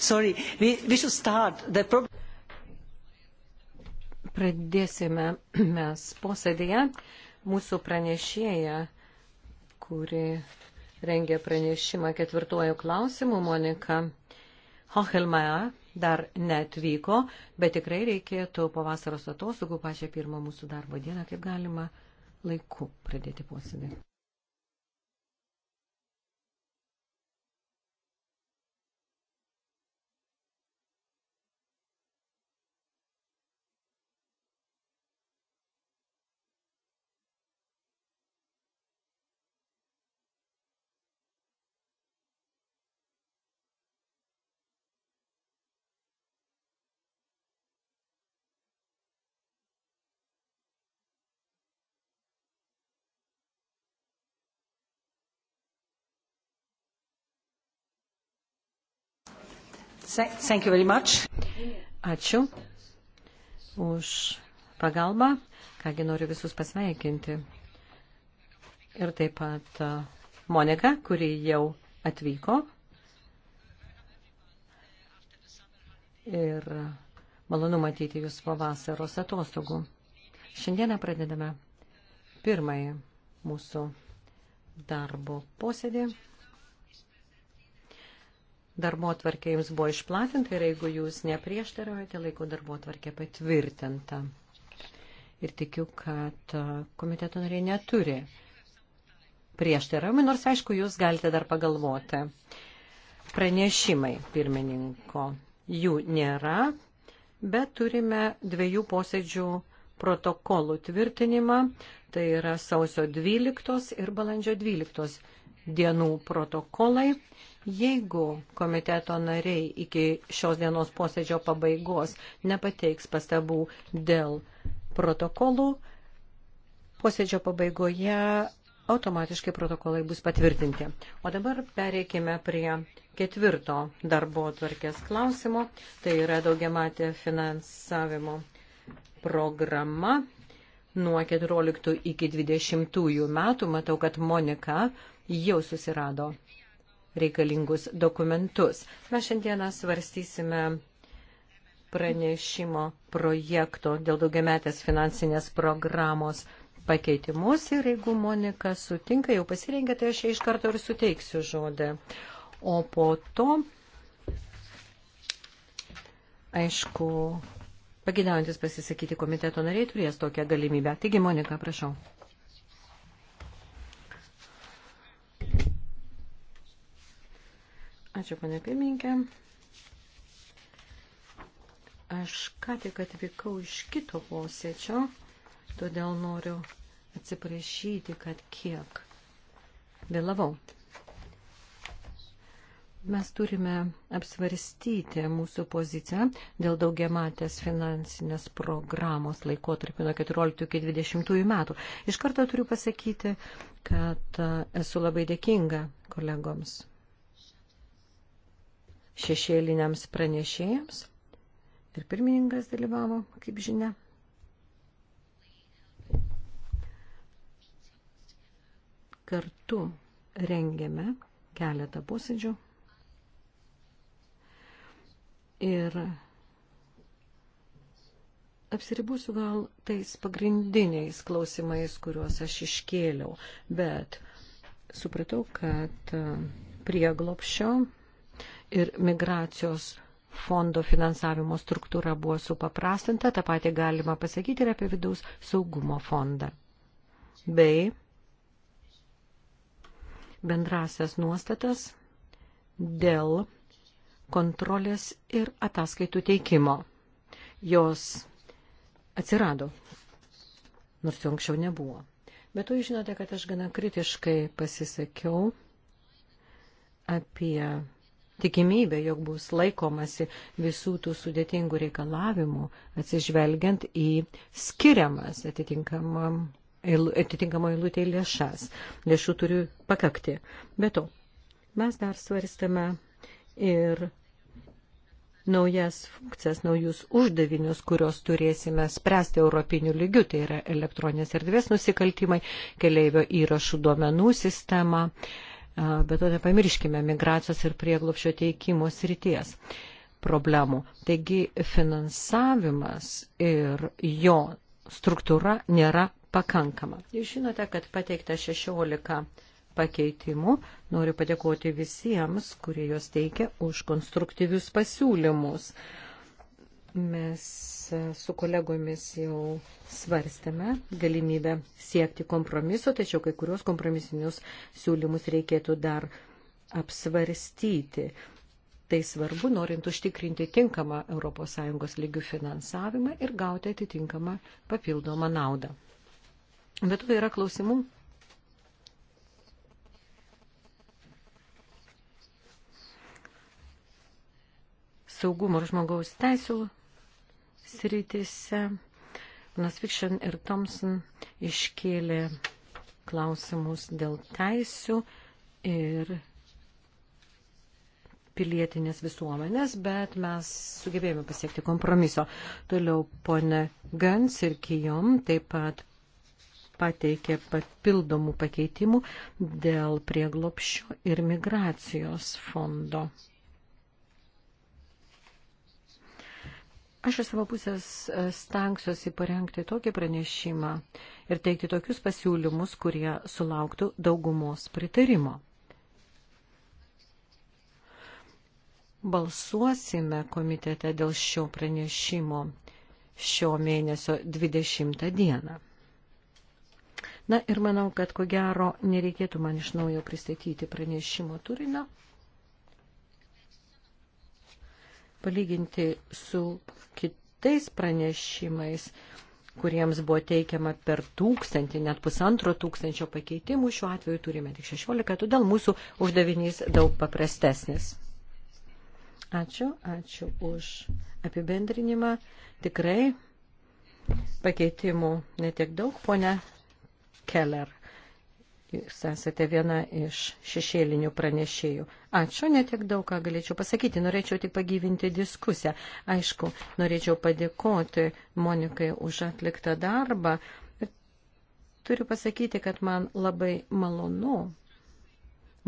Sorry, we, we should start. The problem... Pradėsime mes posėdėje. Mūsų pranešėja, kuri rengė pranešimą ketvirtuoju klausimu, Monika Hochelmeier, dar netvyko, bet tikrai reikėtų po vasaros atostogų pačią pirmą mūsų darbo dieną, kaip galima laiku pradėti posėdį. Thank you very much. Ačiū už pagalbą. Kągi noriu visus pasveikinti. Ir taip pat Monika, kuri jau atvyko. Ir malonu matyti jūs po vasaros atostogų. Šiandieną pradedame pirmąjį mūsų darbo posėdį darbo tvarkė jums buvo išplatinta ir jeigu jūs neprieštaraujate, laiko darbo tvarkė patvirtinta. Ir tikiu, kad e, komiteto nariai neturi prieštaravimai, nors aišku, jūs galite dar pagalvoti. Pranešimai pirmininko jų nėra, bet turime dviejų posėdžių protokolų tvirtinimą, tai yra sausio 12 ir balandžio 12 dienų protokolai. Jeigu komiteto nariai iki šios dienos posėdžio pabaigos nepateiks pastabų dėl protokolų, posėdžio pabaigoje automatiškai protokolai bus patvirtinti. O dabar pereikime prie ketvirto darbo tvarkės klausimo. Tai yra daugiamatė finansavimo programa nuo 14 iki 20 metų. Matau, kad Monika jau susirado reikalingus dokumentus. Mes šiandieną svarstysime pranešimo projekto dėl daugiametės finansinės programos pakeitimus ir jeigu Monika sutinka, jau pasirengė, tai aš iš karto ir suteiksiu žodę. O po to, aišku, pagidaujantis pasisakyti komiteto nariai turės tokią galimybę. Taigi, Monika, prašau. Ačiū, pane pirmininkė. Aš ką tik atvykau iš kito posėčio, todėl noriu atsiprašyti, kad kiek vėlavau. Mes turime apsvarstyti mūsų poziciją dėl daugiamatės finansinės programos laikotarpio nuo 14 iki 20 metų. Iš karto turiu pasakyti, kad e, esu labai dėkinga kolegoms šešėliniams pranešėjams. Ir pirmininkas dalyvavo, kaip žinia. Kartu rengėme keletą posėdžių. Ir apsiribusiu gal tais pagrindiniais klausimais, kuriuos aš iškėliau, bet supratau, kad prieglopščio ir migracijos fondo finansavimo struktūra buvo supaprastinta, tą patį galima pasakyti ir apie vidaus saugumo fondą. Bei bendrasias nuostatas dėl kontrolės ir ataskaitų teikimo. Jos atsirado, nors jų anksčiau nebuvo. Bet tu žinote, kad aš gana kritiškai pasisakiau apie tikimybė, jog bus laikomasi visų tų sudėtingų reikalavimų, atsižvelgiant į skiriamas atitinkamo eilutė lėšas. Lėšų turi pakakti. Be to, mes dar svarstame ir naujas funkcijas, naujus uždavinius, kurios turėsime spręsti europinių lygių, tai yra elektroninės erdvės nusikaltimai, keleivio įrašų duomenų sistema, uh, bet to nepamirškime migracijos ir prieglopšio teikimo srities problemų. Taigi finansavimas ir jo struktūra nėra pakankama. Jūs žinote, kad pateikta 16 pakeitimų. Noriu padėkoti visiems, kurie juos teikia už konstruktyvius pasiūlymus. Mes su kolegomis jau svarstėme galimybę siekti kompromiso, tačiau kai kurios kompromisinius siūlymus reikėtų dar apsvarstyti. Tai svarbu, norint užtikrinti tinkamą ES lygių finansavimą ir gauti atitinkamą papildomą naudą. Bet yra klausimų, saugumo ir žmogaus teisų sritise. Nasvikšin ir Thompson iškėlė klausimus dėl teisių ir pilietinės visuomenės, bet mes sugebėjome pasiekti kompromiso. Toliau ponė Gans ir Kijom taip pat pateikė papildomų pakeitimų dėl prieglopščio ir migracijos fondo. Aš iš savo pusės e, stengsiuosi parengti tokį pranešimą ir teikti tokius pasiūlymus, kurie sulauktų daugumos pritarimo. Balsuosime komitete dėl šio pranešimo šio mėnesio 20 dieną. Na ir manau, kad ko gero nereikėtų man iš naujo pristatyti pranešimo turinio. palyginti su kitais pranešimais, kuriems buvo teikiama per tūkstantį, net pusantro tūkstančio pakeitimų, šiuo atveju turime tik 16, todėl mūsų uždavinys daug paprastesnis. Ačiū, ačiū už apibendrinimą. Tikrai pakeitimų netiek daug, ponia Keller. Jūs esate viena iš šešėlinių pranešėjų. Ačiū, netiek daug ką galėčiau pasakyti. Norėčiau tik pagyvinti diskusiją. Aišku, norėčiau padėkoti Monikai už atliktą darbą. Ir turiu pasakyti, kad man labai malonu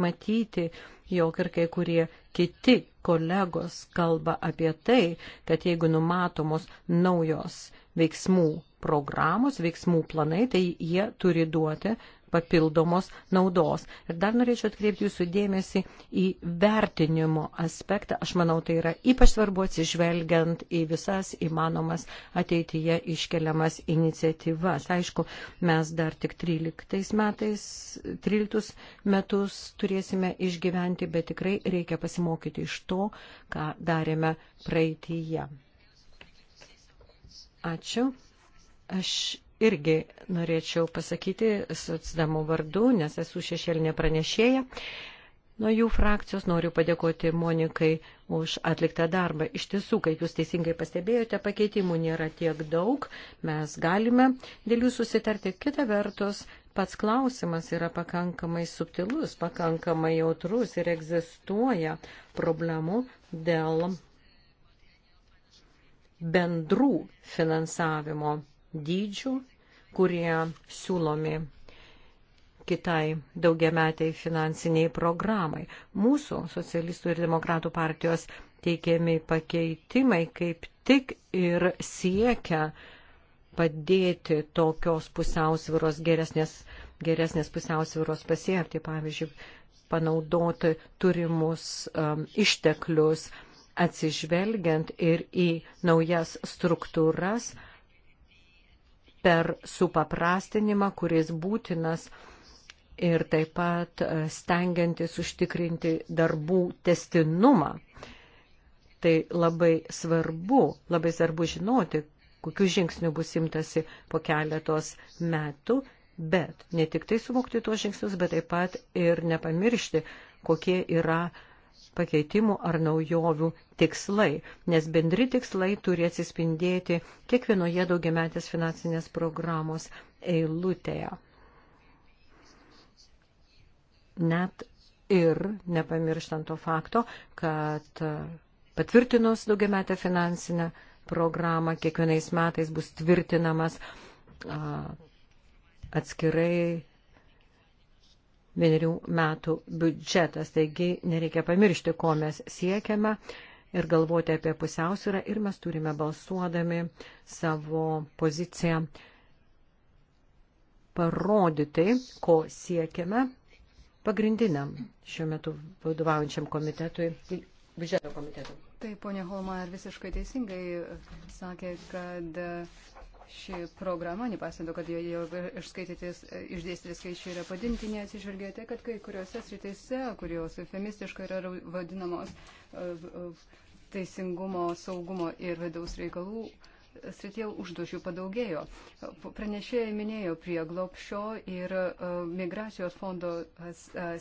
matyti, jog ir kai kurie kiti kolegos kalba apie tai, kad jeigu numatomos naujos veiksmų programos, veiksmų planai, tai jie turi duoti papildomos naudos. Ir dar norėčiau atkreipti jūsų dėmesį į vertinimo aspektą. Aš manau, tai yra ypač svarbu atsižvelgiant į visas įmanomas ateityje iškeliamas iniciatyvas. Aišku, mes dar tik 13 metais, 13 metus turėsime išgyventi, bet tikrai reikia pasimokyti iš to, ką darėme praeitįje. Ačiū. Aš irgi norėčiau pasakyti socdamų vardu, nes esu šešėlinė pranešėja. Nuo jų frakcijos noriu padėkoti Monikai už atliktą darbą. Iš tiesų, kaip jūs teisingai pastebėjote, pakeitimų nėra tiek daug, mes galime dėl jų susitarti. Kita vertus, pats klausimas yra pakankamai subtilus, pakankamai jautrus ir egzistuoja problemų dėl bendrų finansavimo dydžių kurie siūlomi kitai daugiametiai finansiniai programai. Mūsų socialistų ir demokratų partijos teikiami pakeitimai kaip tik ir siekia padėti tokios pusiausviros geresnės, geresnės pusiausviros pasiekti, pavyzdžiui, panaudoti turimus um, išteklius, atsižvelgiant ir į naujas struktūras, uh, per supaprastinimą, kuris būtinas ir taip pat e, stengiantis užtikrinti darbų testinumą. Tai labai svarbu, labai svarbu žinoti, kokiu žingsniu bus imtasi po keletos metų, bet ne tik tai suvokti tuos žingsnius, bet taip pat ir nepamiršti, kokie yra uh, pakeitimų ar naujovių tikslai, nes bendri tikslai turi atsispindėti kiekvienoje daugiametės finansinės programos eilutėje. Net ir nepamirštant to fakto, kad patvirtinus daugiametę finansinę programą kiekvienais metais bus tvirtinamas atskirai vienerių metų biudžetas. Taigi nereikia pamiršti, ko mes siekiame ir galvoti apie pusiausvyrą ir mes turime balsuodami savo poziciją parodyti, ko siekiame pagrindiniam šiuo metu vadovaujančiam komitetui, biudžeto komitetui. Taip, ponia Holma, visiškai teisingai sakė, kad uh, ši programa, nepaisant to, kad jau išdėstyti skaičiai yra padimti, neatsižvelgėte, kad kai kuriuose sritise, kurios eufemistiškai yra vadinamos e, e, teisingumo, saugumo ir vidaus reikalų srityje užduočių padaugėjo. Pranešėjai minėjo prieglopšio ir e, migracijos fondo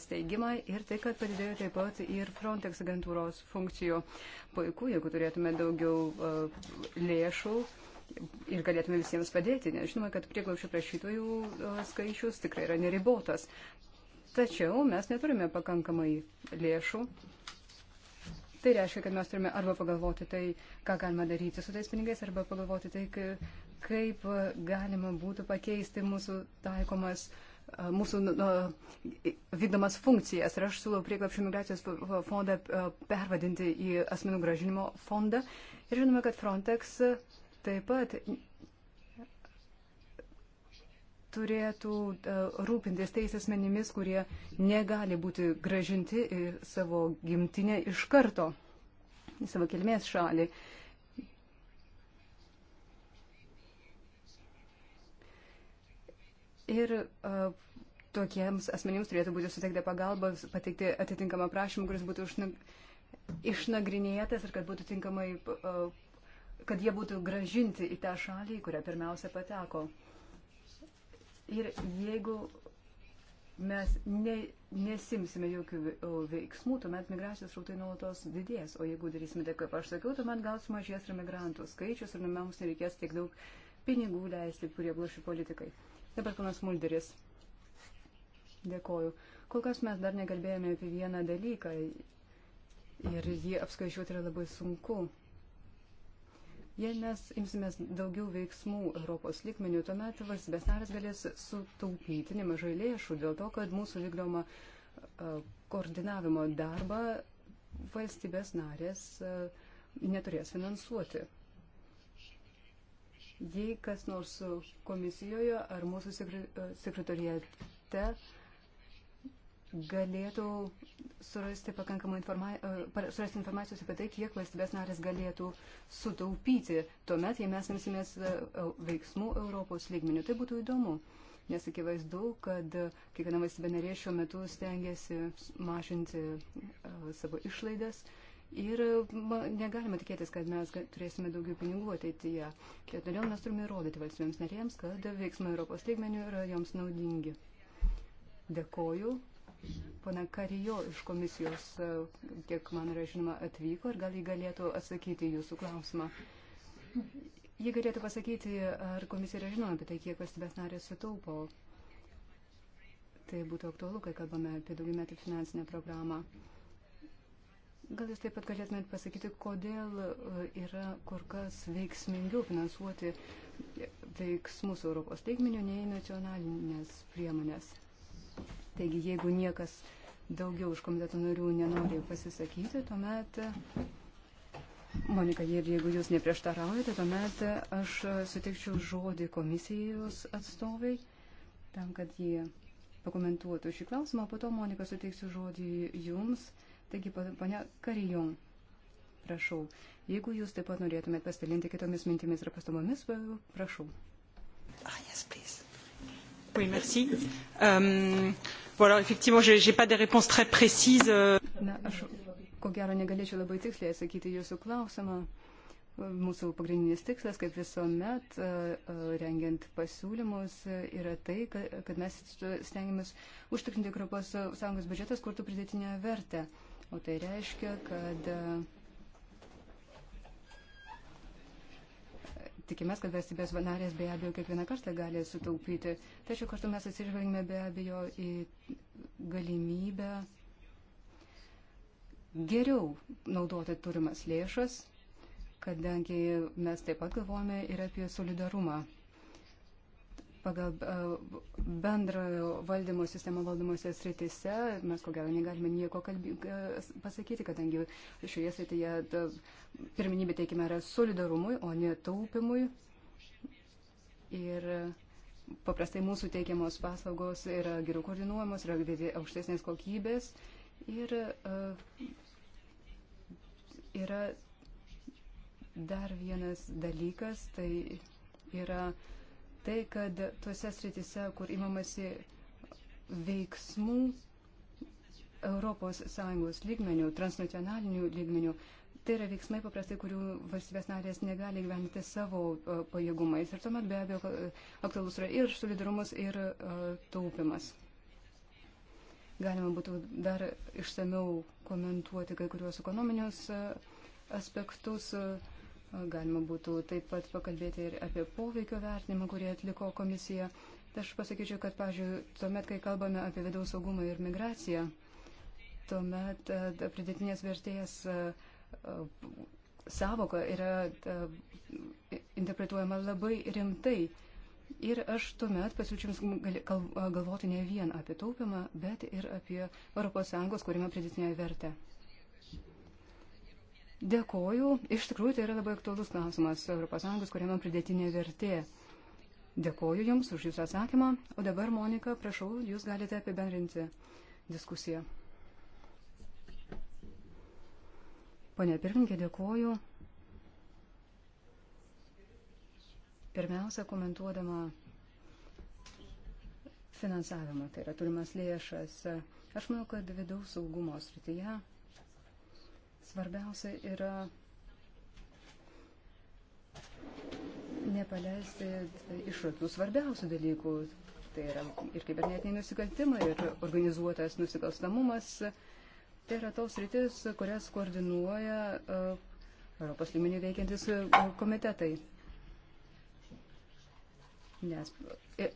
steigimą ir tai, kad padidėjo taip pat ir Frontex agentūros funkcijų. Puiku, jeigu turėtume daugiau lėšų ir galėtume visiems padėti, nes žinome, kad prieglaušių prašytojų skaičius tikrai yra neribotas. Tačiau mes neturime pakankamai lėšų. Tai reiškia, kad mes turime arba pagalvoti tai, ką galima daryti su tais pinigais, arba pagalvoti tai, kaip galima būtų pakeisti mūsų taikomas mūsų nu, nu, vykdomas funkcijas. Ir aš siūlau prieglapšio migracijos fondą pervadinti į asmenų gražinimo fondą. Ir žinome, kad Frontex taip pat turėtų e, rūpintis tais asmenimis, kurie negali būti gražinti į savo gimtinę iš karto, į savo kilmės šalį. Ir uh, tokiems asmenims turėtų būti suteikta pagalba, pateikti atitinkamą prašymą, kuris būtų išnagrinėtas ir kad būtų tinkamai uh, kad jie būtų gražinti į tą šalį, į kurią pirmiausia pateko. Ir jeigu mes ne, nesimsime jokių veiksmų, tuomet migracijos rautai nuolatos didės. O jeigu darysime taip, kaip aš sakiau, tuomet gal sumažės ir migrantų skaičius ir mums nereikės tiek daug pinigų leisti prieglušių politikai. Dabar panas Mulderis. Dėkoju. Kol kas mes dar nekalbėjome apie vieną dalyką ir jį apskaičiuoti yra labai sunku. Jei mes imsimės daugiau veiksmų Europos lygmenių, tuomet valstybės narės galės sutaupyti nemažai lėšų dėl to, kad mūsų vykdoma koordinavimo darbą valstybės narės neturės finansuoti. Jei kas nors komisijoje ar mūsų sekretorijate galėtų surasti pakankamą informaciją, e, surasti informacijos apie tai, kiek valstybės narės galėtų sutaupyti. Tuomet, jei mes imsimės e, e, veiksmų Europos lygmenių, tai būtų įdomu. Nes akivaizdu, kad kiekviena valstybė narė šiuo metu stengiasi mažinti savo išlaidas. Ir negalime tikėtis, kad mes turėsime daugiau pinigų ateityje. Todėl mes turime įrodyti valstybėms narėms, kad veiksmai Europos lygmenių yra joms naudingi. Dėkoju. Pana Karijo iš komisijos, e, kiek man yra žinoma, atvyko ir gal jį galėtų atsakyti jūsų klausimą. Jie galėtų pasakyti, ar komisija yra žinoma apie tai, kiek valstybės narės sutaupo. Tai būtų aktualu, kai kalbame apie daugiametį finansinę programą. Gal jūs taip pat galėtumėt pasakyti, kodėl e, yra kur kas veiksmingiau finansuoti veiksmus Europos teigminių nei nacionalinės priemonės? Taigi, jeigu niekas daugiau už komiteto narių nenori pasisakyti, tuomet, Monika, ir jeigu jūs neprieštaraujate, tuomet aš sutikčiau žodį komisijos atstovai, tam, kad jie pakomentuotų šį klausimą, po to, Monika, suteiksiu žodį jums. Taigi, ponia Karijon, prašau, jeigu jūs taip pat norėtumėte pasidalinti kitomis mintimis ir pastabomis, prašau. Ah, yes, please. Oui, merci. Um, Bon, alors effectivement, je n'ai pas des réponses très précises. Euh. Na, aš ko gero negalėčiau labai tiksliai atsakyti jūsų klausimą. E, mūsų pagrindinis tikslas, kaip visuomet, e, e, rengiant pasiūlymus, yra tai, kad mes stengiamės užtikrinti Europos Sąjungos biudžetas kurtų pridėtinę vertę. O tai reiškia, kad tikimės, kad valstybės narės be abejo kiekvieną kartą gali sutaupyti. Tačiau kartu mes atsižvelgime be abejo į galimybę geriau naudoti turimas lėšas, kadangi mes taip pat galvojame ir apie solidarumą pagal e, bendrojo valdymo sistemą valdomose sritise. Mes ko gero negalime nieko kalbė, e, pasakyti, kadangi šioje srityje e, pirminybė teikime yra solidarumui, o ne taupimui. Ir paprastai mūsų teikiamos paslaugos yra geriau koordinuojamos, yra aukštesnės kokybės ir yra dar vienas dalykas, tai yra uh, tai, kad tuose sritise, kur imamasi veiksmų ES lygmenių, transnacionalinių lygmenių, tai yra veiksmai paprastai, kurių valstybės narės negali gyventi savo uh, pajėgumais. Ir tuomet be abejo e, aktualus yra ir solidarumas, ir uh, taupimas. Galima būtų dar išsameu komentuoti kai kuriuos ekonominius uh, aspektus. Uh, Galima būtų taip pat pakalbėti ir apie poveikio vertinimą, kurį atliko komisija. Tai aš pasakyčiau, kad, pažiūrėjau, tuomet, kai kalbame apie vidaus saugumą ir migraciją, tuomet e, pridėtinės vertėjas e, e, savoka yra interpretuojama labai rimtai. Ir aš tuomet pasiūlyčiau jums galvoti ne vien apie taupimą, bet ir apie ES kūrimą pridėtinę vertę. Dėkoju. Iš tikrųjų, tai yra labai aktuolus klausimas ES, kuriame pridėtinė vertė. Dėkoju Jums už Jūsų atsakymą. O dabar, Monika, prašau, Jūs galite apibendrinti diskusiją. Pane pirmininkė, dėkoju. Pirmiausia, komentuodama finansavimą, tai yra turimas lėšas. Aš manau, kad vidaus saugumo srityje Svarbiausia yra nepaleisti išrakių svarbiausių dalykų. Tai yra ir kibernetiniai nusikaltimai, ir organizuotas nusikalstamumas. Tai yra tos rytis, kurias koordinuoja uh, Europos lygmenių veikiantis uh, komitetai. Nes e,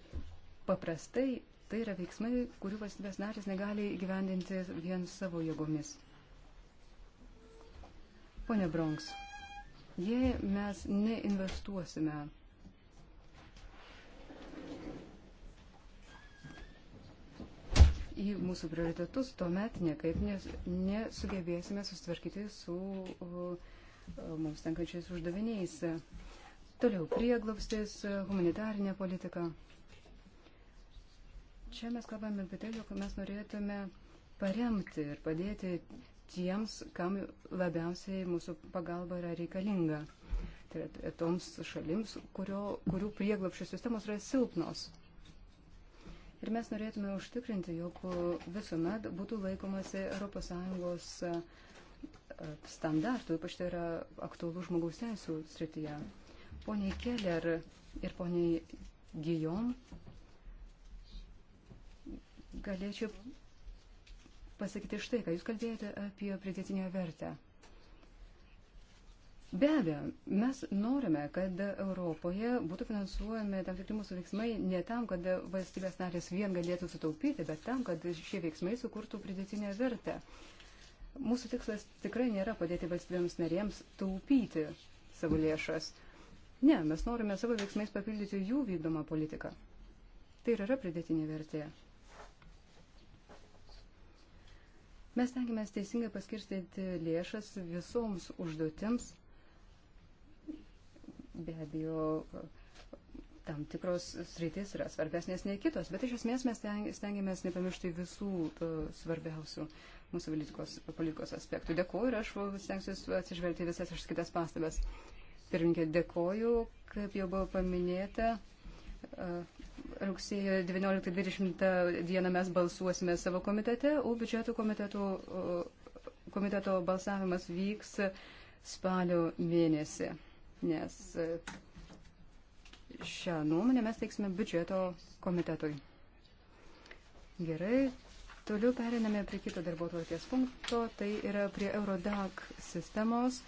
paprastai tai yra veiksmai, kurių valstybės narės negali įgyvendinti vien savo jėgomis. Pone Bronks, jei mes neinvestuosime į mūsų prioritetus, tuomet niekaip nes, nesugebėsime susitvarkyti su uh, uh, mums tenkančiais uždaviniais. Toliau prieglobstis, humanitarinė politika. Čia mes kalbame apie tai, jog mes norėtume paremti ir padėti tiems, kam labiausiai mūsų pagalba yra reikalinga. Tai yra toms šalims, kurio, kurių prieglapščių sistemos yra silpnos. Ir mes norėtume užtikrinti, jog visuomet būtų laikomasi ES e, standartų, ypač tai yra aktualų žmogaus teisų srityje. Poniai Keller ir poniai Gijom galėčiau pasakyti štai, ką jūs kalbėjote apie pridėtinę vertę. Be abejo, mes norime, kad Europoje būtų finansuojami tam tikri mūsų veiksmai ne tam, kad valstybės narės vien galėtų sutaupyti, bet tam, kad šie veiksmai sukurtų pridėtinę vertę. Mūsų tikslas tikrai nėra padėti valstybėms narėms taupyti savo lėšas. Ne, mes norime savo veiksmais papildyti jų vykdomą politiką. Tai ir yra pridėtinė vertė. Mes tengiamės teisingai paskirstyti lėšas visoms užduotims. Be abejo, tam tikros sritis yra svarbesnės nei kitos, bet iš esmės mes stengiamės nepamiršti visų e, svarbiausių mūsų politikos, politikos aspektų. Dėkuoju ir aš stengsiu atsižvelgti visas aš kitas pastabas. Pirminkė, dėkoju, kaip jau buvo paminėta, e, rugsėjo 19-20 dieną mes balsuosime savo komitete, o biudžeto komiteto, komiteto balsavimas vyks spalio mėnesį, nes e, šią nuomonę mes teiksime biudžeto komitetui. Gerai, toliau periname prie kito darbo tvarkės punkto, tai yra prie Eurodac sistemos.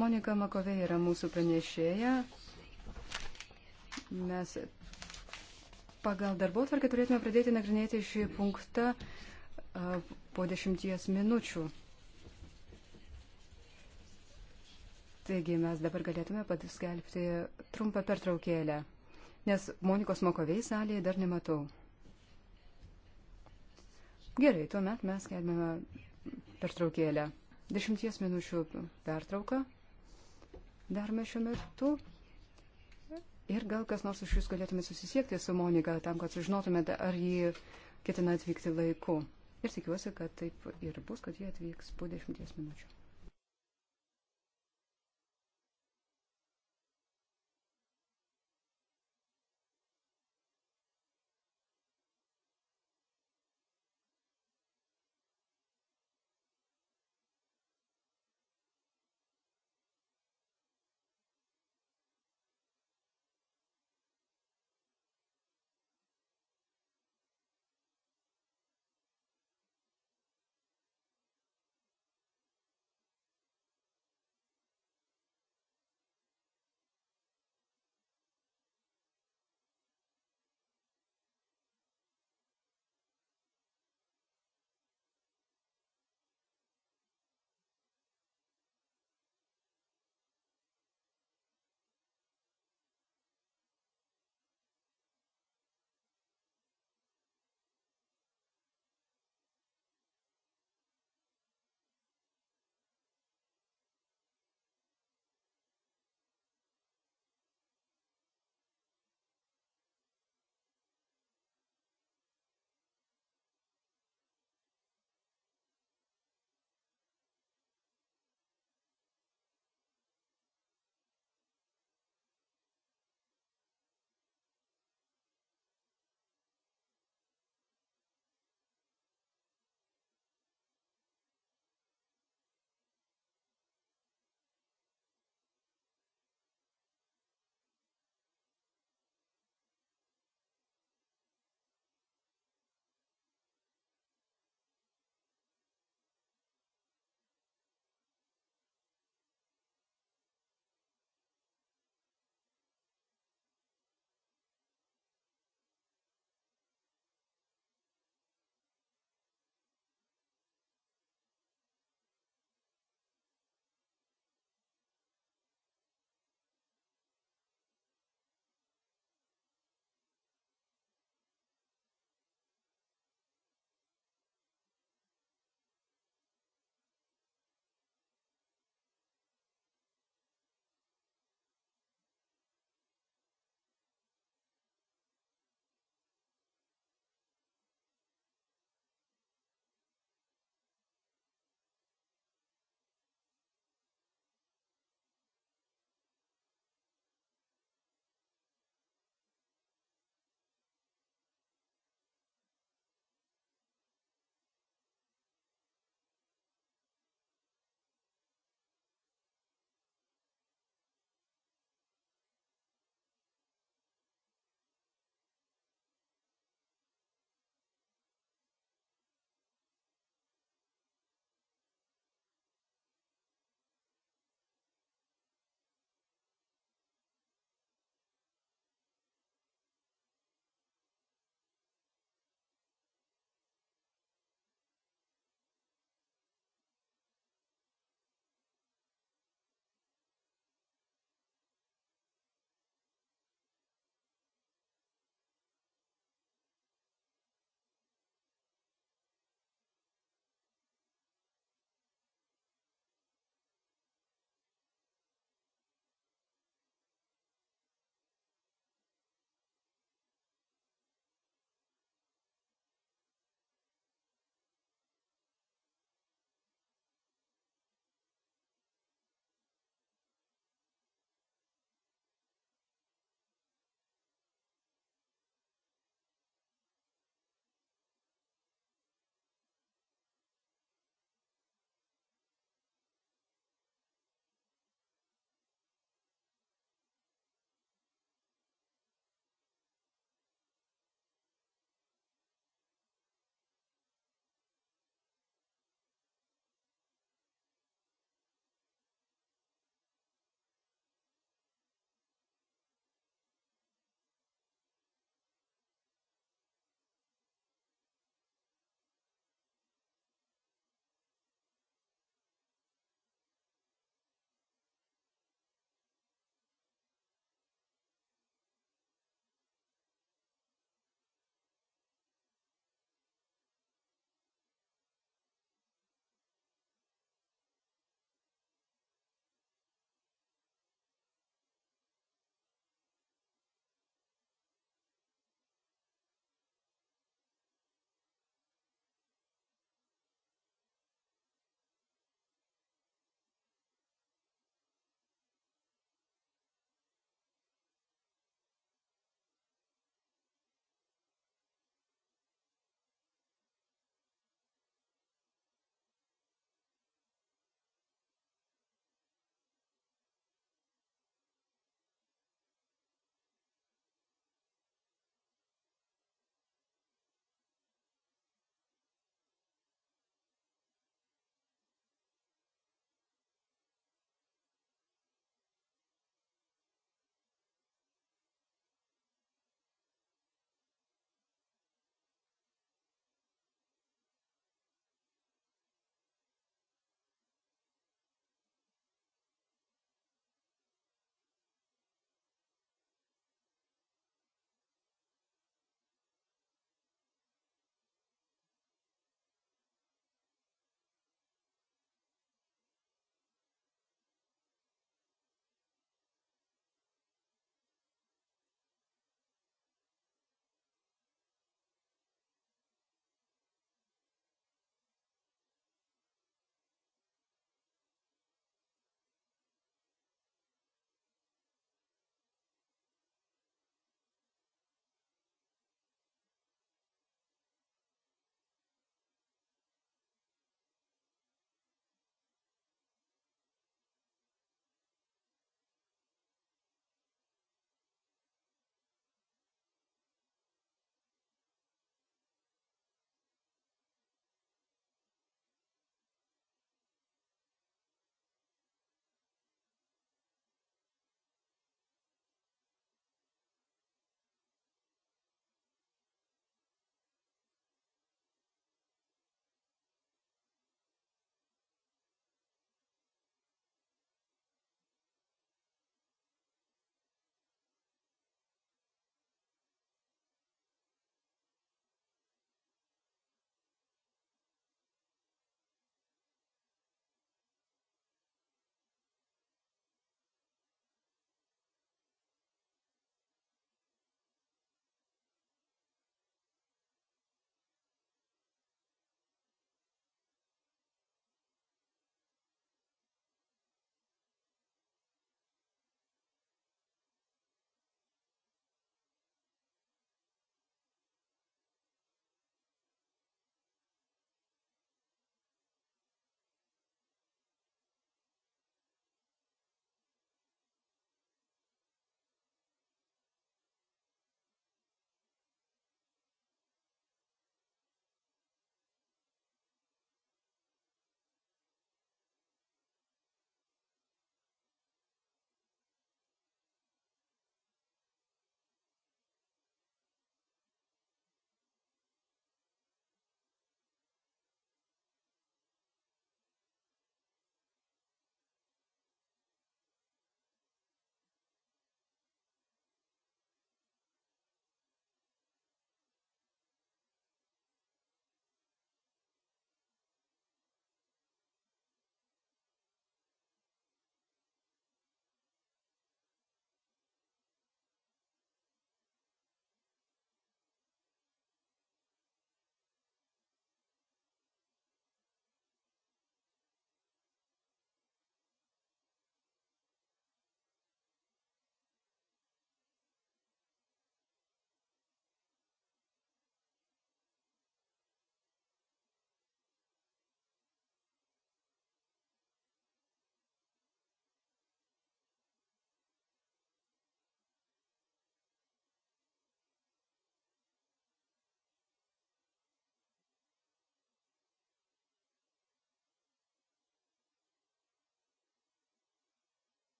Monika Makovė yra mūsų pranešėja. Mes Pagal darbo tvarkę turėtume pradėti nagrinėti šį punktą po dešimties minučių. Taigi mes dabar galėtume paskelbti trumpą pertraukėlę, nes Monikos Mokovei salėje dar nematau. Gerai, tuomet mes skelbėme pertraukėlę. Dešimties minučių pertrauką darome šiuo metu. Ir gal kas nors iš jūs galėtumėte susisiekti su Monika tam, kad sužinotumėte, ar ji ketina atvykti laiku. Ir tikiuosi, kad taip ir bus, kad jie atvyks po dešimties minučių.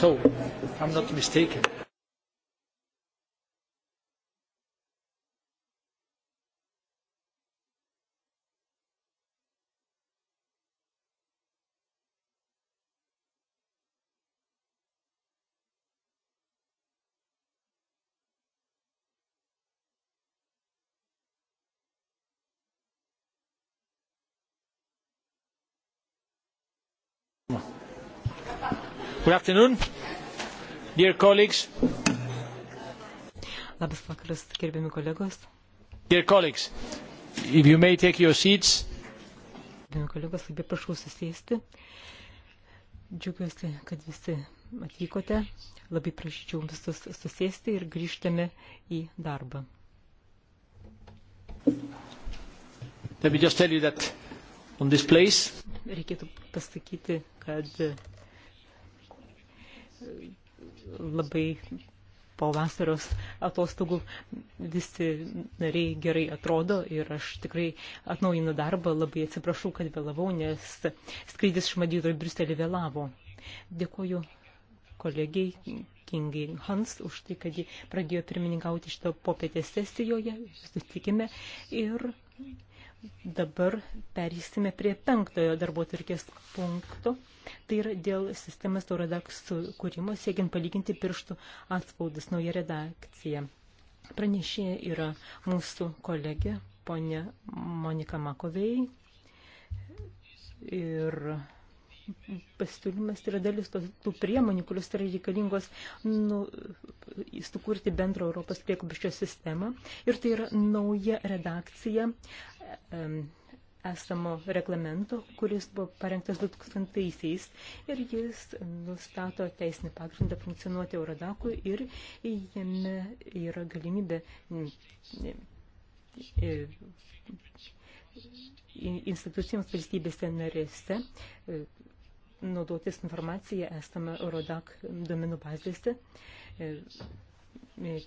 So, if I'm not mistaken. Good afternoon, dear colleagues. Labas vakaras, gerbiami kolegos. Dear colleagues, if you may take your seats. Gerbiami kolegos, labai prašau susėsti. Džiugiuosi, kad visi atvykote. Labai prašyčiau visus susėsti ir grįžtame į darbą. Let me just tell you that on this place. Reikėtų pasakyti, kad labai po vasaros atostogų visi nariai gerai atrodo ir aš tikrai atnaujinu darbą, labai atsiprašau, kad vėlavau, nes skrydis iš Madrido į Briuselį vėlavo. Dėkuoju kolegiai Kingai Hans už tai, kad ji pradėjo pirmininkauti šitą popietę sesijoje, sutikime, ir dabar perėsime prie penktojo darbo turkės punkto. Tai yra dėl sistemas Eurodax kūrimo siekiant palyginti pirštų atspaudus nauja redakcija. Pranešėja yra mūsų kolegė, ponė Monika Makovėjai. Ir pasiūlymas tai yra dalis tos, tų priemonių, kurios yra reikalingos nu, sukurti bendrą Europos priekubščio sistemą. Ir tai yra nauja redakcija. Um, esamo reglamento, kuris buvo parengtas 2000-aisiais ir jis nustato teisinį pagrindą funkcionuoti Eurodakui ir jame yra galimybė mm, institucijoms valstybėse narėse e, naudotis informaciją esamą Eurodak duomenų bazėse e,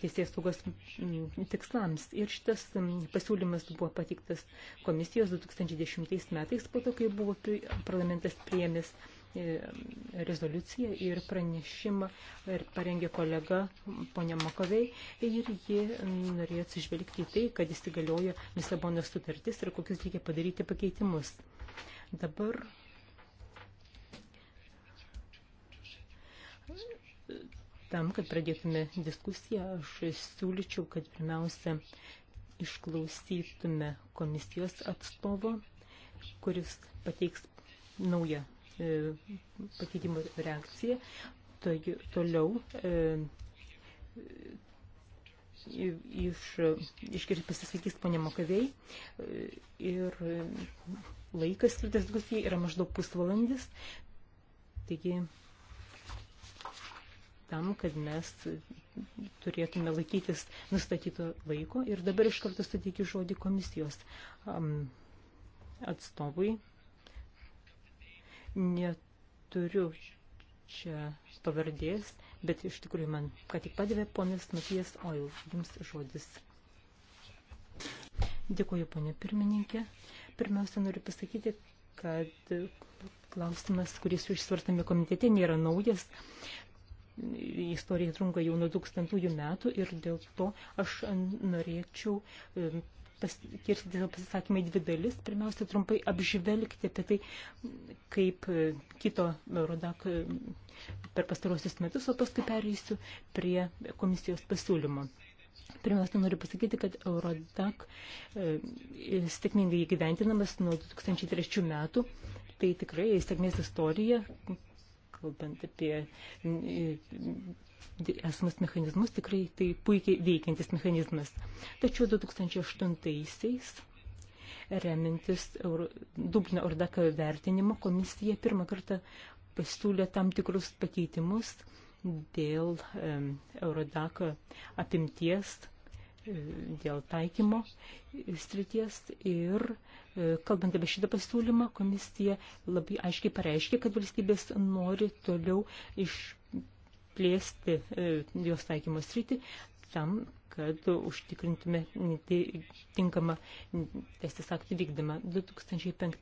teisės saugos mm, tikslams. Ir šitas mm, pasiūlymas buvo patiktas komisijos 2010 metais, po to, kai buvo parlamentas priėmęs e, rezoliuciją ir pranešimą ir parengė kolega ponia Makovei ir ji mm, norėjo atsižvelgti į tai, kad įsigaliojo Lisabonos sutartis ir kokius reikia padaryti pakeitimus. Dabar tam, kad pradėtume diskusiją, aš siūlyčiau, kad pirmiausia išklausytume komisijos atstovo, kuris pateiks naują e, pakeitimo reakciją. Toj, toliau e, iš, išgirs pasisakys ponė Mokavei e, ir laikas skirtas diskusijai yra maždaug pusvalandis. Taigi tam, kad mes turėtume laikytis nustatyto laiko. Ir dabar iš karto suteikiu žodį komisijos um, atstovui. Neturiu čia pavardės, bet iš tikrųjų man ką tik padavė ponas Matijas Oil. Jums žodis. Dėkuoju, ponė pirmininkė. Pirmiausia, noriu pasakyti, kad klausimas, kuris išsvartame komitete, nėra naujas istorija trunka jau nuo tūkstantųjų metų ir dėl to aš norėčiau paskirti savo pasisakymą į dvi dalis. Pirmiausia, trumpai apžvelgti apie tai, kaip e, kito Rodak e, per pastarosius metus, o paskui pereisiu prie komisijos pasiūlymo. Pirmiausia, noriu pasakyti, kad Eurodac e, sėkmingai įgyventinamas nuo 2003 metų. Tai tikrai sėkmės istorija, kalbant apie esamus mechanizmus, tikrai tai puikiai veikiantis mechanizmas. Tačiau 2008-aisiais, remintis Euro, Dublino ordako vertinimo, komisija pirmą kartą pasiūlė tam tikrus pakeitimus dėl um, Eurodako apimties dėl taikymo srities ir e, kalbant apie šitą pasiūlymą, komisija labai aiškiai pareiškė, kad valstybės nori toliau išplėsti e, jos taikymo sritį tam, kad užtikrintume tai tinkamą teisės aktų vykdymą. 2005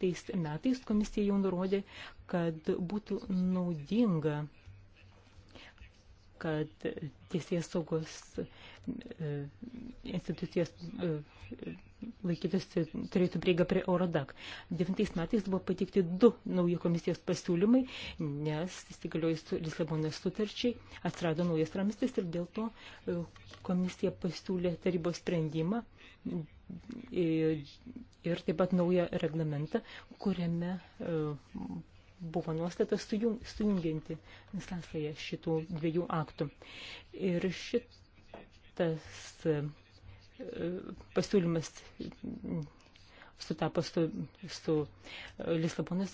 metais komisija jau nurodė, kad būtų naudinga kad teisės saugos e, institucijas e, laikytųsi turėtų prieigą prie Eurodak. Devintais metais buvo pateikti du nauji komisijos pasiūlymai, nes įsigaliojus Lisabonos sutarčiai atsirado naujas ramstis ir dėl to e, komisija pasiūlė tarybos sprendimą ir taip pat naują reglamentą, kuriame buvo nuostata sujunginti instanciją šitų dviejų aktų. Ir šitas e, pasiūlymas sutapo su, su e, Lisabonos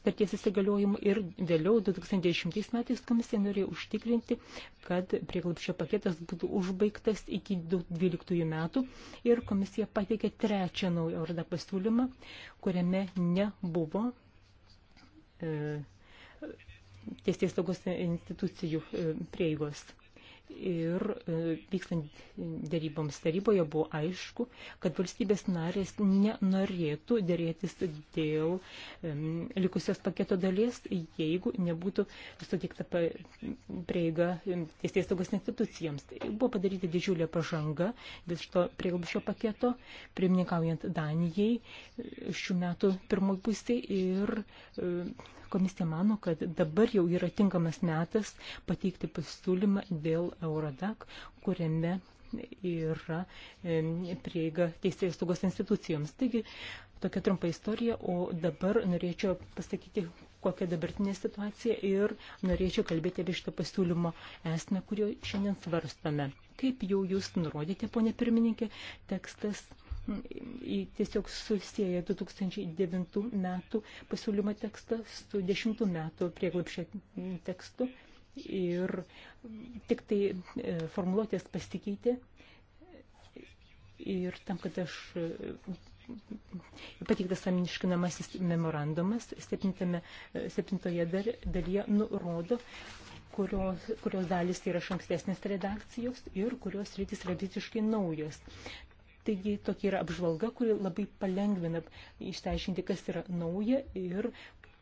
starties įsigaliojimu ir vėliau 2010 metais komisija norėjo užtikrinti, kad prieglapščio paketas būtų užbaigtas iki 2012 metų ir komisija pateikė trečią naują ordą pasiūlymą, kuriame nebuvo E, teisės saugos institucijų e, prieigos ir e, vykstant dėryboms taryboje buvo aišku, kad valstybės narės nenorėtų dėrėtis dėl likusios paketo dalies, jeigu nebūtų sutikta prieiga teisės saugos institucijoms. Tai buvo padaryta didžiulė pažanga vis to prieglobšio paketo, pirmininkaujant Danijai e, šių metų pirmoji pusė ir e, Komisija mano, kad dabar jau yra tinkamas metas pateikti pasiūlymą dėl Eurodak, kuriame yra prieiga teisėjų saugos institucijoms. Taigi, tokia trumpa istorija, o dabar norėčiau pasakyti, kokia dabartinė situacija ir norėčiau kalbėti apie šitą pasiūlymo esmę, kurio šiandien svarstame. Kaip jau jūs nurodėte, ponė pirmininkė, tekstas tiesiog susijęja 2009 metų pasiūlymo tekstą su 10 metų prieglapšio tekstu ir tik tai e, formuluotės pasikeitė ir tam, kad aš e, pateiktas amniškinamasis memorandumas septintame, e, septintoje dalyje nurodo, kurios, kurios dalis yra iš ankstesnės redakcijos ir kurios rytis yra visiškai naujos. Taigi tokia yra apžvalga, kuri labai palengvina išteiškinti, kas yra nauja ir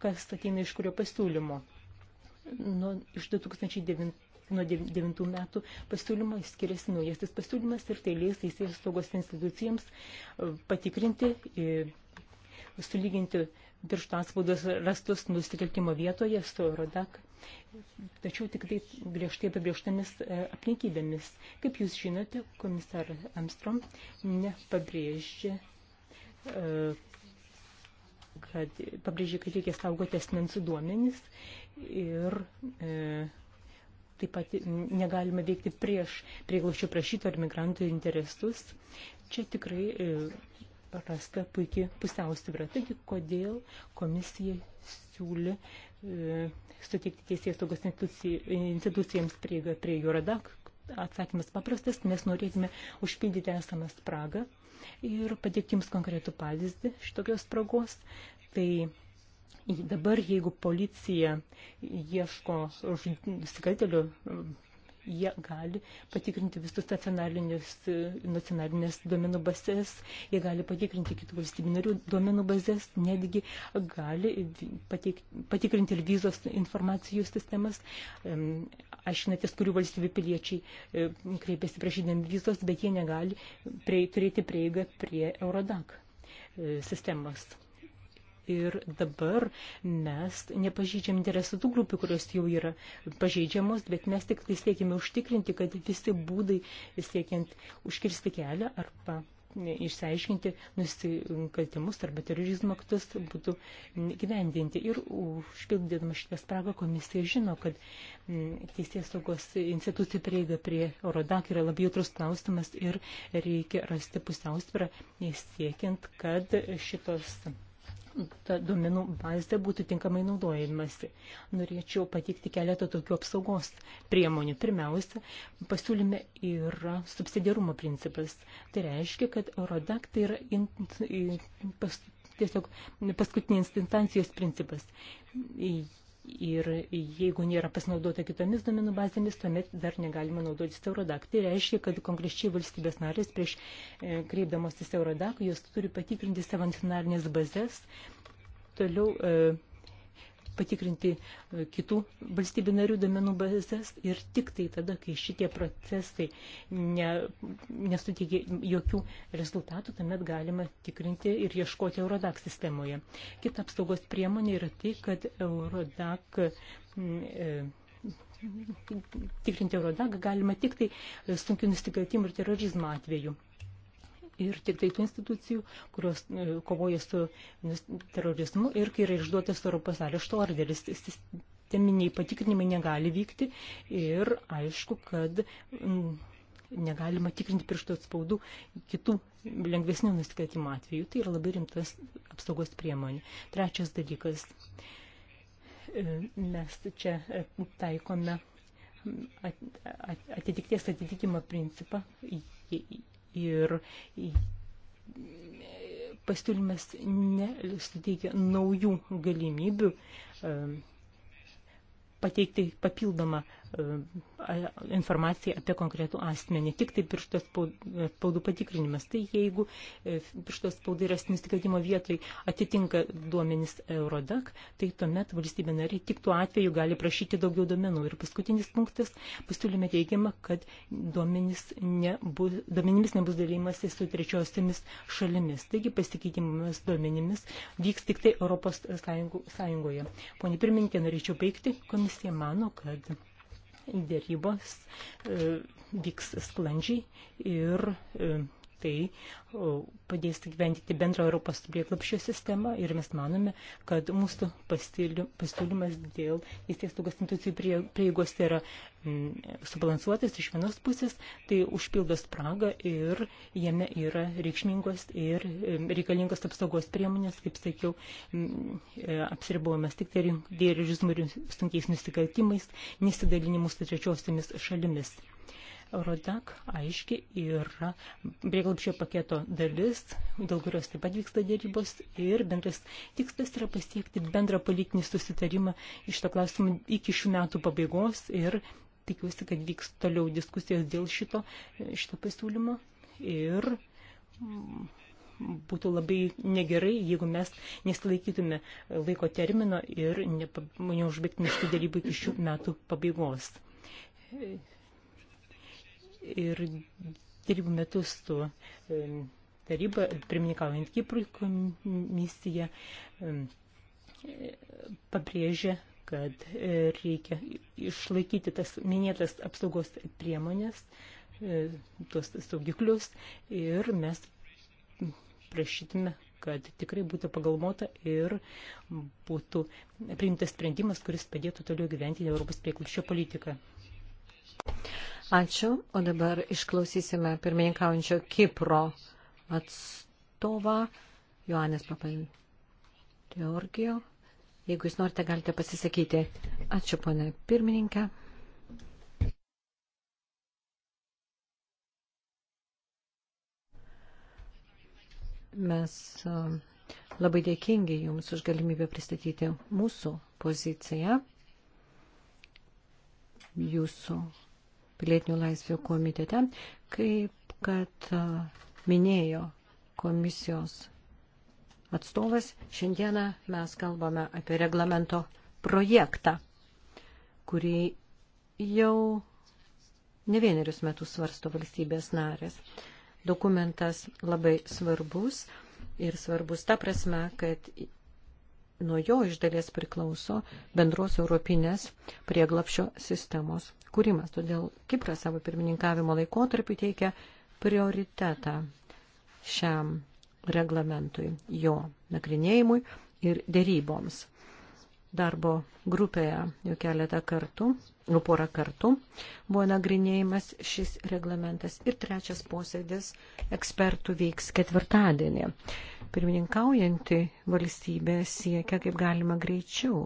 kas ateina iš kurio pasiūlymo. Nuo, iš 2009 nuo 9 metų pasiūlymo skiriasi naujasis pasiūlymas ir tai leis teisės saugos institucijams e, patikrinti, e, sulyginti pirštų atspaudas rastus nusikaltimo vietoje su Rodak tačiau tik tai griežtai apibrieštomis e, aplinkybėmis. Kaip jūs žinote, komisaras Armstrong nepabrėžė e, kad pabrėžė, kad reikia saugoti asmens duomenys ir e, taip pat negalima veikti prieš prieglošio prašyto ar migrantų interesus. Čia tikrai e, rasta puikiai pusiausvyrą. Taigi, kodėl komisija siūlė E, suteikti teisės saugos institucijams prieigą prie jų redak. Atsakymas paprastas, mes norėtume užpildyti esamą spragą ir pateikti jums konkretų pavyzdį šitokios spragos. Tai dabar, jeigu policija ieško nusikaltelių jie gali patikrinti visus nacionalinės duomenų bazės, jie gali patikrinti kitų valstybių narių duomenų bazės, netgi gali patik, patikrinti ir vizos informacijų sistemas. Aiškinatės, kurių valstybių piliečiai e, kreipiasi prašydami vizos, bet jie negali prie, turėti prieigą prie Eurodac e, sistemos ir dabar mes nepažydžiam interesų tų grupių, kurios jau yra pažeidžiamos, bet mes tik tai siekime užtikrinti, kad visi būdai siekiant užkirsti kelią arba išsiaiškinti nusikaltimus arba terorizmo aktus būtų gyvendinti. Ir užpildydama šitą spragą komisija žino, kad mm, teisės saugos institucijų prieiga prie Eurodak yra labai jautrus klausimas ir reikia rasti pusiausvyrą siekiant, kad šitos ta duomenų bazė būtų tinkamai naudojimasi. Norėčiau patikti keletą tokių apsaugos priemonių. Pirmiausia, pasiūlyme yra subsidiarumo principas. Tai reiškia, kad Eurodact tai yra in, in, pas, tiesiog paskutinės instancijos principas. Ir jeigu nėra pasinaudota kitomis domenų bazėmis, tuomet dar negalima naudotis Eurodac. Tai reiškia, kad konkrečiai valstybės narės prieš e, kreipdamosis Eurodac, jos turi patikrinti savo nacionalinės bazės, toliau e, patikrinti e, kitų valstybių narių domenų bazės ir tik tai tada, kai šitie procesai ne, nesuteikia jokių rezultatų, tuomet galima tikrinti ir ieškoti Eurodax sistemoje. Kita apsaugos priemonė yra tai, kad Eurodax. E, tikrinti Eurodac galima tik tai sunkių nusikaltimų ir terorizmo atveju ir tik tai tų institucijų, kurios e, kovoja su terorizmu ir kai yra išduotas Europos arešto orderis. Teminiai patikrinimai negali vykti ir aišku, kad negalima tikrinti pirštų tai atspaudų kitų lengvesnių nusikaltimų atveju. Tai yra labai rimtas apsaugos priemonė. Trečias dalykas. E, mes čia e, taikome atitikties atitikimo principą ir pasiūlymas suteikia naujų galimybių ehm, pateikti papildomą informacija apie konkretų asmenį. Tik tai pirštos spaudų patikrinimas. Tai jeigu e, pirštos spaudai rasti nusikaltimo vietoj atitinka duomenys Eurodak, tai tuomet valstybė nariai tik tuo atveju gali prašyti daugiau duomenų. Ir paskutinis punktas pasiūlyme teigiama, kad duomenys nebus, duomenimis nebus dalymasi su trečiosiamis šalimis. Taigi pasikeitimas duomenimis vyks tik tai Europos Sąjungoje. Pone pirmininkė, norėčiau baigti. Komisija mano, kad dėrybos e, vyks sklandžiai ir e, tai padės gyventi bendrą Europos prieklapščio sistemą ir mes manome, kad mūsų pasiūlymas dėl teisės saugos institucijų prie, prieigos yra m, subalansuotas iš vienos pusės, tai užpildo spragą ir jame yra reikšmingos ir reikalingos apsaugos priemonės, kaip sakiau, e, apsiribojimas tik tai dėl režizmų ir sunkiais nusikaltimais, nesidalinimus trečiosiamis šalimis. Eurodak aiškiai yra prieglapšio paketo dalis, dėl kurios taip pat vyksta dėrybos ir bendras tikslas yra pasiekti bendrą politinį susitarimą iš to klausimų iki šių metų pabaigos ir tikiuosi, kad vyks toliau diskusijos dėl šito, šito pasiūlymo ir mm, būtų labai negerai, jeigu mes nesilaikytume laiko termino ir neužbaigtume šitų dalybų iki šių metų pabaigos ir dirbų metus tu taryba, pirmininkaujant Kiprui komisija, pabrėžia, kad e, reikia išlaikyti tas minėtas apsaugos priemonės, e, tuos saugiklius ir mes prašytume, kad tikrai būtų pagalvota ir būtų priimtas sprendimas, kuris padėtų toliau gyventi Europos prieklušio politiką. Ačiū. O dabar išklausysime pirmininkaujančio Kipro atstovą Joanės Papanteorgijo. Jeigu jūs norite, galite pasisakyti. Ačiū, ponė pirmininkė. Mes labai dėkingi Jums už galimybę pristatyti mūsų poziciją, Jūsų pilietinių laisvių komitete, kaip kad minėjo komisijos atstovas, šiandieną mes kalbame apie reglamento projektą, kurį jau ne vienerius metus svarsto valstybės narės. Dokumentas labai svarbus ir svarbus ta prasme, kad nuo jo iš dalies priklauso bendros europinės prieglapšio sistemos kūrimas. Todėl Kipras savo pirmininkavimo laikotarpį teikia prioritetą šiam reglamentui, jo nagrinėjimui ir dėryboms. Darbo grupėje jau keletą kartų, nu porą kartų buvo nagrinėjimas šis reglamentas ir trečias posėdis ekspertų vyks ketvirtadienį pirmininkaujanti valstybė siekia kaip galima greičiau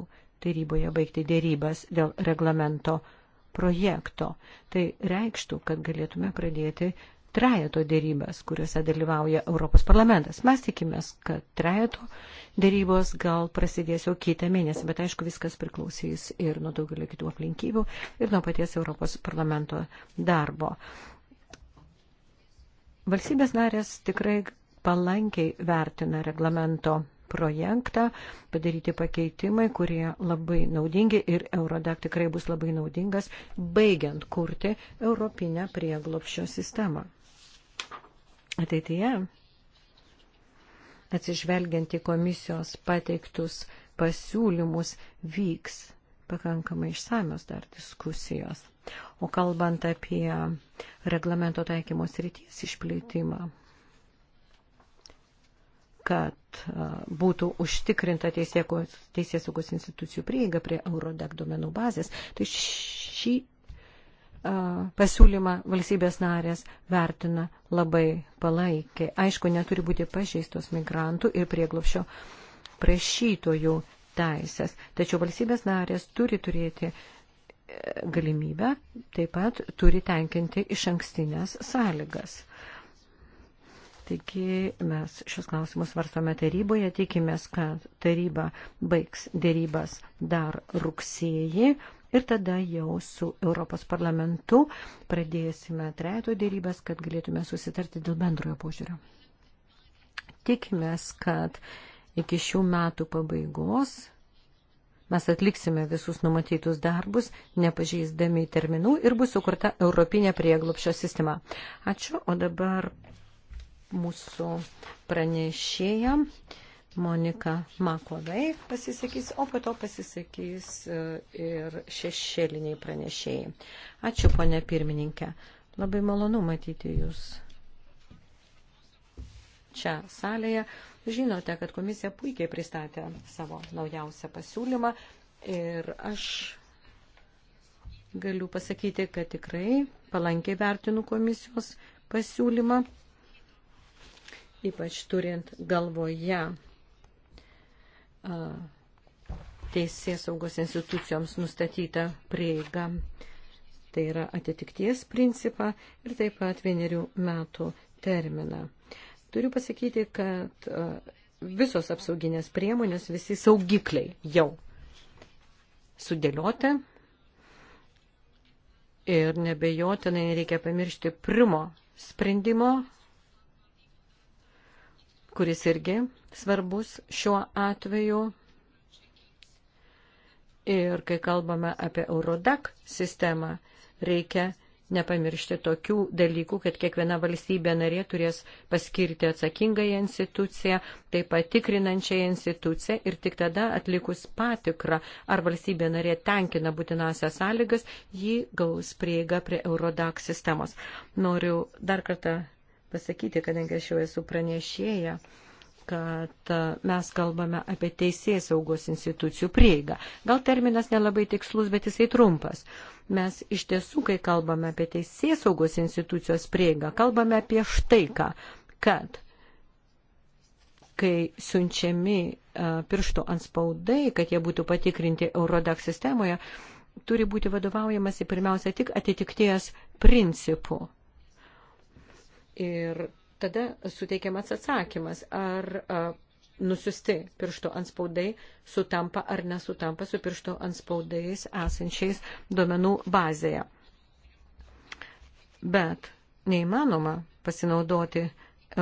taryboje baigti dėrybas dėl reglamento projekto. Tai reikštų, kad galėtume pradėti trejato dėrybas, kuriuose dalyvauja Europos parlamentas. Mes tikimės, kad trejato dėrybos gal prasidės jau kitą mėnesį, bet aišku, viskas priklausys ir nuo daugelio kitų aplinkybių ir nuo paties Europos parlamento darbo. Valstybės narės tikrai palankiai vertina reglamento projektą, padaryti pakeitimai, kurie labai naudingi ir Eurodak tikrai bus labai naudingas, baigiant kurti Europinę prieglopščio sistemą. Ateityje, atsižvelgiant į komisijos pateiktus pasiūlymus, vyks pakankamai išsamios dar diskusijos. O kalbant apie reglamento taikymos ryties išplėtimą, kad būtų užtikrinta teisės saugos institucijų prieiga prie Eurodek duomenų bazės. Tai šį pasiūlymą valstybės narės vertina labai palaikiai. Aišku, neturi būti pažeistos migrantų ir prieglopšio prašytojų teisės. Tačiau valstybės narės turi turėti e, galimybę, taip pat turi tenkinti iš ankstinės sąlygas. Taigi mes šios klausimus varstome taryboje, tikimės, kad taryba baigs dėrybas dar rugsėjį ir tada jau su Europos parlamentu pradėsime trejato dėrybas, kad galėtume susitarti dėl bendrojo požiūrio. Tikimės, kad iki šių metų pabaigos mes atliksime visus numatytus darbus, nepažeisdami terminų ir bus sukurta Europinė prieglopšio sistema. Ačiū, o dabar mūsų pranešėja Monika Makovei pasisakys, o po to pasisakys e, ir šešėliniai pranešėjai. Ačiū, ponė pirmininkė. Labai malonu matyti Jūs čia salėje. Žinote, kad komisija puikiai pristatė savo naujausią pasiūlymą ir aš galiu pasakyti, kad tikrai palankiai vertinu komisijos pasiūlymą ypač turint galvoje teisės saugos institucijoms nustatytą prieigą, tai yra atitikties principą ir taip pat vienerių metų terminą. Turiu pasakyti, kad visos apsauginės priemonės, visi saugikliai jau sudėlioti ir nebejotinai nereikia pamiršti primo sprendimo kuris irgi svarbus šiuo atveju. Ir kai kalbame apie Eurodac sistemą, reikia nepamiršti tokių dalykų, kad kiekviena valstybė narė turės paskirti atsakingąją instituciją, taip pat tikrinančią instituciją ir tik tada atlikus patikrą, ar valstybė narė tenkina būtinasias sąlygas, ji gaus prieigą prie Eurodac sistemos. Noriu dar kartą pasakyti, kadangi aš jau esu pranešėja kad e, mes kalbame apie teisės saugos institucijų prieigą. Gal terminas nelabai tikslus, bet jisai trumpas. Mes iš tiesų, kai kalbame apie teisės saugos institucijos prieigą, kalbame apie štai ką, kad kai siunčiami e, piršto ant spaudai, kad jie būtų patikrinti Eurodax sistemoje, turi būti vadovaujamasi pirmiausia tik atitikties principų ir tada suteikiamas atsakymas, ar a, nusiusti piršto anspaudai sutampa ar nesutampa su piršto anspaudais esančiais duomenų bazėje. Bet neįmanoma pasinaudoti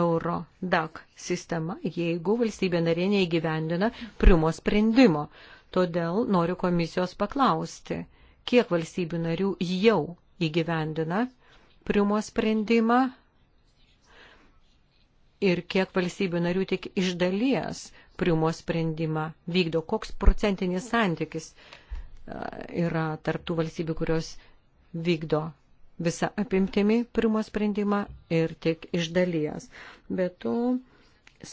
Eurodac sistema, jeigu valstybė narė neįgyvendina priumo sprendimo. Todėl noriu komisijos paklausti, kiek valstybių narių jau įgyvendina priumo sprendimą ir kiek valstybių narių tik iš dalies priumo sprendimą vykdo, koks procentinis santykis yra tarptų valstybių, kurios vykdo visą apimtimį priumo sprendimą ir tik iš dalies. Bet to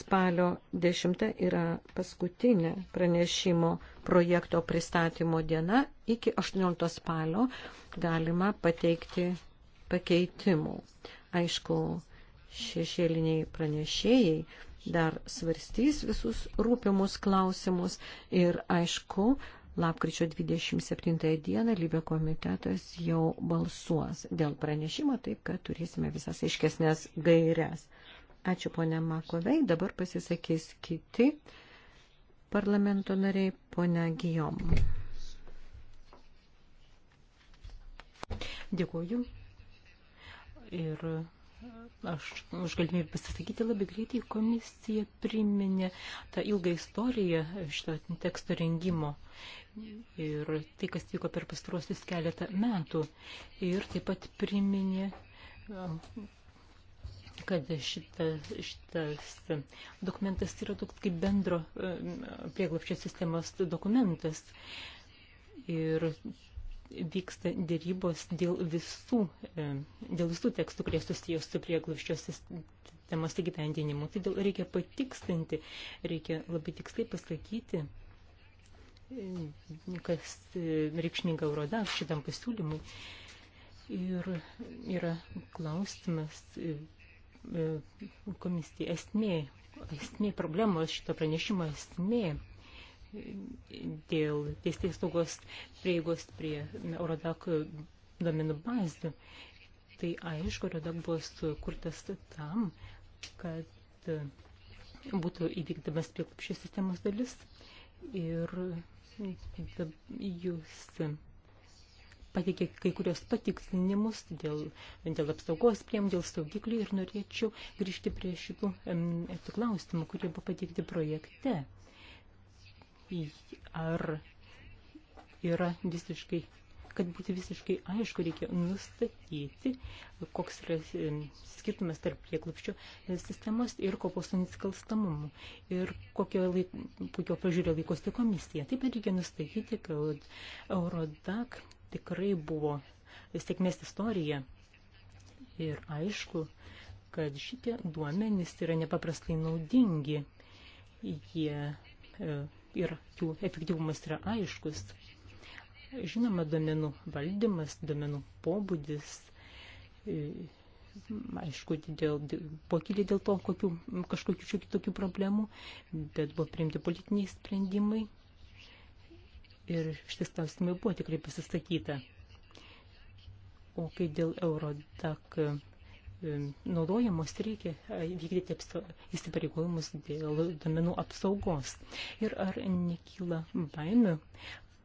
spalio 10 yra paskutinė pranešimo projekto pristatymo diena. Iki 18 spalio galima pateikti pakeitimų. Aišku, šešėliniai pranešėjai dar svarstys visus rūpimus klausimus ir aišku, lapkričio 27 dieną Lybė komitetas jau balsuos dėl pranešimo, taip kad turėsime visas aiškesnės gairias. Ačiū ponia Makovei, dabar pasisakys kiti parlamento nariai, ponia Gijom. Dėkuoju. Ir Aš už galimybę pasisakyti labai greitai komisija priminė tą ilgą istoriją šito teksto rengimo ir tai, kas vyko per pastaruosius keletą metų. Ir taip pat priminė, um, kad šitas, šitas dokumentas yra toks kaip bendro um, prieglapščio sistemos dokumentas. Ir vyksta dėrybos dėl visų, e, dėl visų tekstų, kurie susijęs su priegluščio sistemos įgyvendinimu. Todėl reikia patikslinti, reikia labai tiksliai pasakyti, e, kas e, reikšminga Eurodav šitam pasiūlymui. Ir yra klausimas komisija esmė, esmė problemos šito pranešimo esmė dėl teisės saugos prieigos prie Eurodak domenų bazių. Tai aišku, Eurodak buvo sukurtas tam, kad būtų įvykdamas prieklapščio sistemos dalis ir jūs pateikė kai kurios patikslinimus dėl, dėl apsaugos priem, dėl saugiklių ir norėčiau grįžti prie šitų em, klausimų, kurie buvo pateikti projekte ar yra visiškai, kad būtų visiškai aišku, reikia nustatyti, koks yra skirtumas tarp prieklapščio e, sistemos ir kopos su nusikalstamumu ir kokio, laik, kokio pažiūrė laikosi komisija. Taip pat reikia nustatyti, kad Eurodak tikrai buvo sėkmės istorija ir aišku, kad šitie duomenys yra nepaprastai naudingi. Jie e, ir jų efektyvumas yra aiškus. Žinoma, domenų valdymas, domenų pobūdis, e, aišku, dėl, pokylė dėl to kokių, kažkokių šiokių tokių problemų, bet buvo priimti politiniai sprendimai ir šis klausimai buvo tikrai pasisakyta. O kai dėl Eurodak E, naudojamos, reikia e, vykdyti įsipareigojimus dėl domenų apsaugos. Ir ar nekyla baimių,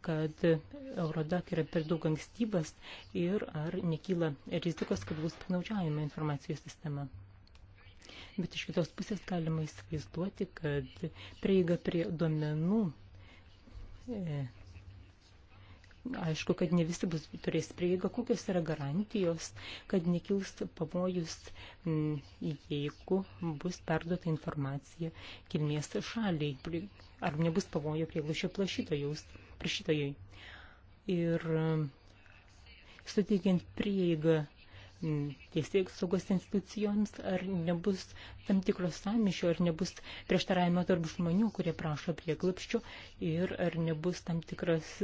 kad Eurodak yra per daug ankstybas ir ar nekyla rizikos, kad bus panaudžiavima informacijos sistema. Bet iš kitos pusės galima įsivaizduoti, kad prieiga prie duomenų e, aišku, kad ne visi bus turės prieigą, kokios yra garantijos, kad nekils pavojus, mm, jeigu bus perduota informacija kilmės šaliai, ar nebus pavojo prieglušio prašytojui. Ir mm, suteikiant prieigą teisėjų saugos institucijoms, ar nebus tam tikros samišio, ar nebus prieštaravimo tarp žmonių, kurie prašo prieglapščio, ir ar nebus tam tikras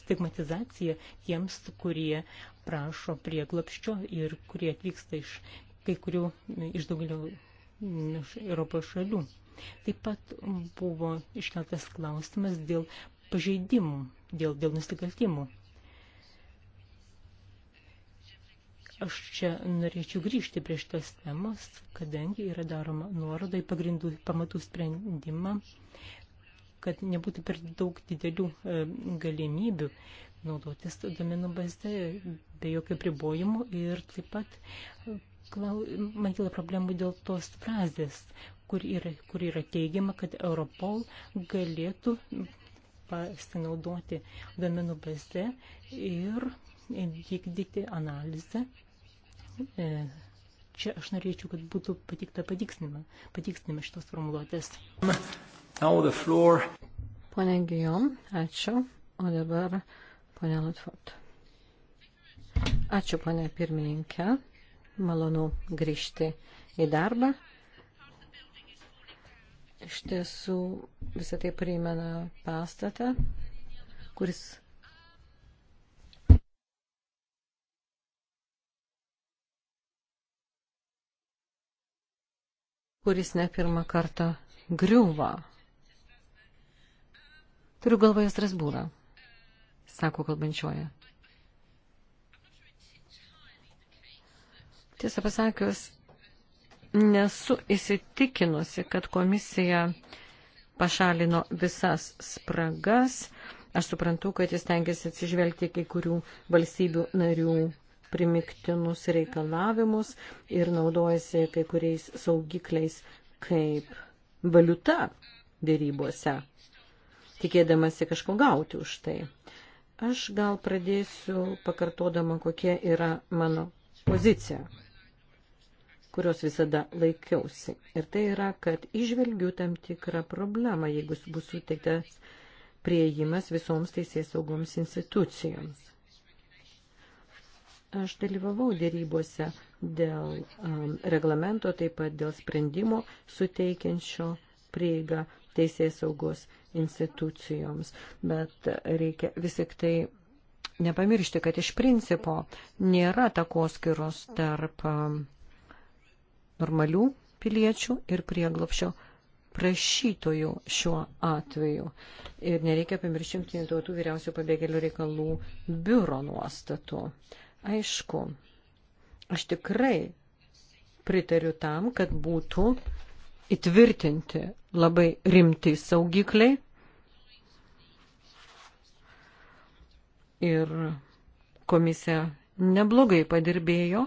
stigmatizacija tiems, kurie prašo prieglapščio ir kurie atvyksta iš kai kurių, iš daugelio Europos šalių. Taip pat buvo iškeltas klausimas dėl pažeidimų, dėl, dėl nusikaltimų. Aš čia norėčiau grįžti prie šitos temos, kadangi yra daroma nuoroda į pagrindų pamatų sprendimą, kad nebūtų per daug didelių e, galimybių naudotis domenų bazę be jokių pribojimų ir taip pat e, klau, man kila problemų dėl tos frazės, kur yra, kur yra teigiama, kad Europol galėtų pasinaudoti domenų bazę ir vykdyti analizę E, čia aš norėčiau, kad būtų patikta patiksnima, patiksnima šitos formuluotės. Pone Gijom, ačiū. O dabar pone Lutford. Ačiū, pone pirmininkė. Malonu grįžti į darbą. Iš tiesų visą tai primena pastatą, kuris kuris ne pirmą kartą griuva. Turiu galvoje Strasbūrą, sako kalbančioje. Tiesą pasakius, nesu įsitikinusi, kad komisija pašalino visas spragas. Aš suprantu, kad jis tengiasi atsižvelgti kai kurių valstybių narių primiktinus reikalavimus ir naudojasi kai kuriais saugikliais kaip valiuta dėrybose, tikėdamasi kažko gauti už tai. Aš gal pradėsiu pakartodama, kokia yra mano pozicija, kurios visada laikiausi. Ir tai yra, kad išvelgiu tam tikrą problemą, jeigu bus suteiktas prieimas visoms teisės saugoms institucijoms. Aš dalyvavau dėrybose dėl um, reglamento, taip pat dėl sprendimo suteikiančio prieigą teisės saugos institucijoms. Bet reikia vis tik tai nepamiršti, kad iš principo nėra takoskiros tarp um, normalių piliečių ir prieglopšio prašytojų šiuo atveju. Ir nereikia pamiršti jungtinių tautų vyriausių pabėgėlių reikalų biuro nuostatų. Uh, Aišku, aš tikrai pritariu tam, kad būtų įtvirtinti labai rimti saugikliai ir komisija neblogai padirbėjo,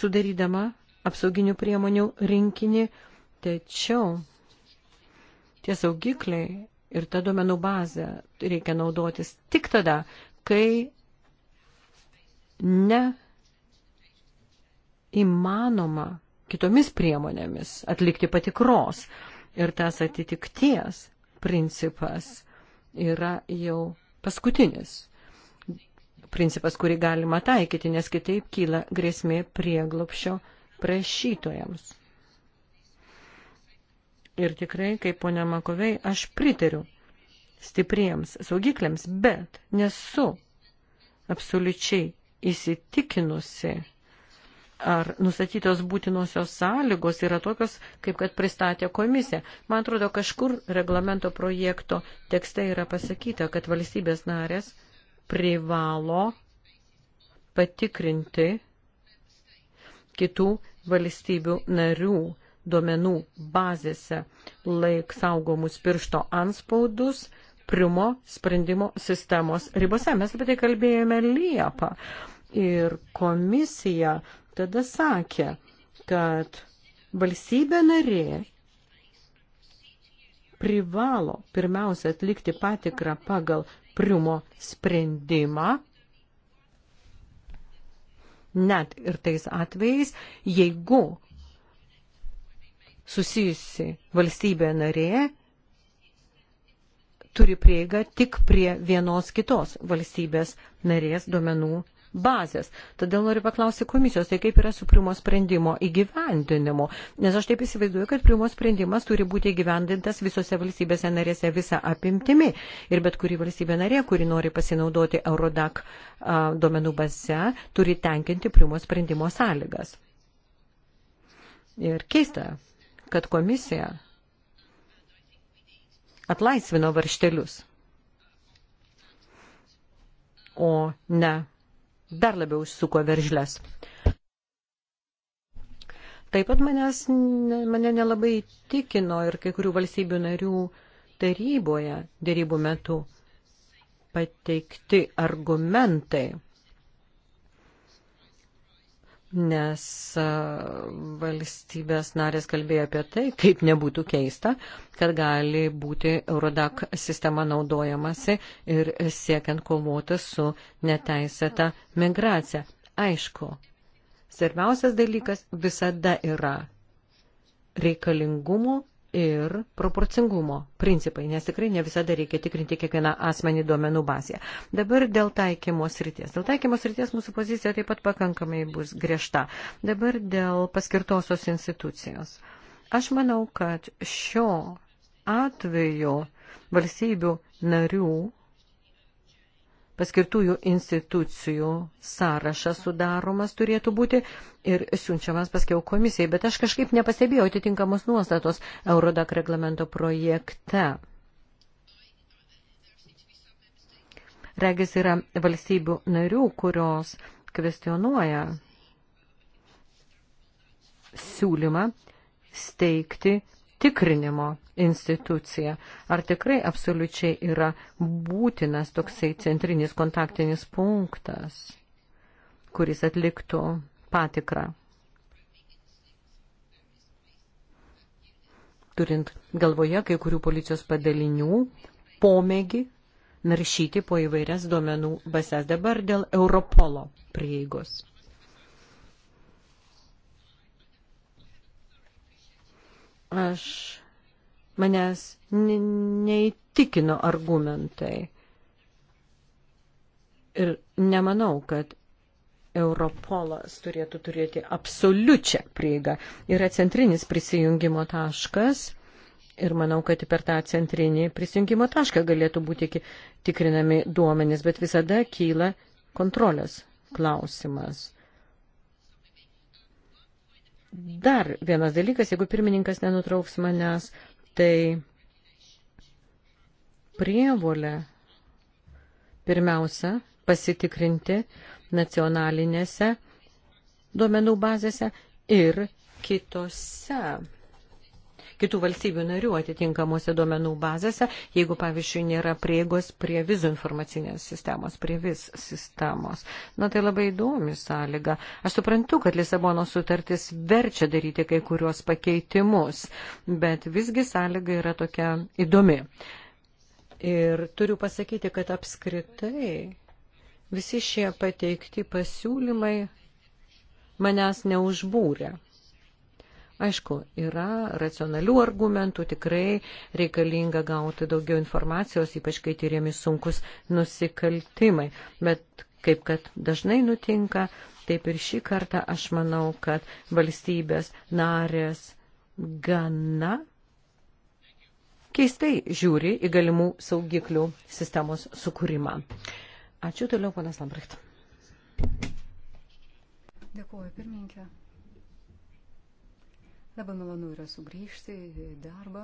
sudarydama apsauginių priemonių rinkinį, tačiau tie saugikliai ir ta duomenų bazė reikia naudotis tik tada, kai ne įmanoma kitomis priemonėmis atlikti patikros. Ir tas atitikties principas yra jau paskutinis principas, kurį galima taikyti, nes kitaip kyla grėsmė prieglopšio prašytojams. Ir tikrai, kaip ponia Makovei, aš pritariu stipriems saugikliams, bet nesu absoliučiai įsitikinusi, ar nustatytos būtinosios sąlygos yra tokios, kaip kad pristatė komisija. Man atrodo, kažkur reglamento projekto tekste yra pasakyta, kad valstybės narės privalo patikrinti kitų valstybių narių duomenų bazėse laik saugomus piršto anspaudus, priumo sprendimo sistemos ribose. Mes apie tai kalbėjome Liepą ir komisija tada sakė, kad valstybė narė privalo pirmiausia atlikti patikrą pagal priumo sprendimą, net ir tais atvejais, jeigu susijusi valstybė narė turi prieigą tik prie vienos kitos valstybės narės duomenų bazės. Todėl noriu paklausti komisijos, tai kaip yra su primo sprendimo įgyvendinimu. Nes aš taip įsivaizduoju, kad primo sprendimas turi būti įgyvendintas visose valstybėse narėse visą apimtimi. Ir bet kuri valstybė narė, kuri nori pasinaudoti Eurodac a, duomenų base, turi tenkinti primo sprendimo sąlygas. Ir keista, kad komisija atlaisvino varštelius, o ne dar labiau užsuko veržlės. Taip pat manęs, mane nelabai tikino ir kai kurių valstybių narių taryboje dėrybų metu pateikti argumentai nes valstybės narės kalbėjo apie tai, kaip nebūtų keista, kad gali būti Eurodac sistema naudojamasi ir siekiant kovoti su neteisėta migracija. Aišku, svarbiausias dalykas visada yra reikalingumo ir proporcingumo principai, nes tikrai ne visada reikia tikrinti kiekvieną asmenį duomenų bazėje. Dabar dėl taikymo srities. Dėl taikymo srities mūsų pozicija taip pat pakankamai bus griežta. Dabar dėl paskirtosios institucijos. Aš manau, kad šio atveju valstybių narių paskirtųjų institucijų sąrašas sudaromas turėtų būti ir siunčiamas paskiau komisijai. Bet aš kažkaip nepastebėjau atitinkamos nuostatos Eurodak reglamento projekte. Regis yra valstybių narių, kurios kvestionuoja siūlymą steigti tikrinimo institucija. Ar tikrai absoliučiai yra būtinas toksai centrinis kontaktinis punktas, kuris atliktų patikrą? Turint galvoje kai kurių policijos padalinių pomėgį naršyti po įvairias duomenų bases dabar dėl Europolo prieigos. Aš manęs neįtikino argumentai. Ir nemanau, kad Europolas turėtų turėti absoliučią prieigą. Yra centrinis prisijungimo taškas. Ir manau, kad per tą centrinį prisijungimo tašką galėtų būti tikrinami duomenys, bet visada kyla kontrolės klausimas. Dar vienas dalykas, jeigu pirmininkas nenutrauks manęs, tai prievolę pirmiausia pasitikrinti nacionalinėse duomenų bazėse ir kitose kitų valstybių narių atitinkamuose duomenų bazėse, jeigu, pavyzdžiui, nėra prieigos prie vizų informacinės sistemos, prie vis sistemos. Na tai labai įdomi sąlyga. Aš suprantu, kad Lisabono sutartis verčia daryti kai kuriuos pakeitimus, bet visgi sąlyga yra tokia įdomi. Ir turiu pasakyti, kad apskritai visi šie pateikti pasiūlymai manęs neužbūrė. Aišku, yra racionalių argumentų, tikrai reikalinga gauti daugiau informacijos, ypač kai tyriami sunkus nusikaltimai. Bet kaip kad dažnai nutinka, taip ir šį kartą aš manau, kad valstybės narės gana keistai žiūri į galimų saugiklių sistemos sukūrimą. Ačiū toliau, ponas Lambrecht. Dėkuoju, pirmininkė. Labai malonu yra sugrįžti į darbą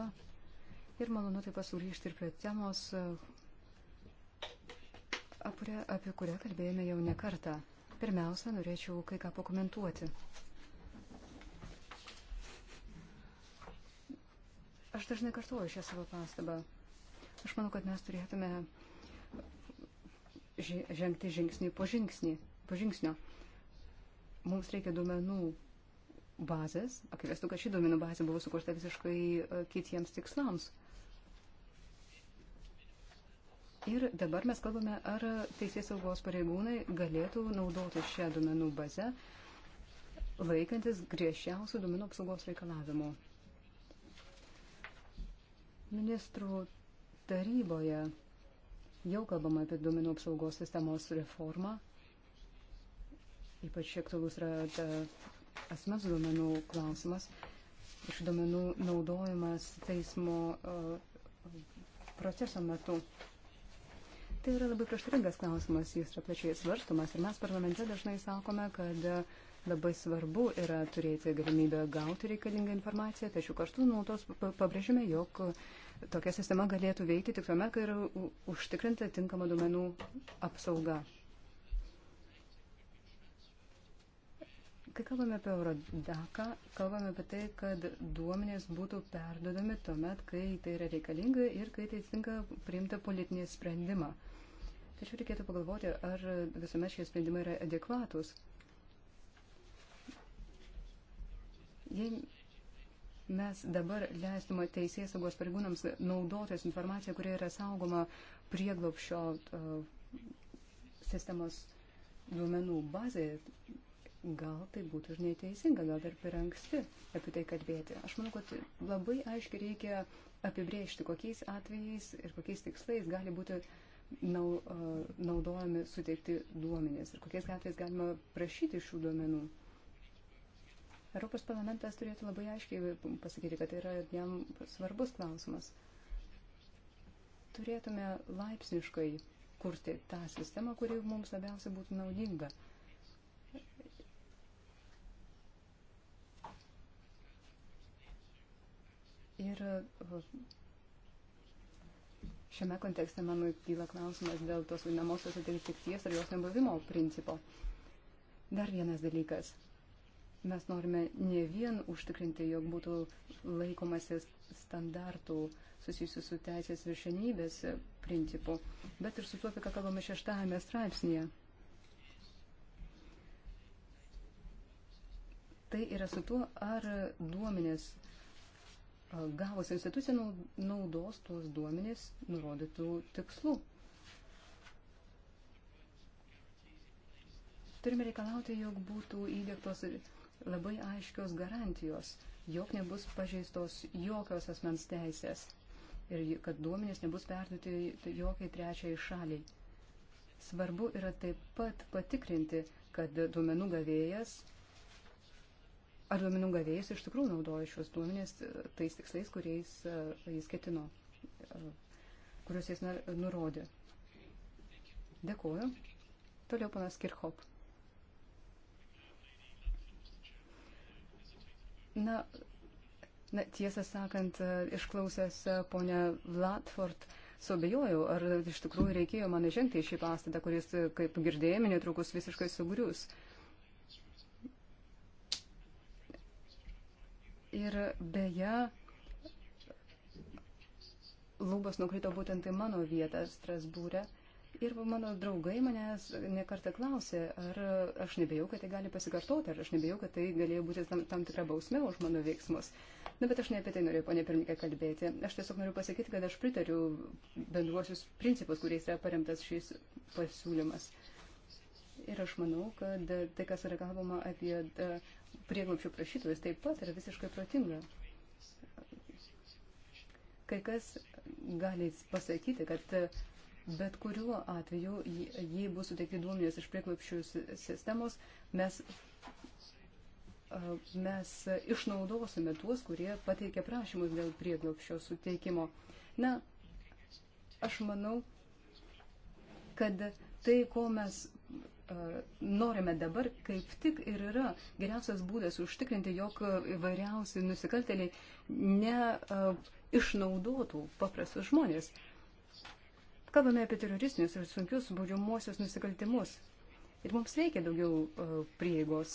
ir malonu taip pat sugrįžti ir prie temos, apie kurią kalbėjome jau ne kartą. Pirmiausia, norėčiau kai ką pakomentuoti. Aš dažnai kartuoju šią savo pastabą. Aš manau, kad mes turėtume žengti žingsnį po žingsnį. Po žingsnio. Mums reikia duomenų bazės, akivaizdu, kad ši duomenų bazė buvo sukurta visiškai e, kitiems tikslams. Ir dabar mes kalbame, ar teisės saugos pareigūnai galėtų naudoti šią duomenų bazę, laikantis griežčiausių duomenų apsaugos reikalavimų. Ministrų taryboje jau kalbama apie duomenų apsaugos sistemos reformą. Ypač aktualus yra asmens duomenų klausimas, iš duomenų naudojimas teismo e, proceso metu. Tai yra labai prieštaringas klausimas, jis yra plačiai svarstomas ir mes parlamente dažnai sakome, kad labai svarbu yra turėti galimybę gauti reikalingą informaciją, tačiau kartu nuolatos pabrėžime, jog tokia sistema galėtų veikti tik tuomet, kai yra užtikrinta tinkama duomenų apsauga. Kai kalbame apie Eurodaką, kalbame apie tai, kad duomenės būtų perdodami tuomet, kai tai yra reikalinga ir kai tai atsitinka priimta politinį sprendimą. Tačiau reikėtų pagalvoti, ar visuomet šie sprendimai yra adekvatus. Jei mes dabar leistume teisės saugos pareigūnams naudotis informaciją, kuri yra saugoma prieglopšio uh, sistemos duomenų bazėje, gal tai būtų ir neteisinga, gal dar per anksti apie tai kalbėti. Aš manau, kad labai aiškiai reikia apibrėžti, kokiais atvejais ir kokiais tikslais gali būti nau, naudojami suteikti duomenės ir kokiais atvejais galima prašyti šių duomenų. Europos parlamentas turėtų labai aiškiai pasakyti, kad tai yra jam svarbus klausimas. Turėtume laipsniškai kurti tą sistemą, kuri mums labiausiai būtų naudinga. Ir uh, šiame kontekste man kyla klausimas dėl tos vadinamosios atitikties ar jos nebuvimo principo. Dar vienas dalykas. Mes norime ne vien užtikrinti, jog būtų laikomasi standartų susijusių su teisės viršenybės principu, bet ir su tuo, apie ką kalbame šeštajame straipsnėje. Tai yra su tuo, ar duomenės gavus institucija naudos tuos duomenys nurodytų tikslų. Turime reikalauti, jog būtų įdėktos labai aiškios garantijos, jog nebus pažeistos jokios asmens teisės ir kad duomenys nebus perduoti jokiai trečiai šaliai. Svarbu yra taip pat patikrinti, kad duomenų gavėjas ar duomenų gavėjas iš tikrųjų naudoja šios duomenės e, tais tikslais, kuriais e, jis ketino, e, kuriuos jis nurodė. Dėkuoju. Toliau panas Kirchhop. Na, na, tiesą sakant, išklausęs ponę Latford, sobejojau, ar iš tikrųjų reikėjo man žengti į šį pastatą, kuris, kaip girdėjome, netrukus visiškai sugrius. Uh, Ir beje, lūbos nukrito būtent į mano vietą Strasbūrę. Ir mano draugai manęs nekartą klausė, ar aš nebejau, kad tai gali pasikartoti, ar aš nebejau, kad tai galėjo būti tam, tam tikra bausmė už mano veiksmus. Na, bet aš ne apie tai norėjau, ponė pirmininkė, kalbėti. Aš tiesiog noriu pasakyti, kad aš pritariu bendruosius principus, kuriais yra paremtas šis pasiūlymas. Uh, ir aš manau, kad tai, kas yra kalbama apie e, prieglopšio prašytojus, taip pat yra visiškai protinga. Kai kas gali pasakyti, kad e, bet kuriuo atveju, jei bus suteikti duomenės iš prieglopšio sistemos, mes, e, mes išnaudosime tuos, kurie pateikia prašymus dėl prieglopšio suteikimo. Na, aš manau, kad tai, ko mes E, norime dabar, kaip tik ir yra geriausias būdas užtikrinti, jog įvairiausi nusikalteliai neišnaudotų e, paprastus žmonės. Kalbame apie teroristinius ir sunkius baudžiamuosius nusikaltimus. Ir mums reikia daugiau e, prieigos.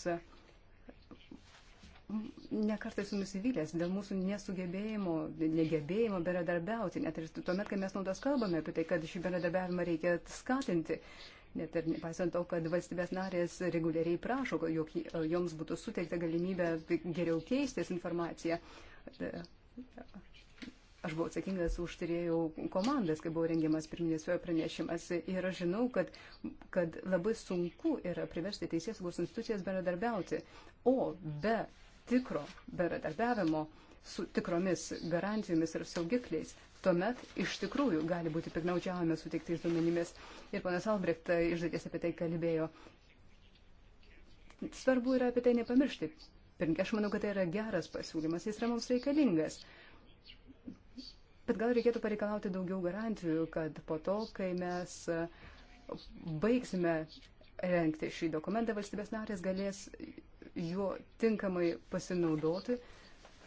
Nekartai esu nusivylęs dėl mūsų nesugebėjimo, negebėjimo bendradarbiauti, net ir tuomet, kai mes naudos kalbame apie tai, kad šį bendradarbiavimą reikia skatinti net ir nepaisant to, kad valstybės narės reguliariai prašo, jog joms būtų suteikta galimybė geriau keistis informaciją. Aš buvau atsakingas už tyrėjų komandas, kai buvo rengiamas pirminis pranešimas. Ir aš žinau, kad, kad labai sunku yra priversti teisės saugos institucijas bendradarbiauti. O be tikro bendradarbiavimo uh, su tikromis garantijomis ir saugikliais, tuomet iš tikrųjų gali būti piknaudžiavami suteiktais duomenimis. Ir ponas Albrecht e, iš dalies apie tai kalbėjo. Svarbu yra apie tai nepamiršti. Pirmkia, aš manau, kad tai yra geras pasiūlymas, jis yra mums reikalingas. Bet gal reikėtų pareikalauti daugiau garantijų, kad po to, kai mes e, baigsime renkti šį dokumentą, valstybės narės galės juo tinkamai pasinaudoti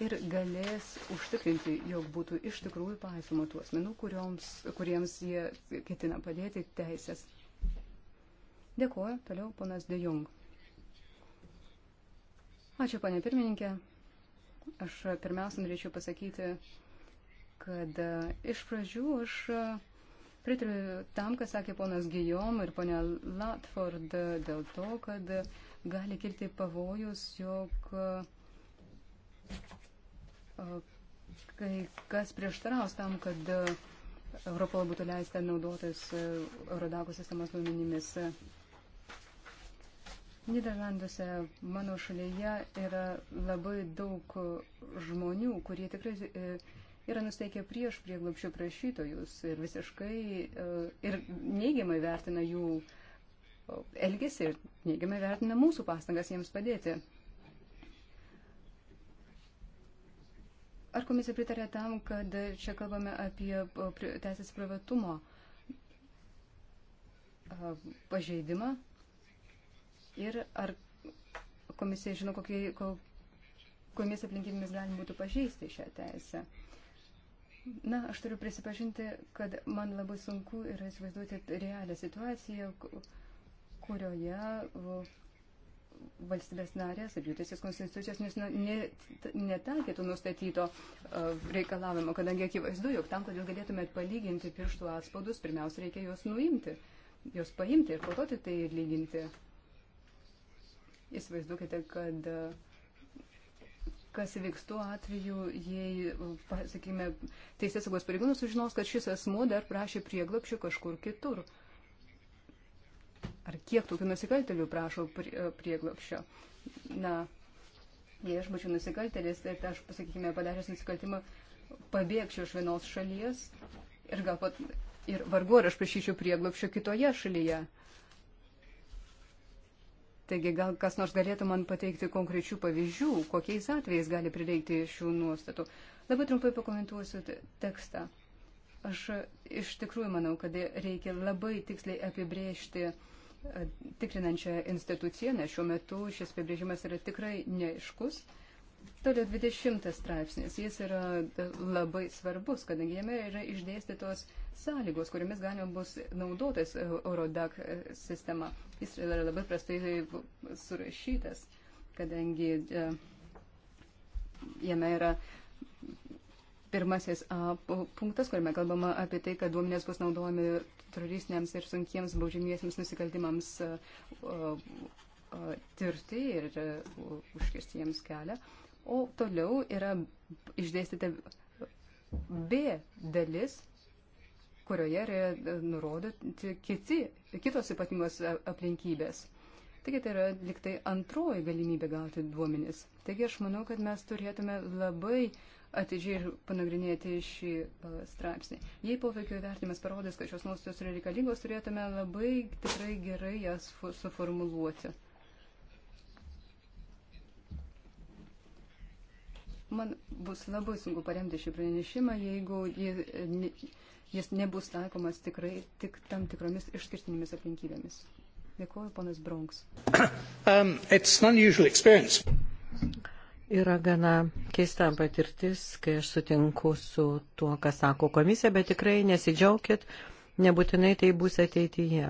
ir galės užtikrinti, jog būtų iš tikrųjų paisoma tų asmenų, kurioms, kuriems jie ketina padėti teisės. Dėkuoju, toliau ponas De Jong. Ačiū, panė pirmininkė. Aš pirmiausia norėčiau pasakyti, kad e, iš pradžių aš e, pritariu tam, ką sakė ponas Gijom ir ponė Latford e, dėl to, kad gali kilti pavojus, jog kai kas prieštaraus tam, kad Europol būtų leista naudotis Eurodako sistemos duomenimis. Niderlanduose, mano šalyje, yra labai daug žmonių, kurie tikrai e, yra nusteikę prieš prieglapščių prašytojus ir visiškai e, ir neigiamai vertina jų e, elgesį ir neigiamai vertina mūsų pastangas jiems padėti. Ar komisija pritarė tam, kad čia kalbame apie teisės privatumo pažeidimą? Ir ar komisija žino, kokie, kokiamis aplinkybėmis galima būtų pažeisti šią teisę? Na, aš turiu prisipažinti, kad man labai sunku yra įsivaizduoti realią situaciją, kurioje valstybės narės ir jų teisės konstitucijos netaikytų nustatyto e, reikalavimo, kadangi akivaizdu, jog tam, kad jūs galėtumėt palyginti pirštų atspaudus, pirmiausia, reikia juos nuimti, juos paimti ir po to tik tai lyginti. Įsivaizduokite, kad e, kas įvyks tuo atveju, jei, e, sakykime, teisės saugos pareigūnas sužinos, kad šis asmuo dar prašė prieglapšio kažkur kitur. Uh, ar kiek tokių nusikaltelių prašo e, prieglopščio. Na, jei aš būčiau nusikaltelis, tai aš, pasakykime, padaręs nusikaltimą, pabėgčiau iš vienos šalies ir gal pat ir vargu ar aš prašyčiau prieglopščio kitoje šalyje. Taigi gal kas nors galėtų man pateikti konkrečių pavyzdžių, kokiais atvejais gali prireikti šių nuostatų. Labai trumpai pakomentuosiu tekstą. Aš iš tikrųjų manau, kad reikia labai tiksliai apibrėžti uh, tikrinančią instituciją, nes šiuo metu šis apibrėžimas yra tikrai neaiškus. Toliau 20 straipsnis. Jis yra labai svarbus, kadangi jame yra išdėstytos sąlygos, kuriamis galima bus naudotis e, Eurodac e, sistema. Jis yra labai prastai surašytas, kadangi e, jame yra pirmasis A punktas, kuriame kalbama apie tai, kad duomenės bus naudojami teroristiniams ir sunkiems baudžiamiesiams nusikaltimams e, e, tirti ir e, užkirsti jiems kelią. O toliau yra išdėstyta B dalis, kurioje yra nurodyti kiti, kitos ypatingos aplinkybės. Taigi tai yra liktai antroji galimybė gauti duomenis. Taigi aš manau, kad mes turėtume labai uh, atidžiai panagrinėti šį e, straipsnį. Jei poveikio vertimas parodys, kad šios nuostatos yra reikalingos, turėtume labai tikrai gerai jas suformuluoti. Man bus labai sunku paremti šį pranešimą, jeigu jis nebus taikomas tikrai tik tam tikromis išskirtinėmis aplinkybėmis. Dėkuoju, ponas Bronks. Um, Yra gana keista patirtis, kai aš sutinku su tuo, ką sako komisija, bet tikrai nesidžiaukit, nebūtinai tai bus ateityje.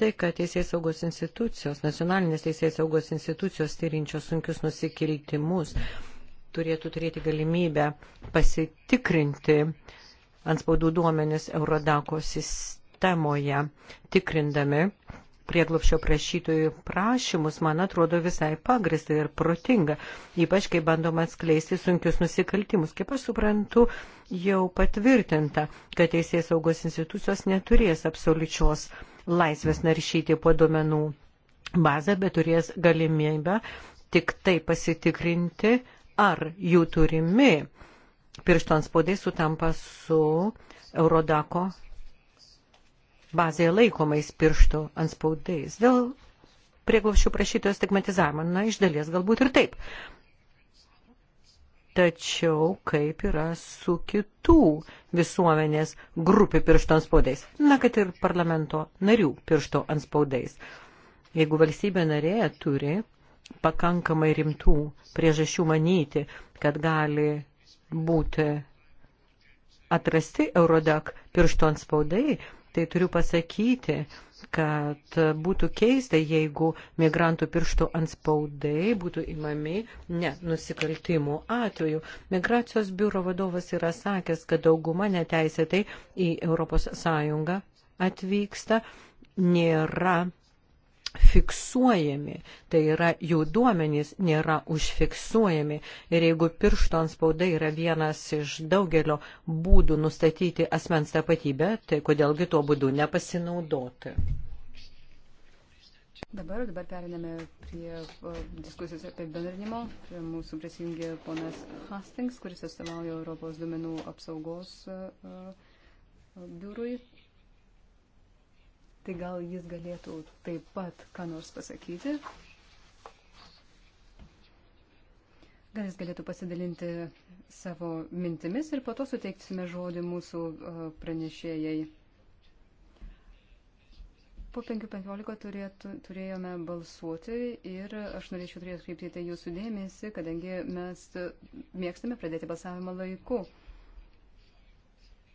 Tai, kad teisės saugos institucijos, nacionalinės teisės saugos institucijos tyrinčios sunkius nusikiltimus, turėtų turėti galimybę pasitikrinti ant spaudų duomenis Eurodako sistemoje, tikrindami prieglopšio prašytojų prašymus, man atrodo visai pagrįsta ir protinga, ypač kai bandoma atskleisti sunkius nusikaltimus. Kaip aš suprantu, jau patvirtinta, kad teisės saugos institucijos neturės absoliučios laisvės naršyti po duomenų bazę, bet turės galimybę tik tai pasitikrinti, ar jų turimi piršto anspaudai sutampa su Eurodako bazėje laikomais pirštų ant spaudais. Dėl prieglavšių prašytojo stigmatizavimo, na, iš dalies galbūt ir taip. Tačiau kaip yra su kitų visuomenės grupių piršto ant spaudais? Na, kad ir parlamento narių piršto ant spaudais. Jeigu valstybė narė turi pakankamai rimtų priežasčių manyti, kad gali būti atrasti Eurodak piršto ant spaudai, tai turiu pasakyti, kad būtų keista, jeigu migrantų pirštų anspaudai būtų imami ne nusikaltimų atveju. Migracijos biuro vadovas yra sakęs, kad dauguma neteisėtai į ES atvyksta, nėra fiksuojami, tai yra jų duomenys nėra užfiksuojami. Ir jeigu piršto anspaudai yra vienas iš daugelio būdų nustatyti asmens tapatybę, tai kodėlgi tuo būdu nepasinaudoti. Dabar, dabar periname prie o, diskusijos apie bendrinimo. Prie mūsų prisijungė ponas Hastings, kuris atstovauja Europos duomenų apsaugos o, o, biurui tai gal jis galėtų taip pat ką nors pasakyti. Gal jis galėtų pasidalinti savo mintimis ir po to suteiksime žodį mūsų uh, pranešėjai. Po 5.15 turėjome balsuoti ir aš norėčiau turėti kreipti tai jūsų dėmesį, kadangi mes uh, mėgstame pradėti balsavimą laiku.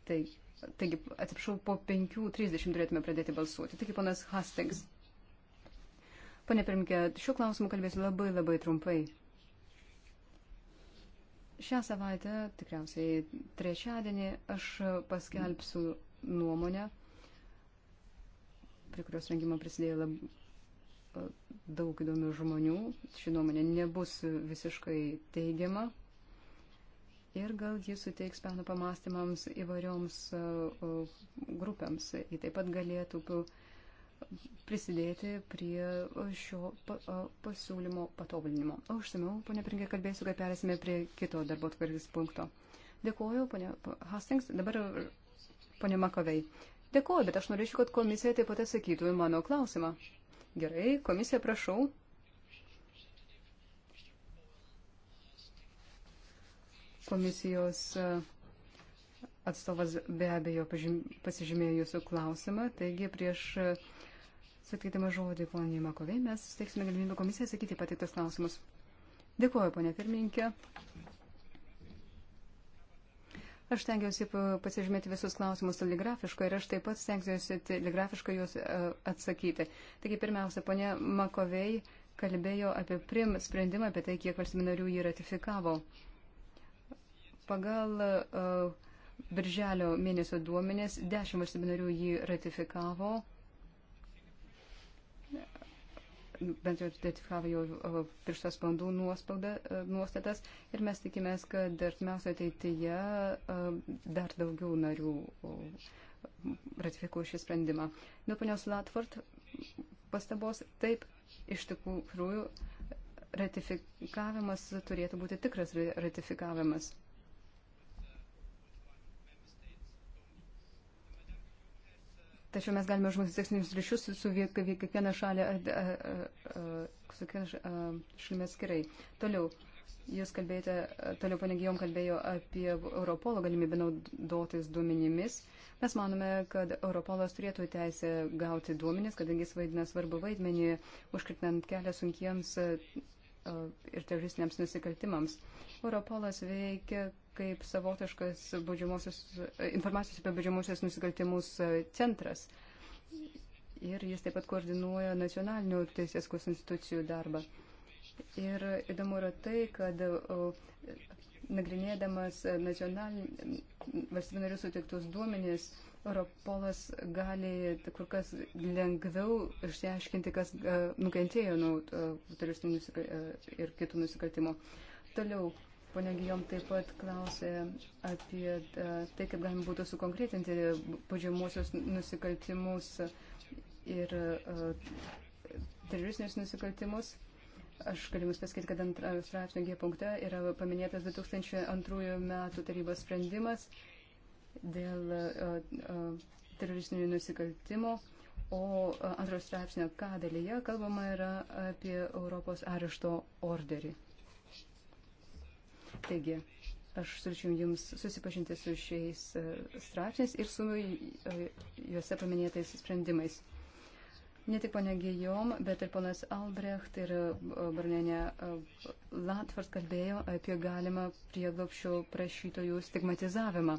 Taip, Taigi, atsiprašau, po 5.30 turėtume pradėti balsuoti. Taigi, ponas Hastings. Pane pirmkė, šiuo klausimu kalbėsiu labai labai trumpai. Šią savaitę, tikriausiai trečiadienį, aš paskelbsiu nuomonę, prie kurios rengimo prisidėjo labai daug įdomių žmonių. Ši nuomonė nebus visiškai teigiama, ir gal jis suteiks peno pamastymams įvairioms e, grupėms. Jis taip pat galėtų prisidėti prie šio pasiūlymo patobulinimo. O užsimiau, ponia Pringė, kalbėsiu, kad perėsime prie kito darbo tvarkės punkto. Dėkuoju, ponia Hastings, dabar ponia Makovei. Dėkuoju, bet aš norėčiau, kad komisija taip pat atsakytų į mano klausimą. Gerai, komisija prašau. Komisijos e, atstovas be abejo pasižymėjo jūsų klausimą, taigi prieš e, sakykime žodį poniai Makovai mes steiksime galimybę komisijai atsakyti patiktus klausimus. Dėkuoju, ponė pirmininkė. Aš stengiuosi pasižymėti visus klausimus telegrafiškai ir aš taip pat stengiuosi telegrafiškai juos e, atsakyti. Taigi pirmiausia, ponė Makovei kalbėjo apie prim sprendimą, apie tai, kiek valstybinarių jį ratifikavo. Pagal e, birželio mėnesio duomenės 10 valstybių narių jį ratifikavo, bent jau ratifikavo jau e, piršto spandų e, nuostatas ir mes tikimės, kad artimiausio ateityje dar daugiau narių ratifikuoja šį sprendimą. Nuo panios Latford pastabos, taip, iš tikrųjų ratifikavimas turėtų būti tikras ratifikavimas. Tačiau mes galime užmėgti techninius ryšius su kiekviena šalė, su kiekviena šalimi atskirai. Toliau, jūs kalbėjote, toliau panegijom kalbėjo apie Europolo galimybę naudotis duomenimis. Mes manome, kad Europolas turėtų teisę gauti duomenis, kadangi jis vaidina svarbu vaidmenį, užkritinant kelią sunkiems ir teroristiniams nusikaltimams. Europolas veikia kaip savotiškas informacijos apie baudžiamosios nusikaltimus e, centras. Ir jis taip pat koordinuoja nacionalinių teisėskos institucijų darbą. Ir įdomu yra tai, kad nagrinėdamas valstybių narių suteiktus duomenys, Europolas gali kur kas lengviau išsiaiškinti, kas e, nukentėjo nuo e, teroristinių ir kitų nusikaltimų. Toliau, Pone Gijom taip pat klausė apie e, tai, kaip galima būtų sukonkretinti pažymuosius nusikaltimus ir e, teroristinius nusikaltimus. Aš galiu Jums pasakyti, kad ant straipsnio G punkte yra paminėtas 2002 metų tarybos sprendimas dėl e, teroristinių nusikaltimų, o antros straipsnio K dalyje kalbama yra apie Europos arešto orderį. Taigi, aš siūlyčiau Jums susipažinti su šiais e, straipsniais ir su e, juose paminėtais sprendimais. Ne tik ponia Gijom, bet ir ponas Albrecht ir e, barnenė Latvart kalbėjo apie galimą prieglopšio prašytojų stigmatizavimą.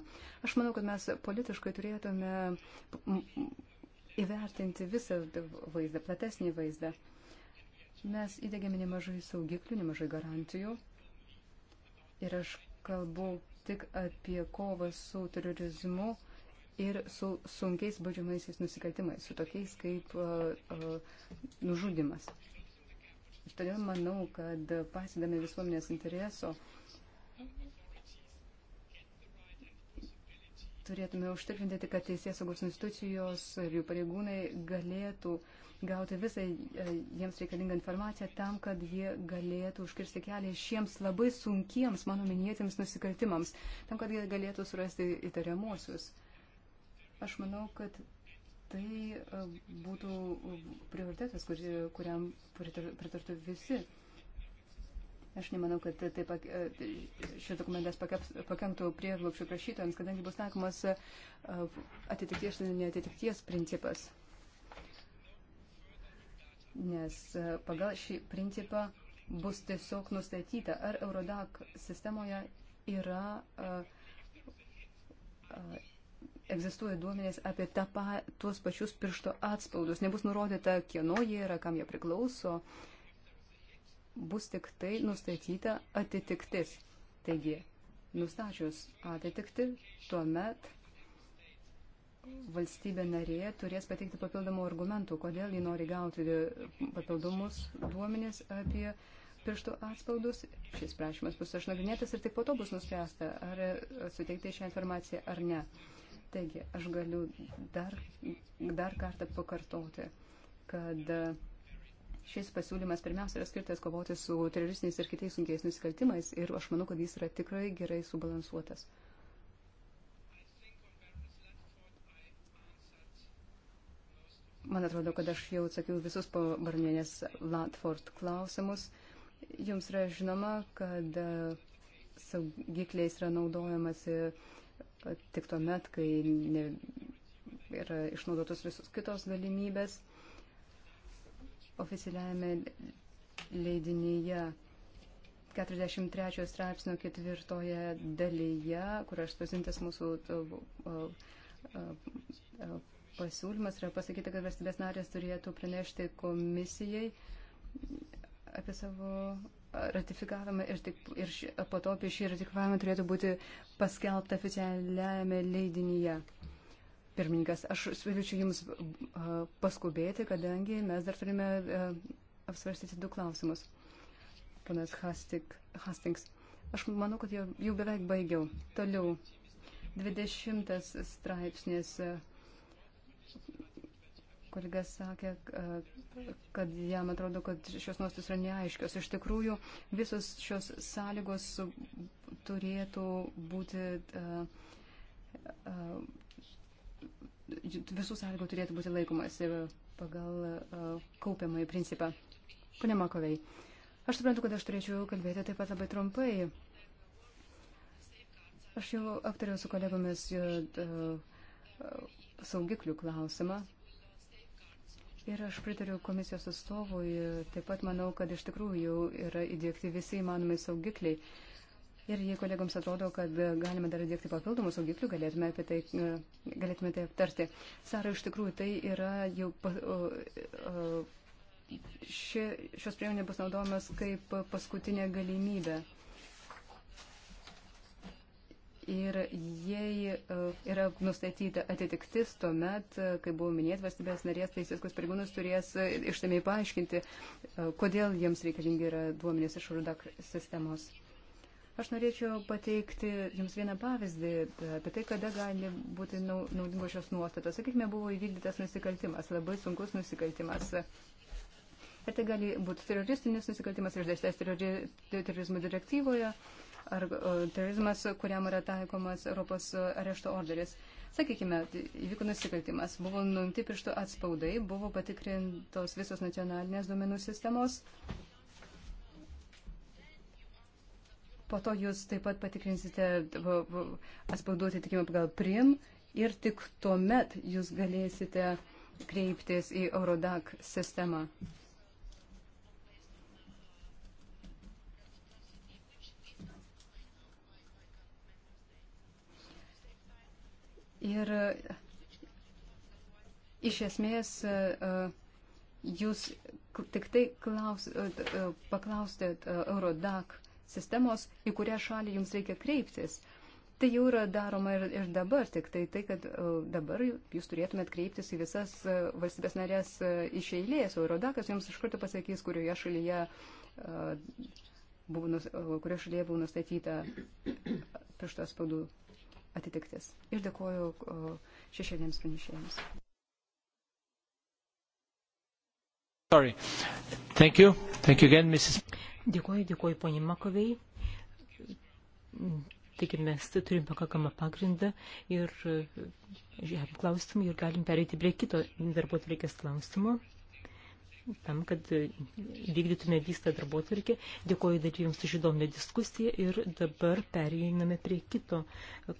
Aš manau, kad mes politiškai turėtume įvertinti visą vaizdą, platesnį vaizdą. Mes įdėgėme nemažai saugiklių, nemažai garantijų ir aš kalbu tik apie kovą su terorizmu ir su sunkiais baudžiamaisiais nusikaltimais, su tokiais kaip uh, uh, nužudimas. Ir todėl manau, kad pasidami visuomenės intereso, uh, turėtume užtikrinti, kad teisės saugos institucijos ir jų pareigūnai galėtų gauti visą e, jiems reikalingą informaciją tam, kad jie galėtų užkirsti kelią šiems labai sunkiems mano minėtiems nusikaltimams, tam, kad jie galėtų surasti įtariamuosius. Aš manau, kad tai e, būtų prioritetas, kuriam pritartų visi. Aš nemanau, kad taip, e, tai šis dokumentas pakenktų prieglopšio prašytojams, kadangi bus taikomas e, atitikties ir netitikties principas. Nes e, pagal šį principą bus tiesiog nustatyta, ar Eurodac sistemoje yra, egzistuoja duomenės apie tą, tuos pačius piršto atspaudus. Nebus nurodyta, kieno jie yra, kam jie priklauso. A, bus tik tai nustatyta atitiktis. Taigi, nustačius atitikti, tuomet valstybė narė turės pateikti papildomų argumentų, kodėl ji nori gauti papildomus duomenis apie pirštų atspaudus. Šis prašymas bus išnagrinėtas ir tik po to bus nuspręsta, ar suteikti šią informaciją ar ne. Taigi, aš galiu dar, dar kartą pakartoti, kad uh, Šis pasiūlymas pirmiausia yra skirtas kovoti su teroristiniais ir kitais sunkiais nusikaltimais ir aš manau, kad jis yra tikrai gerai subalansuotas. Man atrodo, kad aš jau atsakiau visus po Barnienės Latford klausimus. Jums yra žinoma, kad e, saugikliais yra naudojamasi e, tik tuo met, kai ne, yra išnaudotos visos kitos galimybės oficialiame leidinyje 43 straipsnio ketvirtoje dalyje, kur aš spausdintas mūsų pasiūlymas, yra pasakyta, kad valstybės narės turėtų pranešti komisijai apie savo ratifikavimą ir, tik, ir po to apie šį ratifikavimą turėtų būti paskelbta oficialiajame leidinyje. Pirmininkas, aš siūlyčiau Jums paskubėti, kadangi mes dar turime apsvarstyti du klausimus. Panas Hastings. Aš manau, kad jau, jau beveik baigiau. Toliau. 20 straipsnis. Kolegas sakė, kad jam atrodo, kad šios nuostos yra neaiškios. Iš tikrųjų, visos šios sąlygos turėtų būti. Uh, uh, visų sąlygų turėtų būti laikomas pagal uh, kaupiamąjį principą. Pane Makovei, aš suprantu, kad aš turėčiau kalbėti taip pat labai trumpai. Aš jau aptariau su kolegomis uh, uh, saugiklių klausimą. Ir aš pritariu komisijos atstovui, taip pat manau, kad iš tikrųjų yra įdėkti visi įmanomi saugikliai. Uh, Ir jei kolegoms atrodo, kad galime dar dėkti papildomų saugiklių, galėtume apie tai, e, galėtume tai aptarti. Sara, iš tikrųjų, tai yra jau. Ši, šios priemonės bus naudojamas kaip paskutinė galimybė. Ir jei e, yra nustatyta atitiktis, tuomet, e, kai buvo minėt, valstybės narės teisėskos pareigūnus turės ištamiai paaiškinti, kodėl jiems reikalingi yra duomenės iš RUDAK sistemos. Aš norėčiau pateikti Jums vieną pavyzdį apie tai, kada gali būti naudingos šios nuostatos. Sakykime, buvo įvykdytas nusikaltimas, labai sunkus nusikaltimas. Ir tai gali būti teroristinis nusikaltimas išdėstęs terorizmo direktyvoje ar terorizmas, kuriam yra taikomas Europos arešto orderis. Sakykime, tai įvyko nusikaltimas, buvo nuimti piršto atspaudai, buvo patikrintos visos nacionalinės duomenų sistemos. Po to jūs taip pat patikrinsite atspaudų atitikimą pagal prim ir tik tuomet jūs galėsite kreiptis į Eurodac sistemą. Ir iš esmės e, e, jūs tik tai klaus, e, paklausėt Eurodac sistemos, į kurią šalį jums reikia kreiptis. Tai jau yra daroma ir, ir dabar, tik tai tai, kad e, dabar jūs turėtumėt kreiptis į visas e, valstybės narės e, iš eilės, o Eurodakas jums iš karto pasakys, kurioje šalyje, buvo, kurioje šalyje buvo nustatyta piršto spaudų atitiktis. Ir dėkoju šešėlėms pranešėjams. Sorry. Thank you. Thank you again, Mrs. Dėkuoju, dėkuoju poniai Makovei. Taigi mes turim pakankamą pagrindą ir žiūrėjom e, klausimą ir galim pereiti prie kito darbo atvarkės klausimo, tam, kad e, vykdytume vystą darbo atvarkę. Dėkuoju dalyviams už įdomią diskusiją ir dabar pereiname prie kito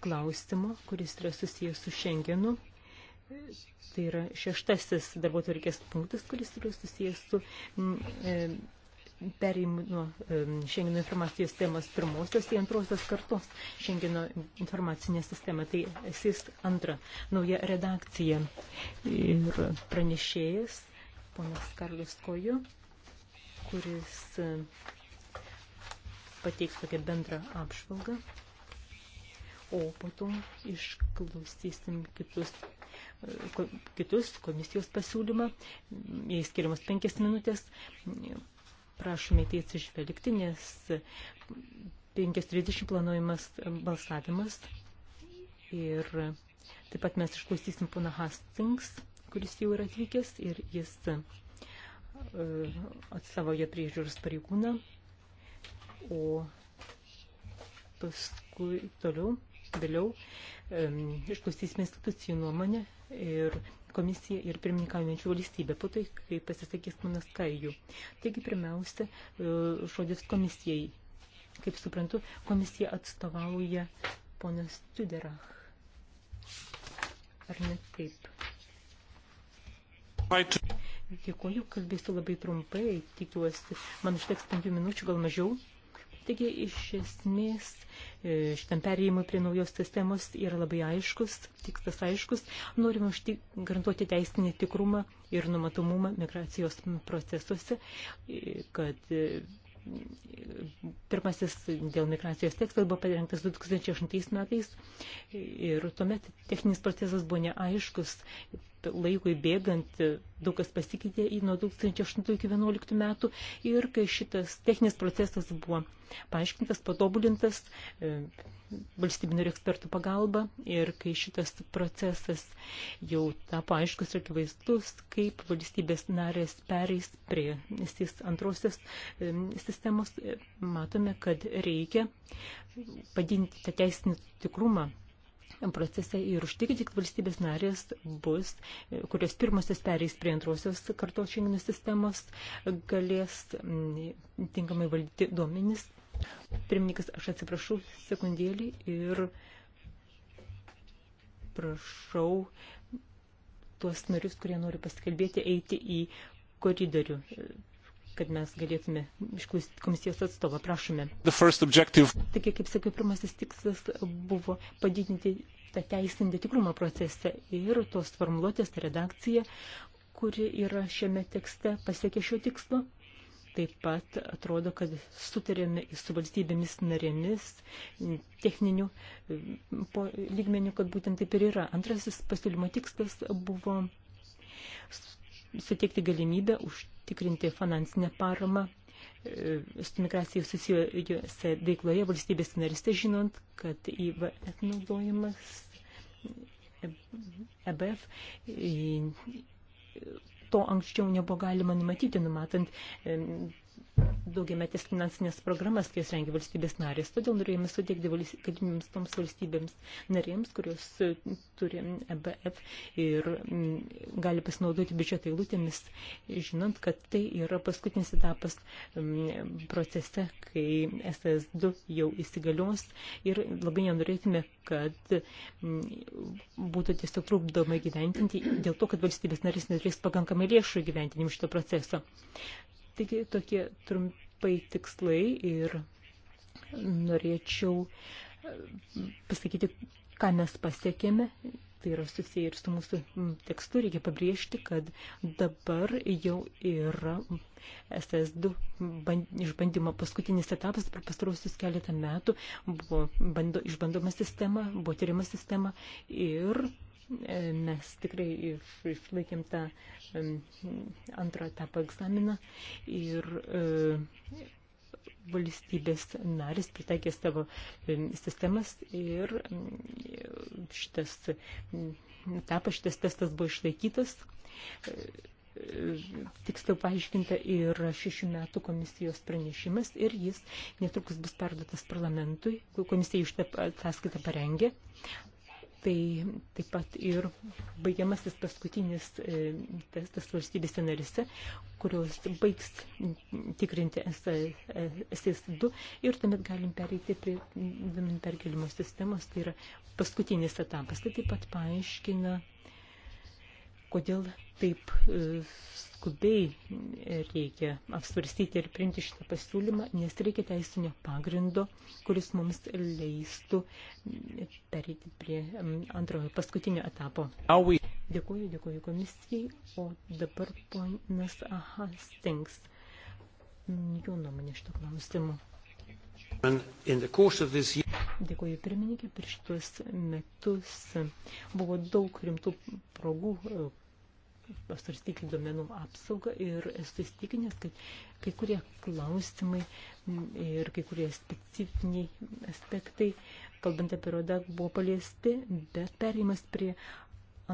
klausimo, kuris yra susijęs su Šengenu. Tai yra šeštasis darbo atvarkės punktas, kuris yra susijęs su. Mm, e, perėjimų nuo Šengeno informacijos sistemos pirmosios į antrosios kartos Šengeno informacinę sistemą, tai SIS antra nauja redakcija. Ir pranešėjas, ponas Karlis Koju, kuris pateiks tokią bendrą apžvalgą, o po to išklausysim kitus e, kitus komisijos pasiūlymą, jai skiriamas penkias minutės, prašome tai atsižvelgti, nes 5.30 planuojamas e, balsavimas ir taip pat mes išklausysim pana Hastings, kuris jau yra atvykęs ir jis e, atsavoja priežiūros pareigūną, o paskui toliau, vėliau išklausysime institucijų nuomonę ir komisija ir pirmininkaujančių valstybė, po to, kai pasisakys manas Kaijų. Taigi, pirmiausia, e, žodis komisijai. Kaip suprantu, komisija atstovauja ponas Tuderach. Ar net taip? Dėkuoju, kalbėsiu labai trumpai, tikiuosi, man užteks penkių minučių, gal mažiau. Taigi, iš esmės, e, šitam perėjimui prie naujos sistemos yra labai aiškus, tikslas aiškus, norime garantuoti teisinį tikrumą ir numatomumą migracijos procesuose, e, kad e, pirmasis dėl migracijos tekstas buvo parengtas 2008 metais ir tuomet techninis procesas buvo neaiškus, laikui bėgant daug kas pasikeitė nuo 2008 iki 2011 metų ir kai šitas techninis procesas buvo paaiškintas, patobulintas, valstybinio ekspertų pagalba ir kai šitas procesas jau tapo aiškus ir akivaizdus, kaip valstybės narės pereis prie SIS antrosios sistemos, e, matome, kad reikia padinti tą teisinį tikrumą procese ir užtikrinti, kad valstybės narės bus, e, kurios pirmasis pereis prie antrosios kartos šengino sistemos, galės tinkamai valdyti duomenis Pirmininkas, aš atsiprašau sekundėlį ir prašau tuos narius, kurie nori pasikalbėti, eiti į koridorių, kad mes galėtume išklausyti komisijos atstovą. Prašome. Taigi, kaip sakiau, pirmasis tikslas buvo padidinti tą teisinį tikrumą procese ir tos formuluotės, ta redakcija, kuri yra šiame tekste, pasiekė šio tikslo. Taip pat atrodo, kad sutarėme su valstybėmis narėmis techninių mm, lygmenių, kad būtent taip ir yra. Antrasis pasiūlymo tikslas buvo suteikti galimybę užtikrinti finansinę paramą e, su migracija susijusiuose veikloje valstybės narystė, žinant, kad IVF naudojimas EBF to anksčiau nebuvo galima numatyti, numatant daugiametės finansinės programas, kai jas rengia valstybės narės. Todėl norėjome suteikti galimybėms toms valstybėms narėms, kurios e, turi EBF ir gali pasinaudoti biudžeto eilutėmis, žinant, kad tai yra paskutinis etapas procese, kai SS2 jau įsigalios ir labai nenorėtume, kad būtų tiesiog trūkdoma gyventinti dėl to, kad valstybės narės neturės pakankamai lėšų gyventinimų šito proceso. Taigi tokie trumpai tikslai ir norėčiau e, pasakyti, ką mes pasiekėme. Tai yra susiję ir su mūsų tekstu. Reikia pabrėžti, kad dabar jau yra SS2 išbandymo paskutinis etapas per pastarausius keletą metų. Buvo bando, išbandoma sistema, buvo tyrima sistema ir E, mes tikrai iš, išlaikėm tą antrą etapą egzaminą ir e, valstybės narys pritaikė savo sistemas ir šitas etapas, šitas testas buvo išlaikytas. E, e, tiksliau paaiškinta ir šešių metų komisijos pranešimas ir jis netrukus bus perduotas parlamentui, komisija iš tą ataskaitą parengė tai taip pat ir baigiamasis paskutinis e, testas valstybėse narise, kurios baigs tikrinti SS2 ir tuomet galim pereiti prie duomenų perkelimo sistemos, tai yra paskutinis etapas. Tai taip pat paaiškina kodėl taip e, skubiai reikia apsvarstyti ir priimti šitą pasiūlymą, nes reikia teisinio pagrindo, kuris mums leistų perėti prie antrojo paskutinio etapo. Dėkuoju, dėkuoju komisijai, o dabar ponas Hastings. Jo nuomonė šito klausimu. Dėkuoju pirmininkė, per šitus metus buvo daug rimtų progų pasvarstyti e, duomenų apsaugą ir esu įstikinęs, kad kai kurie klausimai ir kai kurie specifiniai aspektai, kalbant apie rodak, buvo paliesti, bet perėjimas prie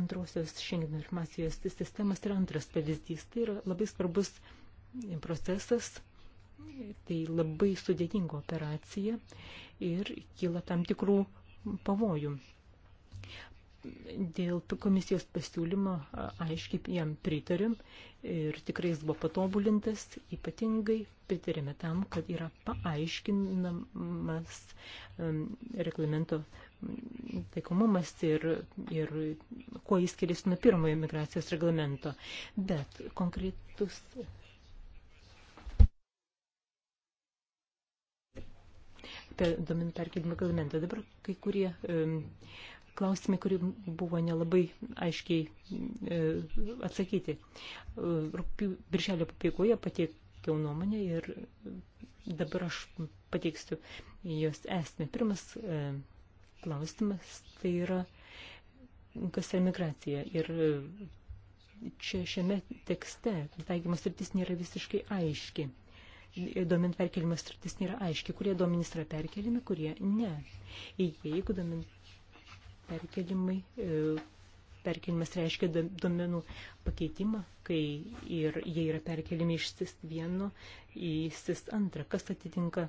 antrosios šiandien informacijos sistemos yra antras pavyzdys. Tai yra labai svarbus procesas Tai labai sudėtinga operacija ir kyla tam tikrų pavojų. Dėl komisijos pasiūlymo aiškiai jam pritarim ir tikrai jis buvo patobulintas, ypatingai pritarėme tam, kad yra paaiškinamas reglamento taikomumas ir, ir kuo jis skiriasi nuo pirmojo migracijos reglamento. Bet konkretus apie domenų perkelimą reglamentą. Dabar kai kurie klausimai, kurie buvo nelabai aiškiai e, atsakyti. E, birželio papiegoje pateikiau nuomonę ir dabar aš pateiksiu jos esmę. Pirmas e, klausimas tai yra, kas yra migracija. Ir čia šiame tekste taikymas rytis nėra visiškai aiški duomenų perkelimo stratis nėra aiški, kurie duomenys yra perkelimi, kurie ne. Jeigu duomenų perkelimai, e, perkelimas reiškia duomenų pakeitimą, kai ir jie yra perkelimi iš SIS 1 į SIS 2, kas atitinka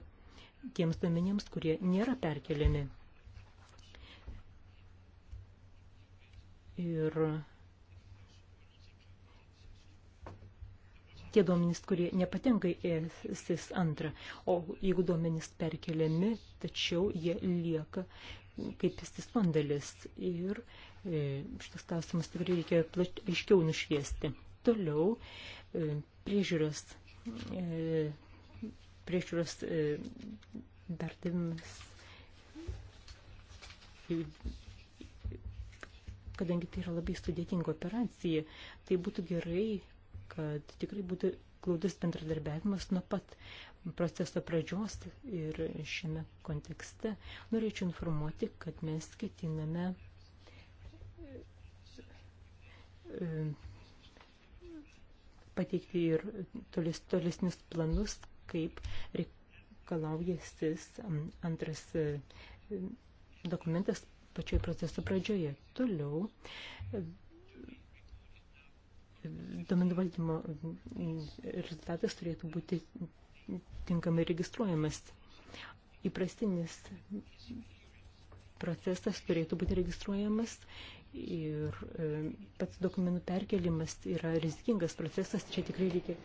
tiems duomenims, kurie nėra perkeliami. Ir tie duomenys, kurie nepatenka į SIS antrą, o jeigu duomenys perkeliami, tačiau jie lieka kaip SIS vandalis. Ir e, šitas klausimas tikrai reikia aiškiau nušviesti. Toliau e, priežiūros, e, priežiūros vertinimas kadangi tai yra labai sudėtinga operacija, tai būtų gerai kad tikrai būtų glaudus bendradarbiavimas nuo pat proceso pradžios ir šiame kontekste norėčiau informuoti, kad mes ketiname e, pateikti ir tolis, tolesnius planus, kaip reikalauja SIS antras e, dokumentas pačioje proceso pradžioje. Toliau duomenų valdymo rezultatas turėtų būti tinkamai registruojamas. Įprastinis procesas turėtų būti registruojamas ir e, pats dokumentų perkelimas yra rizikingas procesas, čia tikrai reikia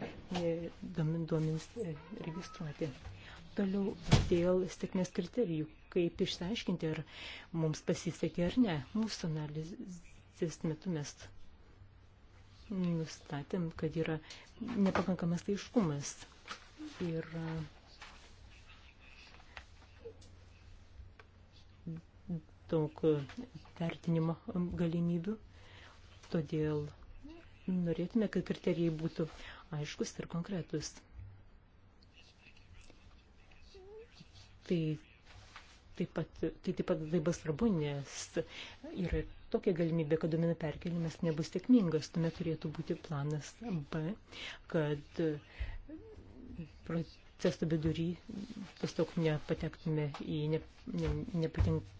e, duomenys e, registruoti. Toliau dėl sėkmės kriterijų, kaip išsiaiškinti, ar mums pasisekė ar ne. Mūsų analizės metu mes nustatėm, kad yra nepakankamas aiškumas. Ir e, daug vertinimo galimybių, todėl norėtume, kad kriterijai būtų aiškus ir konkretus. Tai taip pat, tai taip pat labai svarbu, nes yra tokia galimybė, kad domenų perkelimas nebus sėkmingas, tuomet turėtų būti planas B, kad proceso vidury tiesiog nepatektume į ne, ne, nepatink,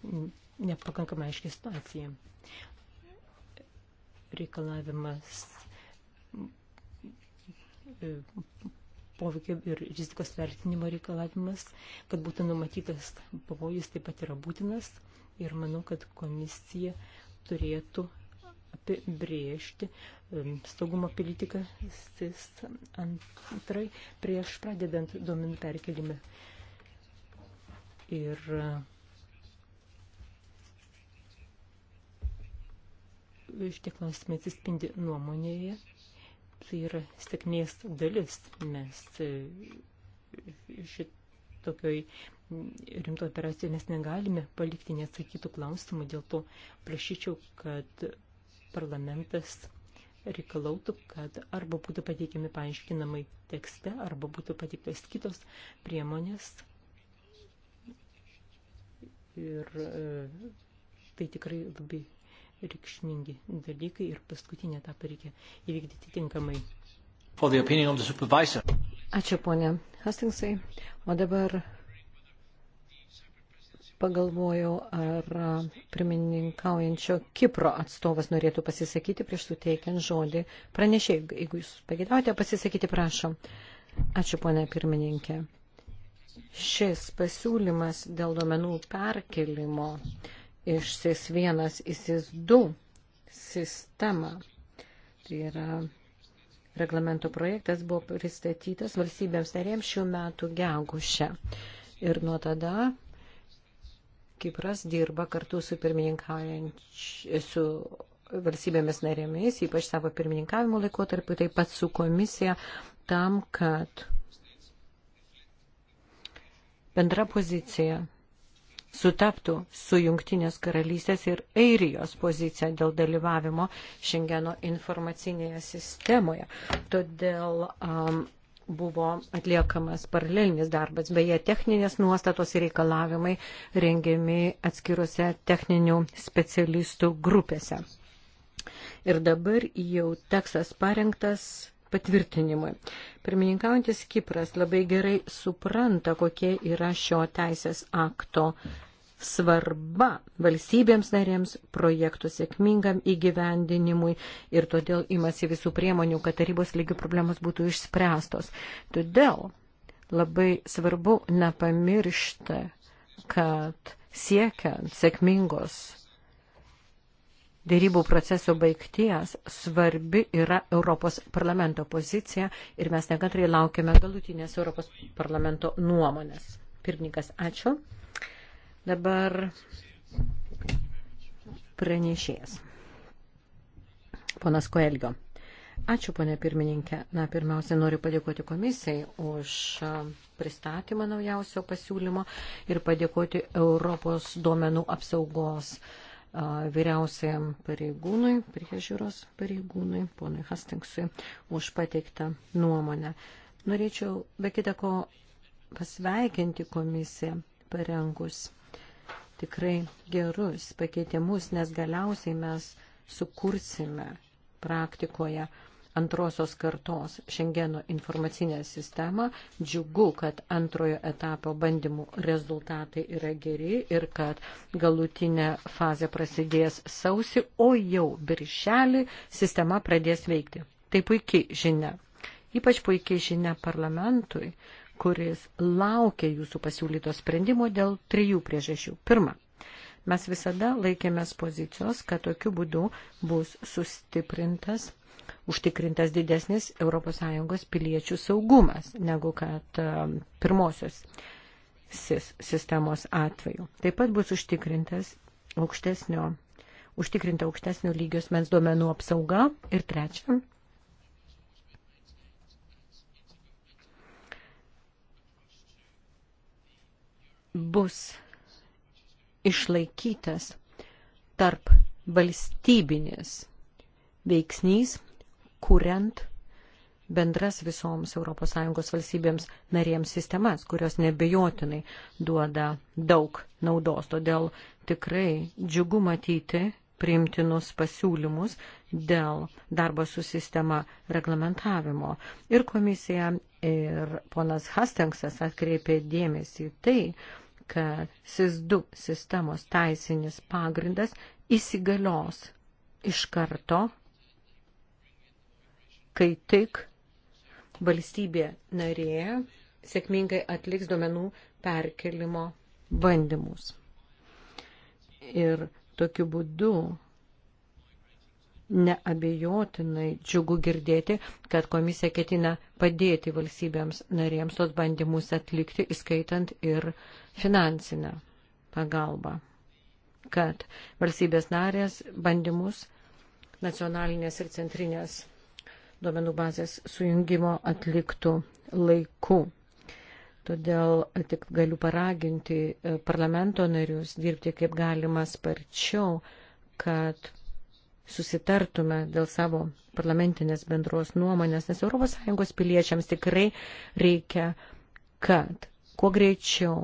nepakankamai aiškę situaciją. Reikalavimas e, poveikio ir rizikos vertinimo reikalavimas, kad būtų numatytas pavojus taip pat yra būtinas ir manau, kad komisija turėtų apibriežti saugumo politiką SIS antrai prieš pradedant duomenų perkelimą. Ir e, šitie klausimai atsispindi nuomonėje. Tai yra sėkmės dalis. Mes e, šitokioj rimto operacijų mes negalime palikti neatsakytų klausimų, dėl to prašyčiau, kad parlamentas reikalautų, kad arba būtų pateikiami paaiškinamai tekste, arba būtų pateiktos kitos priemonės. Ir e, tai tikrai labai reikšmingi dalykai ir paskutinę etapą reikia įvykdyti tinkamai. Ačiū, ponė Hastingsai. O dabar pagalvojau, ar primininkaujančio Kipro atstovas norėtų pasisakyti prieš suteikiant žodį. Pranešiai, jeigu jūs pagėdavote pasisakyti, prašom. Ačiū, ponė pirmininkė. Šis pasiūlymas dėl duomenų perkelimo iš SIS1 į SIS2 sistemą, tai yra reglamento projektas, buvo pristatytas valstybėms narėms šių metų gegušę. Ir nuo tada Kipras dirba kartu su pirmininkaujančiu, su valstybėmis narėmis, ypač savo pirmininkavimo laikotarpiu, taip pat su komisija, tam, kad bendra pozicija sutaptų su Jungtinės karalystės ir Airijos pozicija dėl dalyvavimo Šengeno informacinėje sistemoje. Todėl um, buvo atliekamas paralelinis darbas. Beje, techninės nuostatos ir reikalavimai rengiami atskiruose techninių specialistų grupėse. Ir dabar jau tekstas parengtas patvirtinimui. Pirmininkaujantis Kipras labai gerai supranta, kokie yra šio teisės akto svarba valstybėms narėms projektų sėkmingam įgyvendinimui ir todėl imasi visų priemonių, kad tarybos lygių problemos būtų išspręstos. Todėl labai svarbu nepamiršti, kad siekiant sėkmingos dėrybų proceso baigties svarbi yra Europos parlamento pozicija ir mes nekantrai laukiame galutinės Europos parlamento nuomonės. Pirmininkas, ačiū. Dabar pranešėjas. Ponas Koelgio. Ačiū, ponė pirmininkė. Na, pirmiausia, noriu padėkoti komisijai už pristatymą naujausio pasiūlymo ir padėkoti Europos duomenų apsaugos vyriausiam pareigūnui, priežiūros pareigūnui, ponui Hastingsui, už pateiktą nuomonę. Norėčiau, be kita ko, pasveikinti komisiją parengus tikrai gerus pakeitimus, nes galiausiai mes sukursime praktikoje antrosios kartos Šengeno informacinę sistemą. Džiugu, kad antrojo etapo bandymų rezultatai yra geri ir kad galutinė fazė prasidės sausi, o jau birželį sistema pradės veikti. Tai puikiai žinia. Ypač puikiai žinia parlamentui, kuris laukia jūsų pasiūlyto sprendimo dėl trijų priežasčių. Pirma, mes visada laikėmės pozicijos, kad tokiu būdu bus sustiprintas, užtikrintas didesnis ES piliečių saugumas negu kad e, pirmosios SIS sistemos atveju. Taip pat bus užtikrintas aukštesnio, užtikrinta aukštesnio lygios mens duomenų apsauga ir trečia, bus išlaikytas tarp valstybinės veiksnys, kuriant bendras visoms ES valstybėms narėms sistemas, kurios nebejotinai duoda daug naudos. Todėl tikrai džiugu matyti priimtinus pasiūlymus dėl darbo su sistema reglamentavimo. Ir komisija, ir ponas Hastenksas atkreipė dėmesį tai, kad SIS2 sistemos teisinis pagrindas įsigalios iš karto, kai tik valstybė narė sėkmingai atliks duomenų perkelimo bandymus. Ir tokiu būdu neabejotinai džiugu girdėti, kad komisija ketina padėti valstybėms narėms tos bandymus atlikti, įskaitant ir finansinę pagalbą, kad valstybės narės bandymus nacionalinės ir centrinės duomenų bazės sujungimo atliktų laiku. Todėl tik galiu paraginti e, parlamento narius dirbti kaip galima sparčiau, kad susitartume dėl savo parlamentinės bendros nuomonės, nes ES piliečiams tikrai reikia, kad kuo greičiau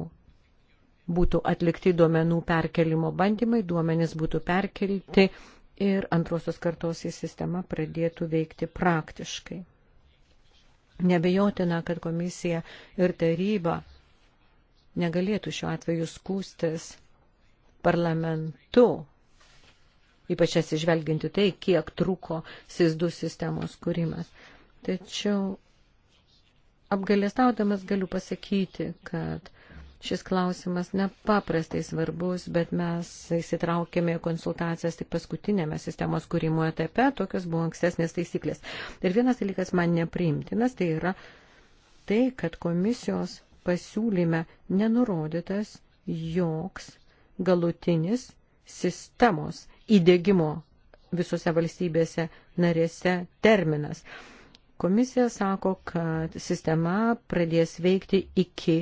būtų atlikti duomenų perkelimo bandymai, duomenys būtų perkelti ir antrosios kartos į sistemą pradėtų veikti praktiškai. Nebejotina, kad komisija ir taryba negalėtų šiuo atveju skūstis parlamentu ypač atsižvelginti tai, kiek truko SIS2 sistemos kūrimas. Tačiau apgalėstaudamas galiu pasakyti, kad šis klausimas nepaprastai svarbus, bet mes įsitraukėme į konsultacijas tik paskutinėme sistemos kūrimo etape, tokios buvo ankstesnės taisyklės. Ir vienas dalykas man nepriimtinas, tai yra tai, kad komisijos pasiūlyme nenurodytas joks galutinis sistemos įdėgymo visose valstybėse narėse terminas. Komisija sako, kad sistema pradės veikti iki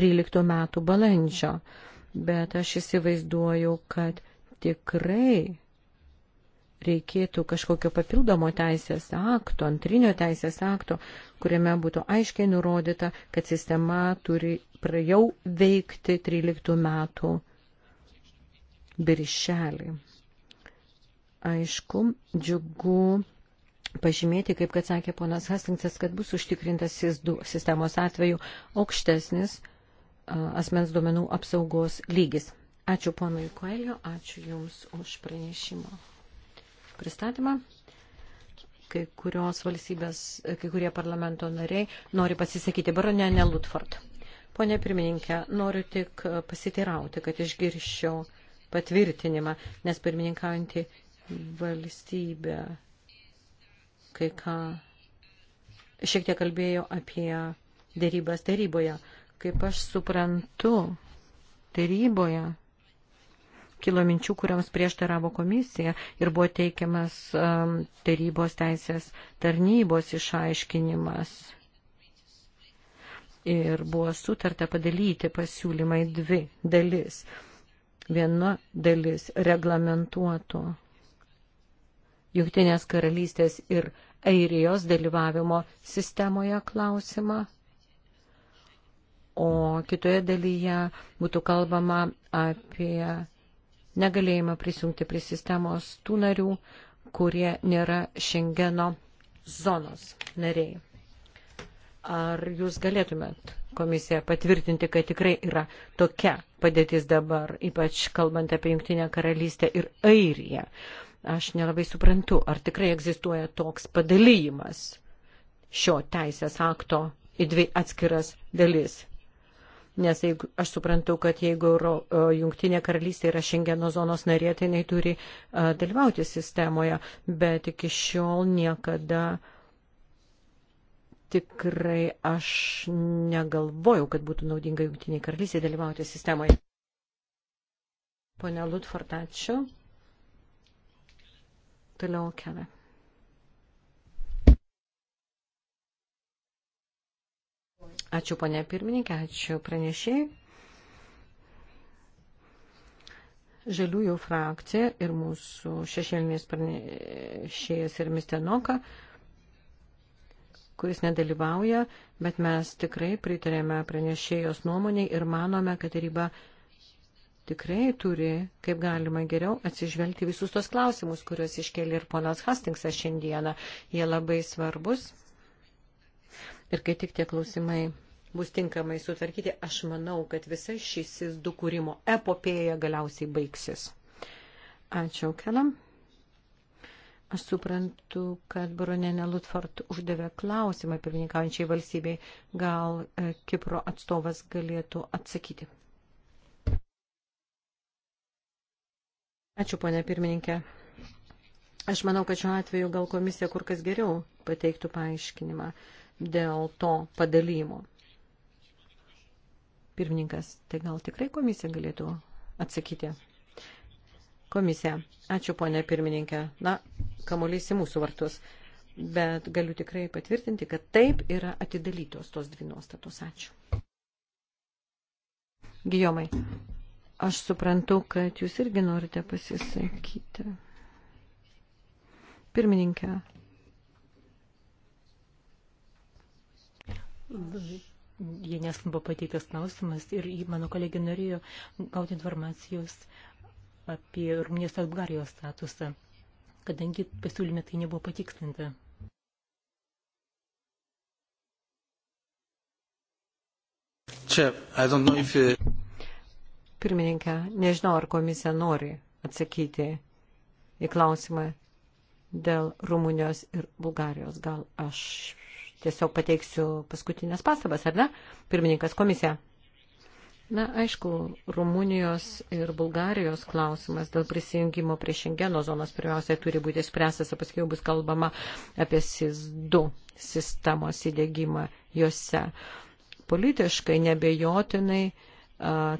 13 metų balandžio, bet aš įsivaizduoju, kad tikrai reikėtų kažkokio papildomo teisės akto, antrinio teisės akto, kuriame būtų aiškiai nurodyta, kad sistema turi jau veikti 13 metų birželį aišku, džiugu pažymėti, kaip kad sakė ponas Hastingsas, kad bus užtikrintas SIS2 sistemos atveju aukštesnis asmens duomenų apsaugos lygis. Ačiū ponui Koelio, ačiū Jums už pranešimo pristatymą. Kai kurios valstybės, kai kurie parlamento nariai nori pasisakyti baronė Nelutford. Pone pirmininkė, noriu tik pasiteirauti, kad išgirščiau patvirtinimą, nes pirmininkaujantį valstybę. Kai ką šiek tiek kalbėjo apie dėrybas taryboje. Kaip aš suprantu, taryboje kilo minčių, kuriams prieštaravo komisija ir buvo teikiamas um, tarybos teisės tarnybos išaiškinimas. Ir buvo sutarta padalyti pasiūlymai dvi dalis. Viena dalis reglamentuoto Jungtinės karalystės ir Airijos dalyvavimo sistemoje klausimą. O kitoje dalyje būtų kalbama apie negalėjimą prisijungti prie sistemos tų narių, kurie nėra Šengeno zonos nariai. Ar jūs galėtumėt komisija patvirtinti, kad tikrai yra tokia padėtis dabar, ypač kalbant apie Junktinę karalystę ir Airiją? Aš nelabai suprantu, ar tikrai egzistuoja toks padalyjimas šio teisės akto į dvi atskiras dalis. Nes jeigu, aš suprantu, kad jeigu Euro, e, jungtinė karalystė yra Šengeno zonos narė, tai jinai turi a, e, dalyvauti sistemoje, bet iki šiol niekada tikrai aš negalvojau, kad būtų naudinga jungtiniai karalystė dalyvauti sistemoje. Pone Lutford, ačiū. Toliau kelią. Ačiū, ponė pirmininkė, ačiū pranešėjai. Žaliųjų frakcija ir mūsų šešėlinės pranešėjas ir Mistenoka, kuris nedalyvauja, bet mes tikrai pritarėme pranešėjos nuomonėj ir manome, kad taryba. Ryba tikrai turi, kaip galima geriau, atsižvelgti visus tos klausimus, kuriuos iškėlė ir ponas Hastingsas šiandieną. Jie labai svarbus. Ir kai tik tie klausimai bus tinkamai sutvarkyti, aš manau, kad visa šis SIS2 kūrimo epopėja galiausiai baigsis. Ačiū, Kelam. Aš suprantu, kad baronė Lutford uždavė klausimą pirmininkaujančiai valstybei. Gal e, Kipro atstovas galėtų atsakyti? Ačiū, ponė pirmininkė. Aš manau, kad šiuo atveju gal komisija kur kas geriau pateiktų paaiškinimą dėl to padalymo. Pirmininkas, tai gal tikrai komisija galėtų atsakyti? Komisija, ačiū ponė pirmininkė. Na, kamuolys į mūsų vartus. Bet galiu tikrai patvirtinti, kad taip yra atidalytos tos dvi nuostatos. Ačiū. Gijomai. Aš suprantu, kad jūs irgi norite pasisakyti. Pirmininkė. Janės buvo pateiktas klausimas ir mano kolegė norėjo gauti informacijos apie Rumunijos Bulgarijos statusą, kadangi pasiūlyme tai nebuvo patikslinta. Čia, I don't know if... Uh, Pirmininkė, nežinau, ar komisija nori atsakyti į klausimą dėl Rumunijos ir Bulgarijos. Gal aš tiesiog pateiksiu paskutinės pastabas, ar ne? Pirmininkas komisija. Na, aišku, Rumunijos ir Bulgarijos klausimas dėl prisijungimo prie Šengeno zonos pirmiausia turi būti spręstas, o paskui bus kalbama apie SIS-2 sistemos įdėgymą juose. Politiškai nebejotinai uh,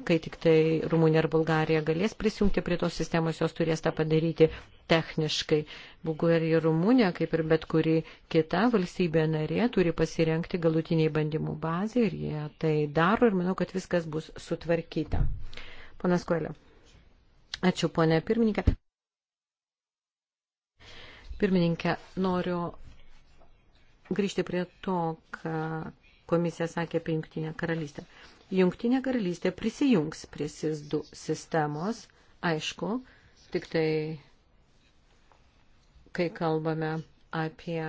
kai tik tai Rumunija ir Bulgarija galės prisijungti prie tos sistemos, jos turės tą padaryti techniškai. Bulgarija ir Rumunija, kaip ir bet kuri kita valstybė narė, turi pasirenkti galutiniai bandymų bazį ir jie tai daro ir manau, kad viskas bus sutvarkyta. Panas Kuelė. Ačiū, ponė pirmininkė. Pirmininkė, noriu grįžti prie to, ką komisija sakė apie Junktinę karalystę. Uh, Jungtinė karalystė prisijungs prie SIS2 sistemos, aišku, tik tai, kai kalbame apie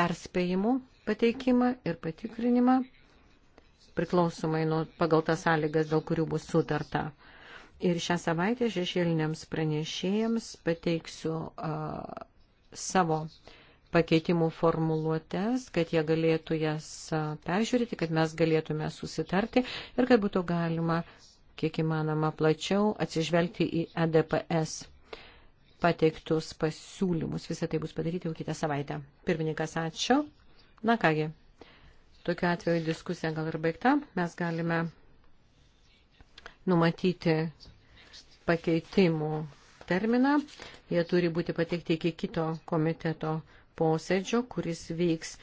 perspėjimų pateikimą ir patikrinimą, priklausomai nuo pagal tas sąlygas, dėl kurių bus sutarta. Ir šią savaitę šešėliniams pranešėjams pateiksiu uh, savo uh, pakeitimų formuluotės, kad jie galėtų jas peržiūrėti, kad mes galėtume susitarti ir kad būtų galima, kiek įmanoma, plačiau atsižvelgti į EDPS pateiktus pasiūlymus. Visą tai bus padaryti jau kitą savaitę. Pirmininkas, ačiū. Na kągi, tokiu atveju diskusija gal ir baigta. Mes galime numatyti pakeitimų terminą. Jie turi būti pateikti iki kito komiteto posėdžio, kuris vyks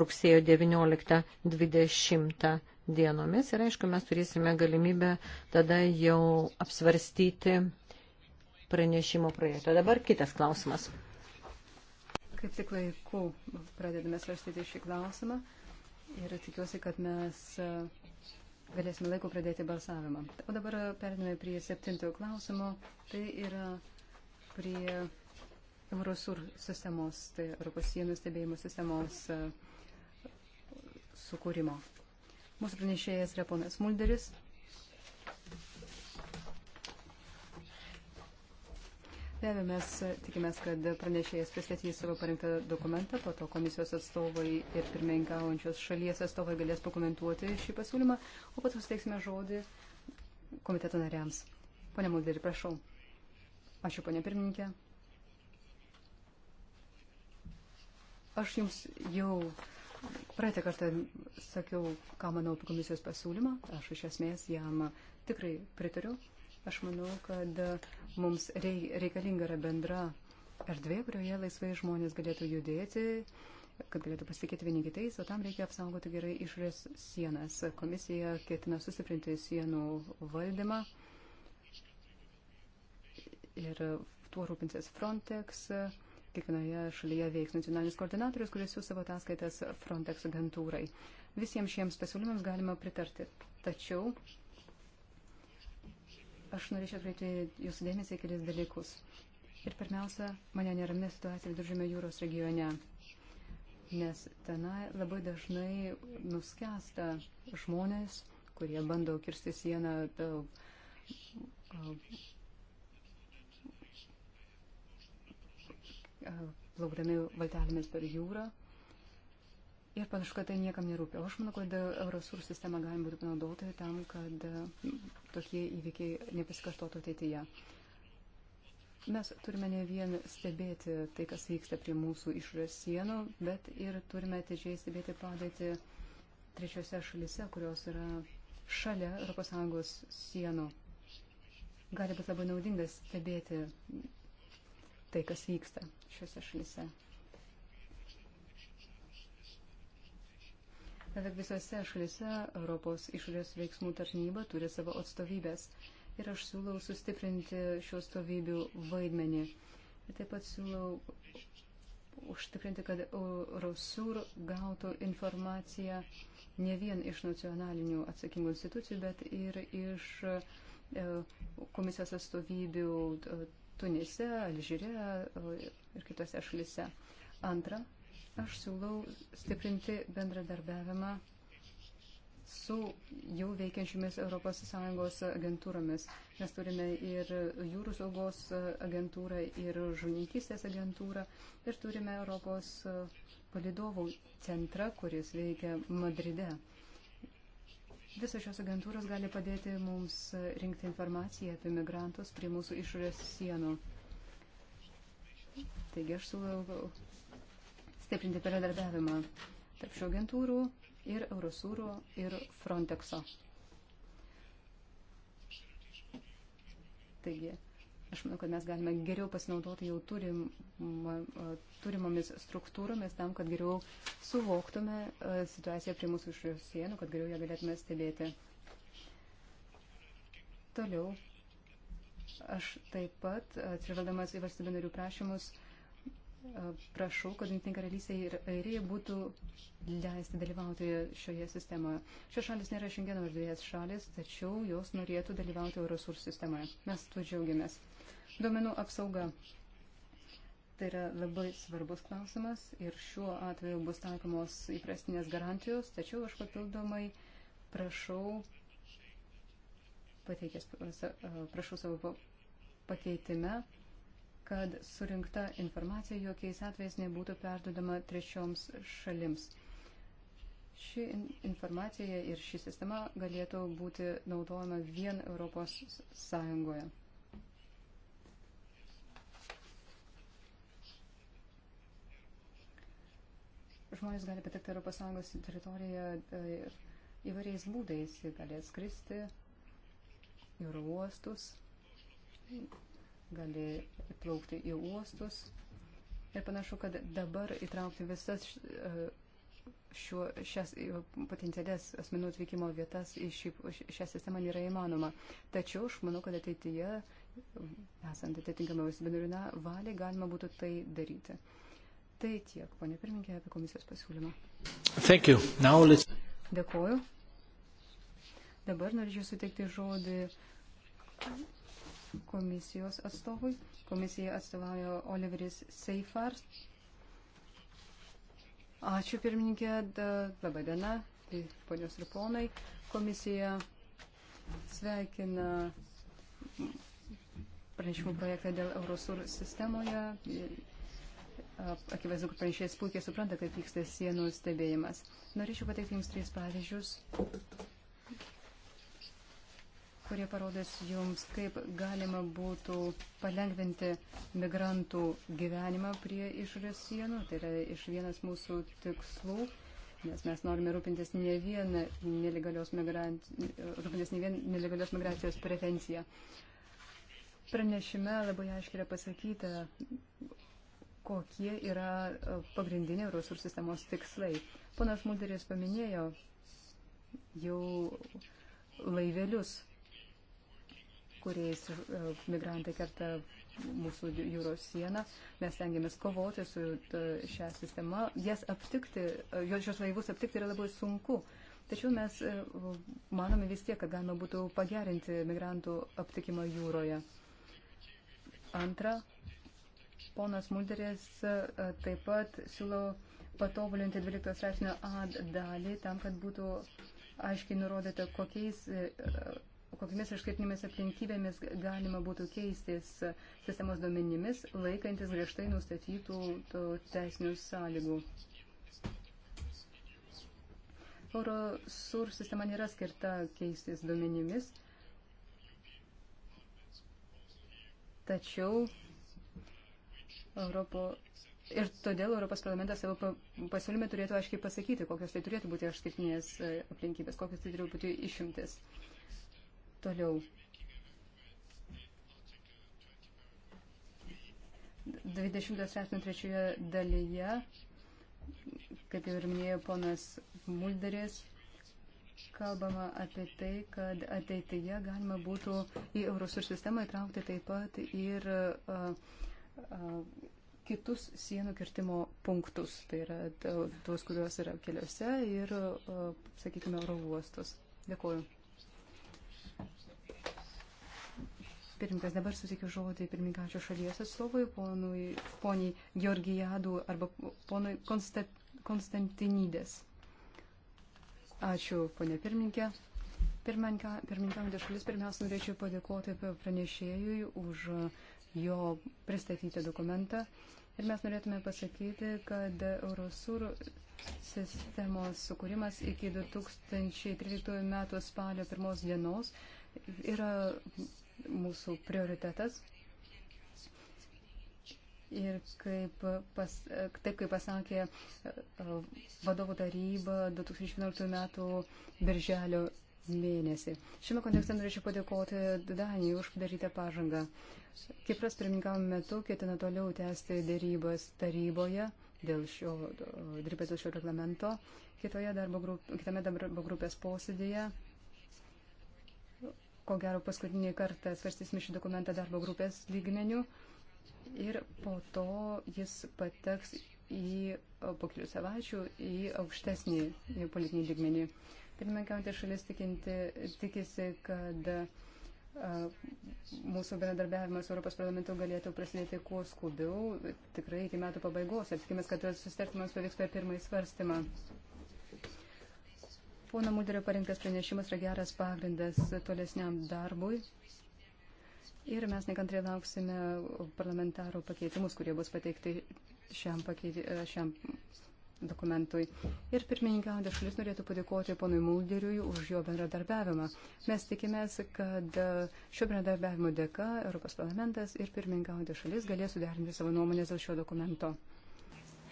rugsėjo 19-20 dienomis. Ir aišku, mes turėsime galimybę tada jau apsvarstyti pranešimo projektą. Dabar kitas klausimas. Kaip tik laiku pradedame svarstyti šį klausimą ir tikiuosi, kad mes e, galėsime laiku pradėti balsavimą. O dabar periname prie septintojo klausimo. Tai yra prie Eurosur sistemos, tai Europos sienų stebėjimo sistemos e, sukūrimo. Mūsų pranešėjas yra ponas Mulderis. Be abejo, mes e, tikimės, kad pranešėjas pristatys savo parinktą dokumentą, po to komisijos atstovai ir pirmininkaujančios šalies atstovai galės pakomentuoti šį pasiūlymą, o pato suteiksime žodį komiteto nariams. Pone Mulderi, prašau. Ačiū, ponė pirmininkė. Aš jums jau praeitą kartą sakiau, ką manau apie komisijos pasiūlymą. Aš iš esmės jam tikrai pritariu. Aš manau, kad mums reikalinga yra bendra erdvė, kurioje laisvai žmonės galėtų judėti kad galėtų pasitikėti vieni kitais, o tam reikia apsaugoti gerai išorės sienas. Komisija ketina sustiprinti sienų valdymą ir tuo rūpinsis Frontex. Uh, kiekvienoje šalyje veiks nacionalinis koordinatorius, kuris siūs savo ataskaitas Frontex agentūrai. Visiems šiems pasiūlymams galima pritarti. Tačiau aš norėčiau atkreipti jūsų dėmesį į kelis dalykus. Ir pirmiausia, mane neramina situacija viduržėmio jūros regione, nes tenai labai dažnai nuskęsta žmonės, kurie bando kirsti sieną plaukdami valtelėmis per jūrą. Ir panašu, kad tai niekam nerūpia. O aš manau, kad Eurosur sistemą galima būtų panaudoti tam, kad mm, tokie įvykiai nepasikartotų ateityje. Mes turime ne vien stebėti tai, kas vyksta prie mūsų išorės sienų, bet ir turime atidžiai stebėti padėti trečiose šalise, kurios yra šalia ES sienų. Gali būti labai naudingas stebėti tai, kas vyksta šiuose šalyse. Beveik visose šalyse Europos išorės veiksmų tarnyba turi savo atstovybės ir aš siūlau sustiprinti šių atstovybių vaidmenį. Ir taip pat siūlau užtikrinti, kad Eurosur gautų informaciją ne vien iš nacionalinių atsakingų institucijų, bet ir iš e, komisijos atstovybių Tunise, Alžyre ir kitose šalise. Antra, aš siūlau stiprinti bendradarbiavimą su jau veikiančiomis ES agentūromis. Mes turime ir jūrų saugos agentūrą, ir žuvininkystės agentūrą, ir turime Europos palidovų centrą, kuris veikia Madride. Visos šios agentūros gali padėti mums rinkti informaciją apie migrantus prie mūsų išorės sienų. Taigi aš siūlau stiprinti bendradarbiavimą tarp šių agentūrų ir Eurosūro ir Frontexo. Taigi, Aš manau, kad mes galime geriau pasinaudoti jau turim, turimomis struktūromis tam, kad geriau suvoktume situaciją prie mūsų išorės sienų, kad geriau ją galėtume stebėti. Toliau, aš taip pat, atsižvelgdamas į valstybių narių prašymus, prašau, kad Junktinė karalystė ir Airija būtų leisti dalyvauti šioje sistemoje. Šios šalis nėra šiandieno erdvės šalis, tačiau jos norėtų dalyvauti Eurosur sistemoje. Mes tuo džiaugiamės. Duomenų apsauga. Tai yra labai svarbus klausimas ir šiuo atveju bus taikomos įprastinės garantijos, tačiau aš papildomai prašau, pateikęs, prašau savo pakeitime, kad surinkta informacija jokiais atvejais nebūtų perdodama trečioms šalims. Ši informacija ir ši sistema galėtų būti naudojama vien Europos Sąjungoje. žmonės gali patekti ES teritoriją e, įvairiais būdais. Jie gali atskristi į oro uostus, gali įplaukti į uostus. Ir panašu, kad dabar įtraukti visas e, šiuo, šias potencialias asmenų atvykimo vietas į šį, šią sistemą nėra įmanoma. Tačiau aš manau, kad ateityje, esant atitinkamai valstybinarių valiai, galima būtų tai daryti. Uh, Tai tiek, ponė pirmininkė, apie komisijos pasiūlymą. Thank you. Now let's... Dėkuoju. Dabar norėčiau suteikti žodį komisijos atstovui. Komisija atstovauja Oliveris Seifart. Ačiū pirmininkė, da, laba diena, ponios ir ponai. Komisija sveikina pranešimų projektą dėl Eurosur sistemoje akivaizdu, kad pranešėjas puikiai supranta, kaip vyksta sienų stebėjimas. Norėčiau pateikti Jums tris pavyzdžius, kurie parodys Jums, kaip galima būtų palengventi migrantų gyvenimą prie išorės sienų. Tai yra iš vienas mūsų tikslų. Nes mes norime rūpintis ne vien nelegalios, migrant, rūpintis ne vien nelegalios migracijos prevenciją. Pranešime labai aiškiai yra pasakyta, kokie yra e, pagrindiniai Eurosur sistemos tikslai. Ponas Mulderis paminėjo jau laivelius, kuriais e, migrantai kerta mūsų jūros sieną. Mes tengiamės kovoti su e, šią sistemą. Jas aptikti, šios laivus aptikti yra labai sunku. Tačiau mes manome vis tiek, kad galima būtų pagerinti migrantų aptikimą jūroje. Antra, Ponas Mulderis e, taip pat siūlo patobulinti 12 straipsnio A dalį tam, kad būtų aiškiai nurodyta, kokiais, e, e, kokiamis iškaitinėmis aplinkybėmis galima būtų keistis sistemos duomenimis, laikantis griežtai nustatytų teisinių sąlygų. Eurosur sistema nėra skirta keistis duomenimis, tačiau Europo, ir todėl Europos parlamentas savo pasiūlymę turėtų aiškiai pasakyti, kokios tai turėtų būti išskirtinės e, aplinkybės, kokios tai turėtų būti išimtis. Toliau. 23 dalyje, kaip jau ir minėjo ponas Mulderis, kalbama apie tai, kad ateityje galima būtų į Eurosur sistemą įtraukti taip pat ir uh, kitus sienų kirtimo punktus, tai yra tuos, kuriuos yra keliuose ir, sakykime, oro uostos. Dėkuoju. Pirmininkas, dabar sutikiu žodį pirmininkačio šalies atstovui, ponui, poniai Georgijadų arba ponui Konstat, Konstantinydės. Ačiū, ponė pirmininkė. Pirmininkaujantė šalis, pirmiausia, norėčiau padėkoti pranešėjui už uh, jo pristatyti dokumentą. Ir mes norėtume pasakyti, kad Eurosur sistemos sukūrimas iki 2013 metų spalio pirmos dienos yra mūsų prioritetas. Ir kaip pas, taip kaip pasakė e, vadovų taryba 2011 metų birželio mėnesį. Šiame kontekste norėčiau padėkoti Danijai už padarytą pažangą. Uh, Kipras pirmininkavimo metu ketina toliau tęsti dėrybas taryboje dėl šio, dirbės dėl šio reglamento. Kitoje darbo grup, kitame darbo grupės posėdėje, ko gero paskutinį kartą svarstysime šį dokumentą darbo grupės lygmenių ir po to jis pateks į, po kelių savaičių į aukštesnį politinį lygmenį. Pirmininkaujantė šalis tikinti, tikisi, kad uh, mūsų bendradarbiavimas Europos parlamentu galėtų prasidėti kuo skubiau, tikrai iki metų pabaigos. Tikimės, kad susitartimas pavyks per pirmąjį svarstymą. Pono Mulderio parinktas pranešimas yra geras pagrindas tolesniam darbui. Ir mes nekantriai lauksime parlamentarų pakeitimus, kurie bus pateikti šiam, pakeiti, šiam dokumentui. Ir pirmininkaujantė šalis norėtų padėkoti ponui Mulderiui už jo bendradarbiavimą. Mes tikimės, kad e, šio bendradarbiavimo dėka Europos parlamentas ir pirmininkaujantė šalis galės suderinti savo nuomonės dėl šio dokumento.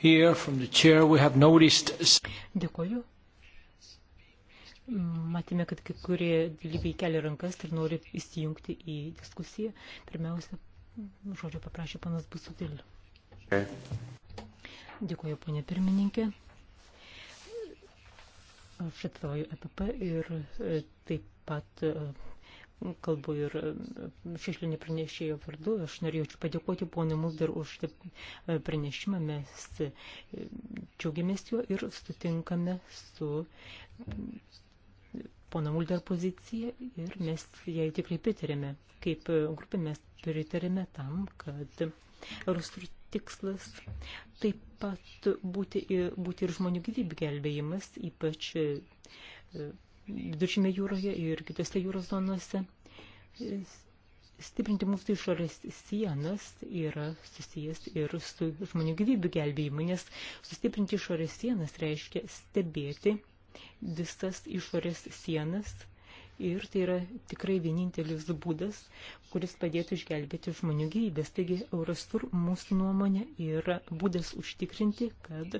Chair, noticed... Dėkoju. Matėme, kad kai kurie dalyviai kelia rankas ir nori įsijungti į diskusiją. Pirmiausia, žodžio paprašė panas Busutil. Okay. Dėkuoju, ponė pirmininkė. Aš atstovauju EPP ir e, taip pat e, kalbu ir e, šešlinį pranešėjo vardu. Aš norėčiau padėkoti ponui Mulder už pranešimą. Mes džiaugiamės juo ir sutinkame su pono Mulder poziciją ir mes jai tikrai pritarėme. Kaip grupė mes pritarėme tam, kad Eurostrut tikslas. Taip pat būti, būti ir žmonių gyvybių gelbėjimas, ypač e, viduržymė jūroje ir kitose jūros zonose. Stiprinti mūsų išorės sienas yra susijęs ir su žmonių gyvybių gelbėjimu, nes sustiprinti išorės sienas reiškia stebėti visas išorės sienas ir tai yra tikrai vienintelis būdas, kuris padėtų išgelbėti žmonių gyvybės. Taigi Eurostur mūsų nuomonė yra būdas užtikrinti, kad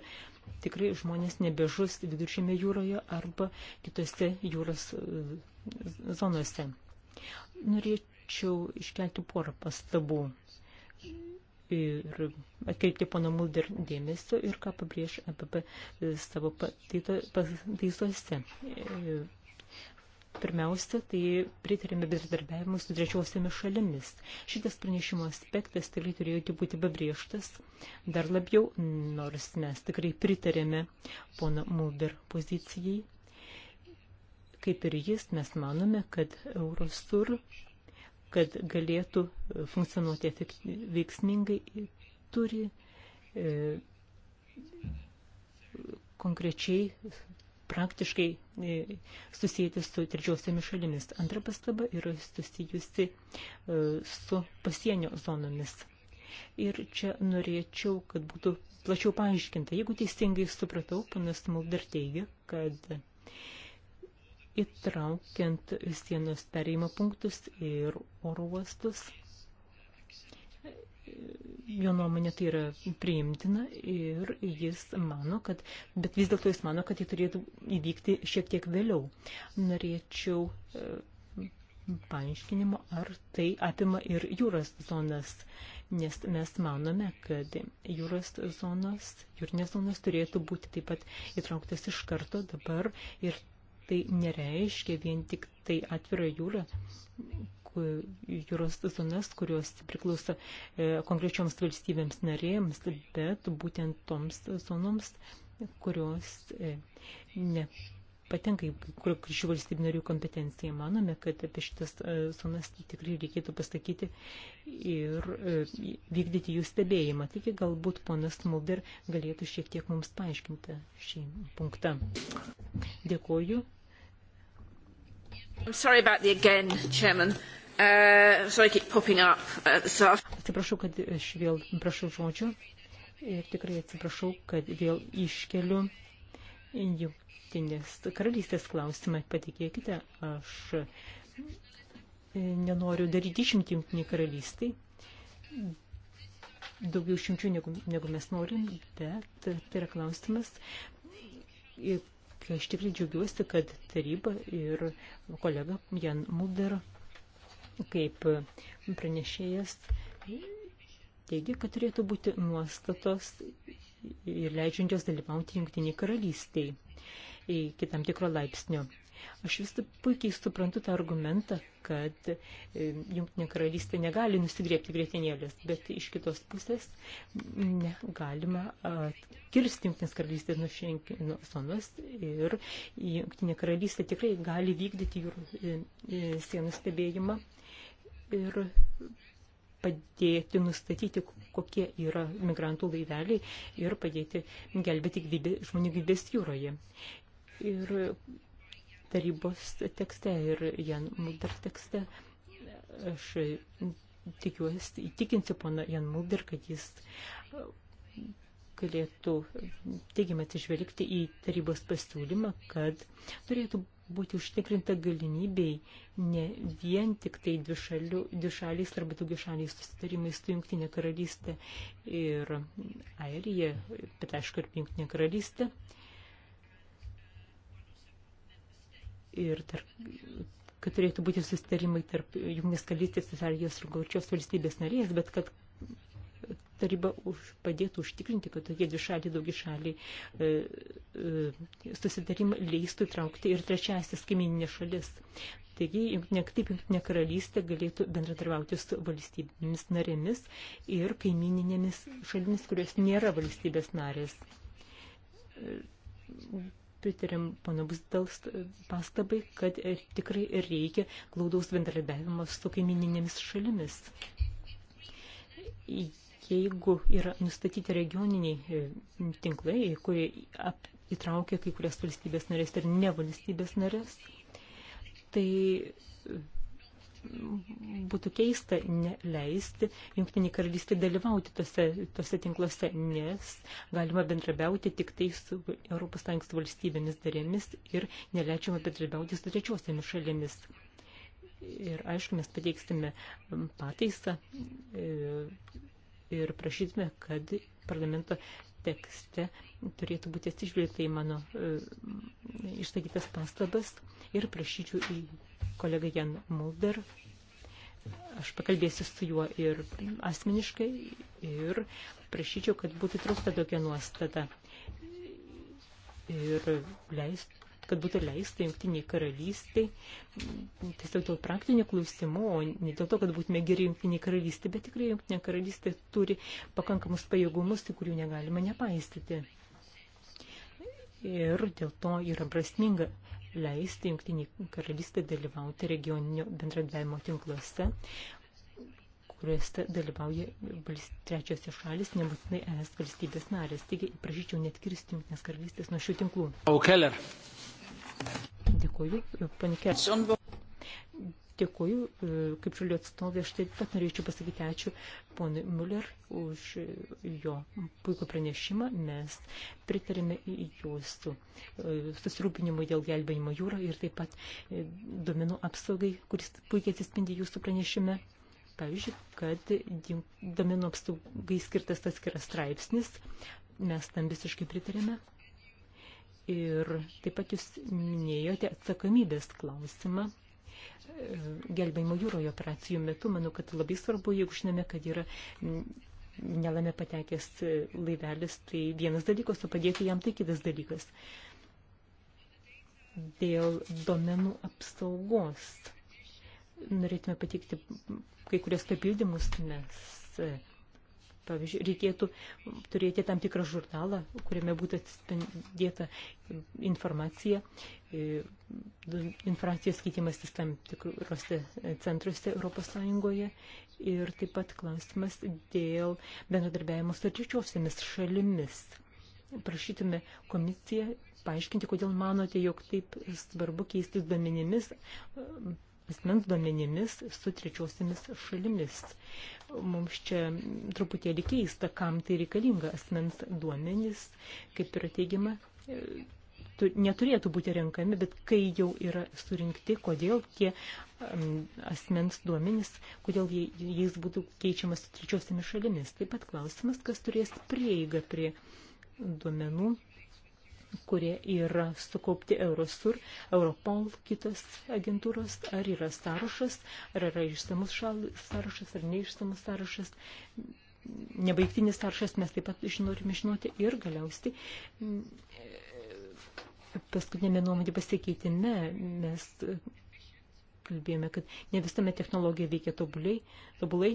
tikrai žmonės nebežus viduržėme jūroje arba kitose jūros e, zonose. Norėčiau iškelti porą pastabų ir atkreipti pono Mulder dėmesio ir ką pabrėž apie savo pataisuose. Pirmiausia, tai pritarėme bendradarbiavimui su trečiosiamis šalimis. Šitas pranešimo aspektas tikrai turėjo būti bebrieštas. Dar labiau, nors mes tikrai pritarėme pono Mulder pozicijai. Kaip ir jis, mes manome, kad Eurosur, kad galėtų funkcionuoti veiksmingai, turi e, konkrečiai praktiškai E, susijęti su trečiosiomis šalimis. Antra pastaba yra susijusi e, su pasienio zonomis. Ir čia norėčiau, kad būtų plačiau paaiškinta. Jeigu teisingai supratau, panas Mulder teigia, kad įtraukiant sienos perėjimo punktus ir oro uostus – jo nuomonė tai yra priimtina ir jis mano, kad, bet vis dėlto jis mano, kad tai turėtų įvykti šiek tiek vėliau. Norėčiau e, paaiškinimo, ar tai apima ir jūros zonas, nes mes manome, kad jūros zonos, jūrinės zonos turėtų būti taip pat įtrauktas iš karto dabar ir tai nereiškia vien tik tai atvirą jūrą, jūros zonas, kurios priklauso e, konkrečioms valstybėms narėjams, bet būtent toms zonoms, kurios e, ne patenka į šių valstybių narių kompetenciją. Manome, kad apie šitas e, zonas tikrai reikėtų pasakyti ir vykdyti jų stebėjimą. Tik galbūt ponas Mulder galėtų šiek tiek mums paaiškinti šį punktą. Dėkoju. I'm sorry about the again, Chairman. Uh, so atsiprašau, kad aš vėl prašau žodžių ir tikrai atsiprašau, kad vėl iškeliu jungtinės karalystės klausimą. Patikėkite, aš e, nenoriu daryti išimti jungtiniai karalystai. Daugiau šimčių negu, negu mes norim, bet tai yra klausimas. Ir aš tikrai džiaugiuosi, kad taryba ir kolega Jan Mulder kaip pranešėjas, teigia, kad turėtų būti nuostatos ir leidžiančios dalyvauti jungtiniai karalystiai iki tam tikro laipsnio. Aš vis puikiai suprantu tą argumentą, kad e, jungtinė karalystė negali nusigrėpti grėtinėlės, bet iš kitos pusės negalima kirsti jungtinės karalystės nuo Šengeno zonos ir jungtinė karalystė tikrai gali vykdyti jūrų e, e, sienų stebėjimą ir padėti nustatyti, kokie yra migrantų laiveliai ir padėti gelbėti gyvybė, žmonių gyvybės jūroje. Ir tarybos tekste ir Jan Mulder tekste aš tikiuosi, įtikinsiu pana Jan Mulder, kad jis galėtų teigiamai atsižvelgti į tarybos pasiūlymą, kad turėtų būti užtikrinta galimybei ne vien tik tai dvišalių, dvišaliais arba daugišaliais susitarimais su Junktinė karalystė ir Airija, bet aišku ir Junktinė karalystė. Ir tarp, kad turėtų būti susitarimai tarp Junktinės karalystės, Italijos ir Gorčios valstybės narės, bet kad taryba už, padėtų užtikrinti, kad tokie dvišaliai, daugišaliai e, e, susitarimai leistų įtraukti ir trečiasis kaimininės šalis. Taigi, ne, taip jungtinė karalystė galėtų bendradarbiauti su valstybėmis narėmis ir kaimininėmis šalimis, kurios nėra valstybės narės. E, pritarėm pana Busdals pastabai, kad tikrai reikia glaudaus bendradarbiavimo su kaimininėmis šalimis jeigu yra nustatyti regioniniai e, tinklai, kurie įtraukia kai kurias valstybės narės ir ne valstybės narės, tai būtų keista neleisti jungtinį karalystį dalyvauti tose, tose tinkluose, nes galima bendrabiauti tik tai su ES valstybėmis darėmis ir neleidžiama bendrabiauti su trečiosiamis šalėmis. Ir aišku, mes pateiksime pataisą e, ir prašytume, kad parlamento tekste turėtų būti atsižvelgta į mano e, išsakytas pastabas ir prašyčiau į kolegą Jan Mulder. Aš pakalbėsiu su juo ir asmeniškai ir prašyčiau, kad būtų trūksta tokia nuostata ir leist, kad būtų leista jungtiniai karalystiai, tiesiog dėl praktinių klausimų, o ne dėl to, kad būtume geri jungtiniai karalystė, bet tikrai jungtinė karalystė turi pakankamus pajėgumus, tai kurių negalima nepaistyti. Ir dėl to yra prasminga leisti jungtiniai karalystė dalyvauti regioninio bendradavimo tinkluose, kuriuose dalyvauja trečiosios šalis, nebūtinai ES valstybės narės. Taigi prašyčiau net kirsti jungtinės karalystės nuo šių tinklų. Aukeller. Oh, Dėkuoju, panikėčiau. Dėkuoju, e, kaip žaliu atstovė, aš taip pat norėčiau pasakyti ačiū ponui Muller už jo puikų pranešimą. Mes pritarėme jūsų e, susirūpinimui dėl gelbėjimo jūro ir taip pat e, duomenų apsaugai, kuris puikiai atsispindi jūsų pranešime. Pavyzdžiui, kad duomenų apsaugai skirtas atskiras straipsnis. Mes tam visiškai pritarėme. Ir taip pat jūs minėjote atsakomybės klausimą. E, gelbėjimo jūroje operacijų metu, manau, kad labai svarbu, jeigu žinome, kad yra nelame patekęs laivelis, tai vienas dalykas, o padėti jam tai kitas dalykas. Dėl domenų apsaugos norėtume pateikti kai kurios papildymus, nes e, Pavyzdžiui, reikėtų turėti tam tikrą žurnalą, kuriame būtų atspindėta informacija, e, informacijos keitimas tam tikrose centruose Europos Sąjungoje ir taip pat klausimas dėl bendradarbiavimo su trečiosiamis šalimis. Prašytume komisiją paaiškinti, kodėl manote, jog taip svarbu keistis duomenimis asmens duomenimis su trečiosiamis šalimis. Mums čia truputėlį keista, kam tai reikalinga asmens duomenys, kaip yra teigiama, e, neturėtų būti renkami, bet kai jau yra surinkti, kodėl tie asmens duomenys, kodėl jais būtų keičiamas trečiosiamis šalimis. Taip pat klausimas, kas turės prieigą prie duomenų kurie yra sukaupti Eurosur, Europol, kitos agentūros, ar yra sąrašas, ar yra išsamus sąrašas, ar neišsamus sąrašas, nebaigtinis sąrašas mes taip pat norime žinoti ir galiausiai mm, paskutinėme nuomonė pasikeitime mes kalbėjome, kad ne visame technologija veikia tobulai, tobulai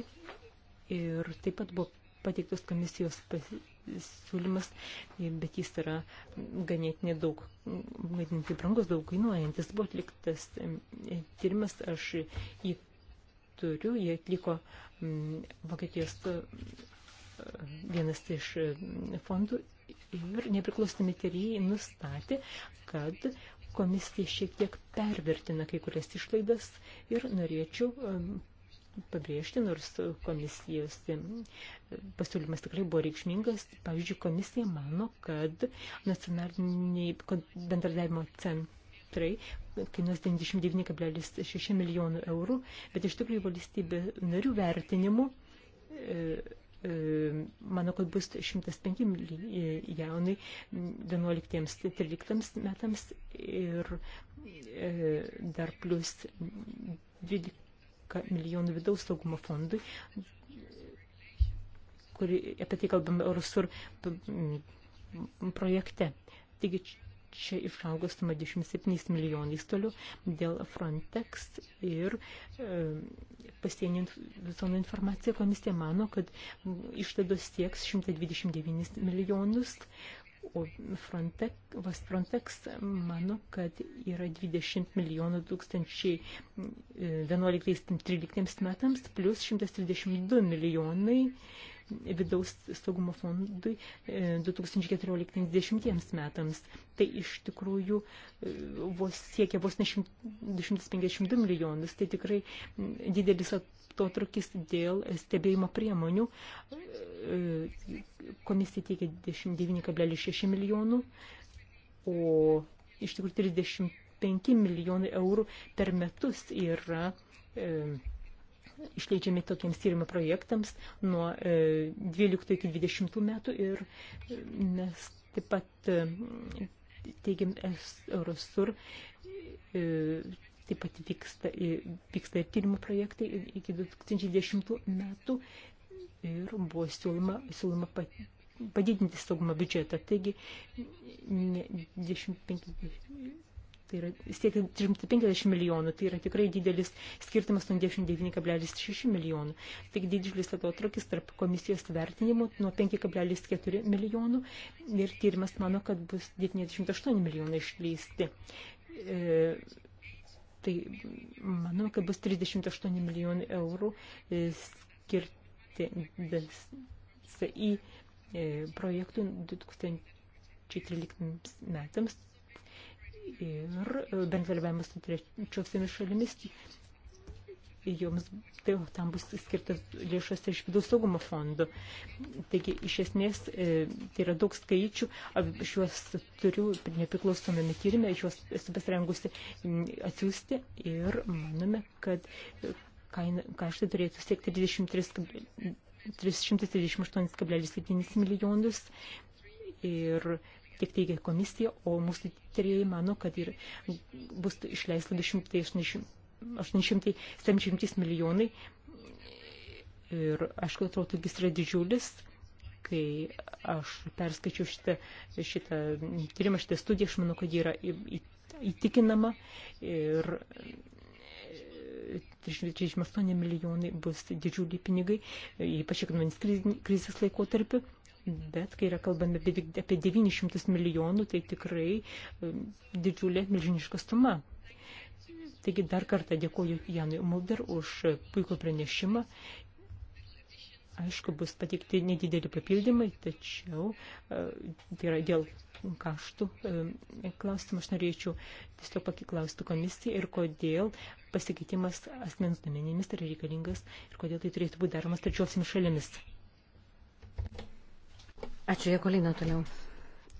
ir taip pat buvo pateiktos komisijos pasiekti siūlymas, bet jis yra ganėtinai daug, vadinti, brangus, daug kainuojantis. Buvo atliktas tyrimas, aš jį turiu, jį atliko Vokietijos e, vienas iš e, fondų ir nepriklausomi tyrėjai nustatė, kad komisija šiek tiek pervertina kai kurias išlaidas ir norėčiau pabrėžti, nors komisijos e, pasiūlymas tikrai buvo reikšmingas. Pavyzdžiui, komisija mano, kad nacionaliniai bendradavimo centrai kainuos 99,6 milijonų eurų, bet iš tikrųjų valstybė narių vertinimu e, e manau, kad bus 105 milijonai 11-13 metams ir e, dar plus 12 15 milijonų vidaus saugumo fondui, kuri, apie tai kalbame Eurosur projekte. Taigi čia išaugo suma 27 milijonais toliau dėl Frontex ir e, pasienio zonų informacija komisija mano, kad išlaidos sieks 129 milijonus, O Frontex, Frontex mano, kad yra 20 milijonų 2011-2013 e, metams plus 132 milijonai vidaus saugumo fondui 2014-2020 e, metams. Tai iš tikrųjų e, vos siekia vos ne 252 milijonus. Tai tikrai didelis at atotrukis dėl stebėjimo priemonių. Komisija teikia 29,6 milijonų, o iš tikrųjų 35 milijonai eurų per metus yra e, išleidžiami tokiems tyrimo projektams nuo 12 e, iki 20 metų ir mes taip pat e, teigiam Eurosur e, Taip pat vyksta, vyksta ir tyrimų projektai iki 2010 metų ir buvo siūloma, siūloma padidinti saugumo biudžetą. Taigi, 25, tai yra siekia 350 milijonų, tai yra tikrai didelis skirtumas nuo 99,6 milijonų. Taigi didžiulis atotrukis tarp komisijos vertinimų nuo 5,4 milijonų ir tyrimas mano, kad bus 98 milijonai išleisti. E, Tai manau, kad bus 38 milijonų eurų e, skirti DSI projektų 2013 metams ir e, bendradarbiavimas su trečiosiomis šalimis joms tai, tam bus skirtas lėšas iš vidaus saugumo fondo. Taigi, iš esmės, e, tai yra daug skaičių, aš juos turiu nepriklausomame tyrimė, juos esu pasirengusi atsiųsti ir manome, kad kaštai turėtų siekti 338,7 milijonus ir tiek teigia komisija, o mūsų tyrėjai mano, kad ir bus išleista 280 870 milijonai. Ir aišku, atrodo, jis yra didžiulis, kai aš perskaičiu šitą, šitą tyrimą, šitą studiją, aš manau, kad ji yra įtikinama ir 38 e, milijonai bus didžiuliai pinigai, ypač ekonominis krizės laikotarpiu, bet kai yra kalbame apie 900 milijonų, tai tikrai e, didžiulė milžiniška suma. Taigi dar kartą dėkuoju Janui Mulder už puikų pranešimą. Aišku, bus patikti nedideli papildymai, tačiau e, tai yra dėl kaštų e, klausimų. Aš norėčiau tiesiog pakiklausti komisiją ir kodėl pasikeitimas asmens duomenimis yra reikalingas ir kodėl tai turėtų būti daromas trečiosiamis šalimis. Ačiū, Jekolina, toliau.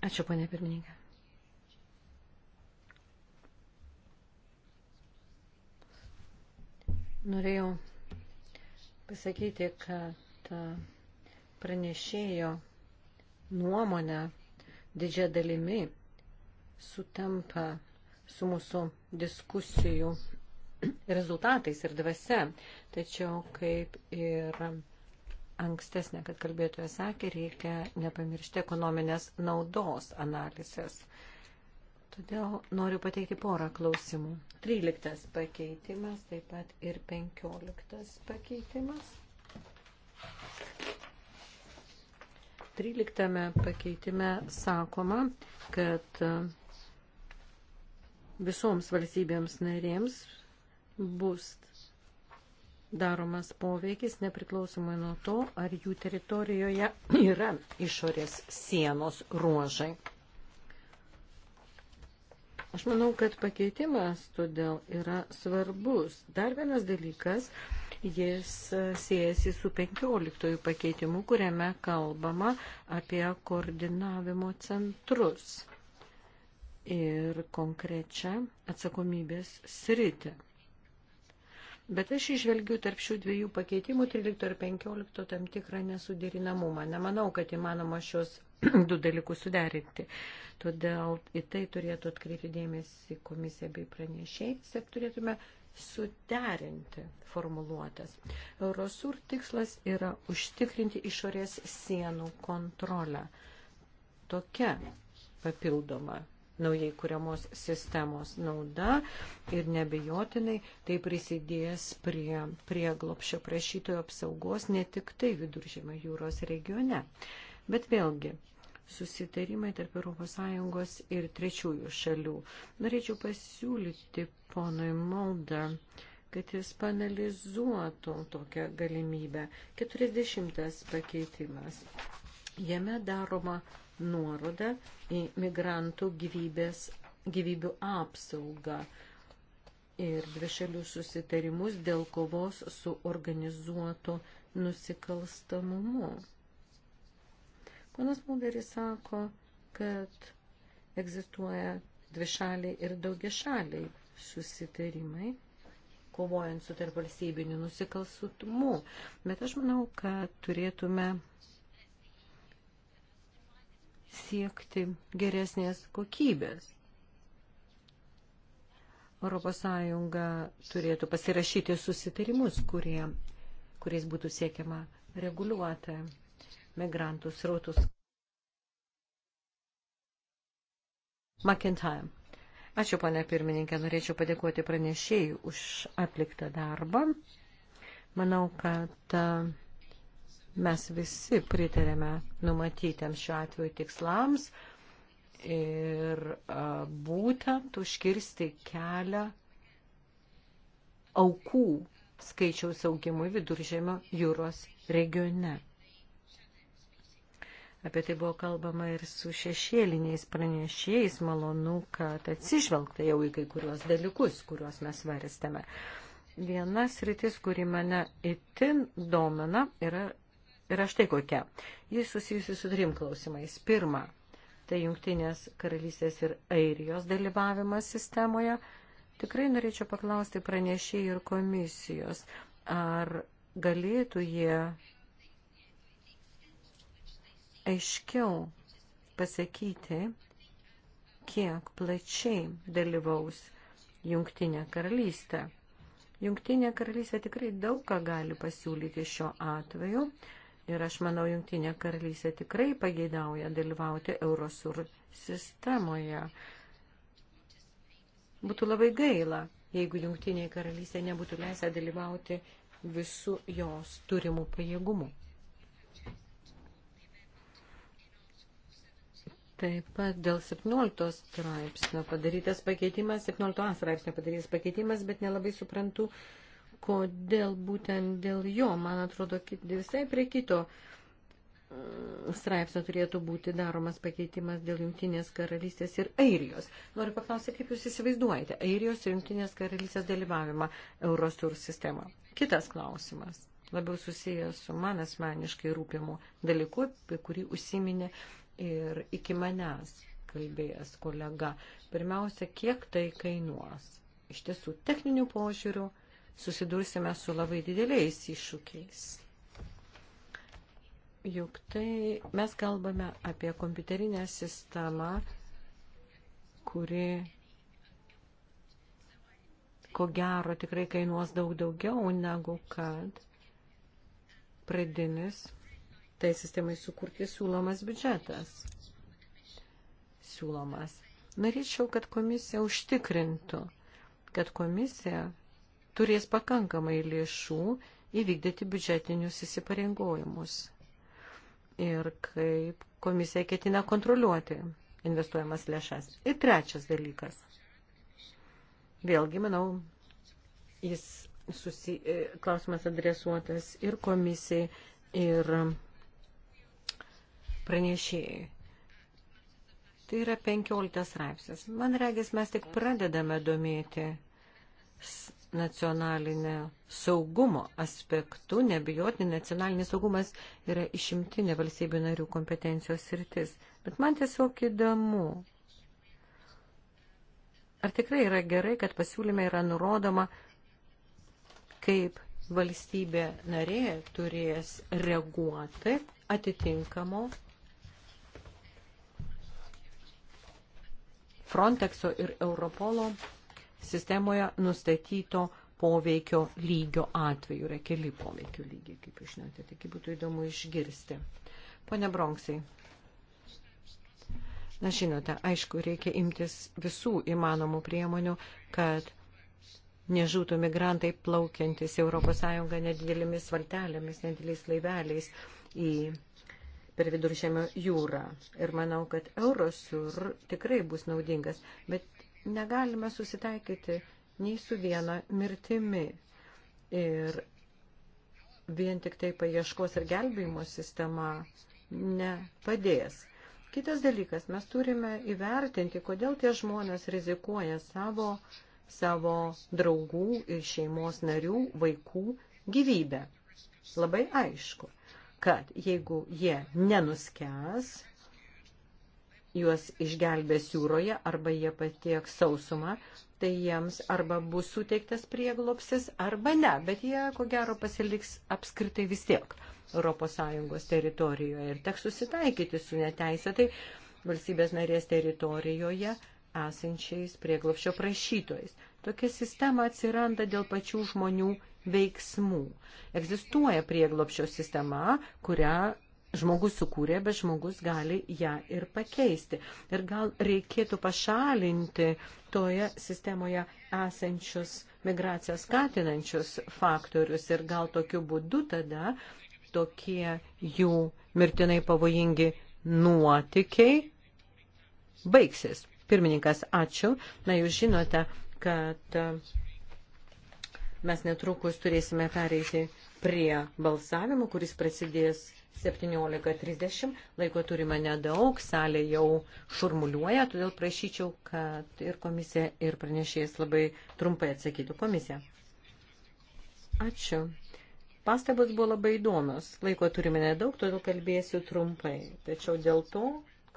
Ačiū, ponė pirmininkė. Norėjau pasakyti, kad pranešėjo nuomonė didžia dalimi sutampa su mūsų diskusijų rezultatais ir dvasia. Tačiau, kaip ir ankstesnė, kad kalbėtoja sakė, reikia nepamiršti ekonominės naudos analizės. Todėl noriu pateikti porą klausimų. 13 pakeitimas, taip pat ir 15 pakeitimas. 13 pakeitime sakoma, kad e, visoms valstybėms narėms bus daromas poveikis nepriklausomai nuo to, ar jų teritorijoje yra išorės sienos ruožai. Aš manau, kad pakeitimas todėl yra svarbus. Dar vienas dalykas, jis siejasi su 15 pakeitimu, kuriame kalbama apie koordinavimo centrus ir konkrečią atsakomybės sritį. Bet aš išvelgiu tarp šių dviejų pakeitimų 13 ir 15 tam tikrą nesuderinamumą. Nemanau, kad įmanoma šios du dalykus suderinti. Todėl į tai turėtų atkreipti dėmesį komisija bei pranešiai, ir turėtume suderinti formuluotas. Eurosur tikslas yra užtikrinti išorės sienų kontrolę. Tokia papildoma naujai kuriamos sistemos nauda ir nebejotinai tai prisidės prie prieglopšio prašytojų apsaugos ne tik tai viduržėmio jūros regione. Uh, Bet vėlgi, susitarimai tarp ES ir trečiųjų šalių. Norėčiau pasiūlyti ponui Molda, kad jis panalizuotų tokią galimybę. 40 pakeitimas. Jame daroma nuoroda į migrantų gyvybės, gyvybių apsaugą ir dvišalių susitarimus dėl kovos su organizuotu nusikalstamumu. Panas Mulderis sako, kad egzistuoja dvišaliai ir daugišaliai susitarimai, kovojant su tarp valstybiniu nusikalsutumu. Bet aš manau, kad turėtume siekti geresnės kokybės. ES turėtų pasirašyti susitarimus, kurie, kuriais būtų siekiama reguliuoti migrantų srautus. McIntyre. Ačiū, ponė pirmininkė, norėčiau padėkoti pranešėjai už atliktą darbą. Manau, kad e, mes visi pritarėme numatytiems šiuo atveju tikslams ir e, būtent užkirsti kelią aukų skaičiaus augimui viduržėmio jūros regione. Apie tai buvo kalbama ir su šešėliniais pranešėjais. Malonu, kad atsižvelgta jau į kai kuriuos dalykus, kuriuos mes varstėme. Vienas rytis, kuri mane itin domina, yra, yra štai kokia. Jis susijusi su trim klausimais. Pirma, tai jungtinės karalystės ir airijos dalyvavimas sistemoje. Tikrai norėčiau paklausti pranešėjai ir komisijos, ar galėtų jie aiškiau pasakyti, kiek plačiai dalyvaus Jungtinė karalystė. Jungtinė karalystė tikrai daug ką gali pasiūlyti šiuo atveju ir aš manau, Jungtinė karalystė tikrai pageidauja dalyvauti Eurosur sistemoje. Būtų labai gaila, jeigu Jungtinė karalystė nebūtų leisę dalyvauti visų jos turimų pajėgumų. Taip pat dėl 17 straipsnio padarytas pakeitimas, 17 straipsnio padarytas pakeitimas, bet nelabai suprantu, kodėl būtent dėl jo, man atrodo, visai prie kito mm, straipsnio turėtų būti daromas pakeitimas dėl Junktinės karalystės ir Airijos. Noriu paklausyti, kaip Jūs įsivaizduojate Airijos ir Junktinės karalystės dalyvavimą Eurostur sistemą. Kitas klausimas labiau susijęs su man asmeniškai rūpimu dalyku, apie kurį užsiminė ir iki manęs kalbėjęs kolega. Pirmiausia, kiek tai kainuos. Iš tiesų, techninių požiūrių susidursime su labai dideliais iššūkiais. Juk tai mes kalbame apie kompiuterinę sistemą, kuri ko gero tikrai kainuos daug daugiau negu kad pradinis tai sistemai sukurti siūlomas biudžetas. Siūlomas. Norėčiau, kad komisija užtikrintų, kad komisija turės pakankamai lėšų įvykdyti biudžetinius įsipareigojimus. Ir kaip komisija ketina kontroliuoti investuojamas lėšas. Ir trečias dalykas. Vėlgi, manau, jis susi... E, klausimas adresuotas ir komisijai, ir pranešėjai. Tai yra 15 straipsnis. Man regis, mes tik pradedame domėti nacionalinio saugumo aspektu. Nebijotini, nacionalinis saugumas yra išimtinė valstybių narių kompetencijos sritis. Bet man tiesiog įdomu. Ar tikrai yra gerai, kad pasiūlyme yra nurodoma, kaip valstybė narė turės reaguoti atitinkamo Frontexo ir Europolo sistemoje nustatyto poveikio lygio atveju. Yra keli poveikio lygiai, kaip jūs žinote, taigi būtų įdomu išgirsti. Pone Bronksai. Na, žinote, aišku, reikia imtis visų įmanomų priemonių, kad nežūtų migrantai plaukiantis ES nedidelėmis valtelėmis, nedideliais laiveliais į per viduržėmio jūrą. Ir manau, kad Eurosur tikrai bus naudingas, bet negalime susitaikyti nei su viena mirtimi. Ir vien tik tai paieškos ir gelbėjimo sistema nepadės. Kitas dalykas, mes turime įvertinti, kodėl tie žmonės rizikuoja savo, savo draugų ir šeimos narių, vaikų gyvybę. Labai aišku kad jeigu jie nenuskęs, juos išgelbės jūroje arba jie patiek sausumą, tai jiems arba bus suteiktas prieglopsis, arba ne, bet jie ko gero pasiliks apskritai vis tiek ES teritorijoje ir teks susitaikyti su neteisėtai valstybės narės teritorijoje esančiais prieglopščio prašytojais. Tokia sistema atsiranda dėl pačių žmonių veiksmų. Egzistuoja prieglopščio sistema, kurią žmogus sukūrė, bet žmogus gali ją ir pakeisti. Ir gal reikėtų pašalinti toje sistemoje esančius migraciją skatinančius faktorius ir gal tokiu būdu tada tokie jų mirtinai pavojingi nuotikiai baigsis. Pirmininkas, ačiū. Na, jūs žinote, kad mes netrukus turėsime pereiti prie balsavimo, kuris prasidės 17.30. Laiko turime nedaug, salė jau šurmuliuoja, todėl prašyčiau, kad ir komisija, ir pranešėjas labai trumpai atsakytų. Komisija. Ačiū. Pastabos buvo labai įdomios. Laiko turime nedaug, todėl kalbėsiu trumpai. Tačiau dėl to,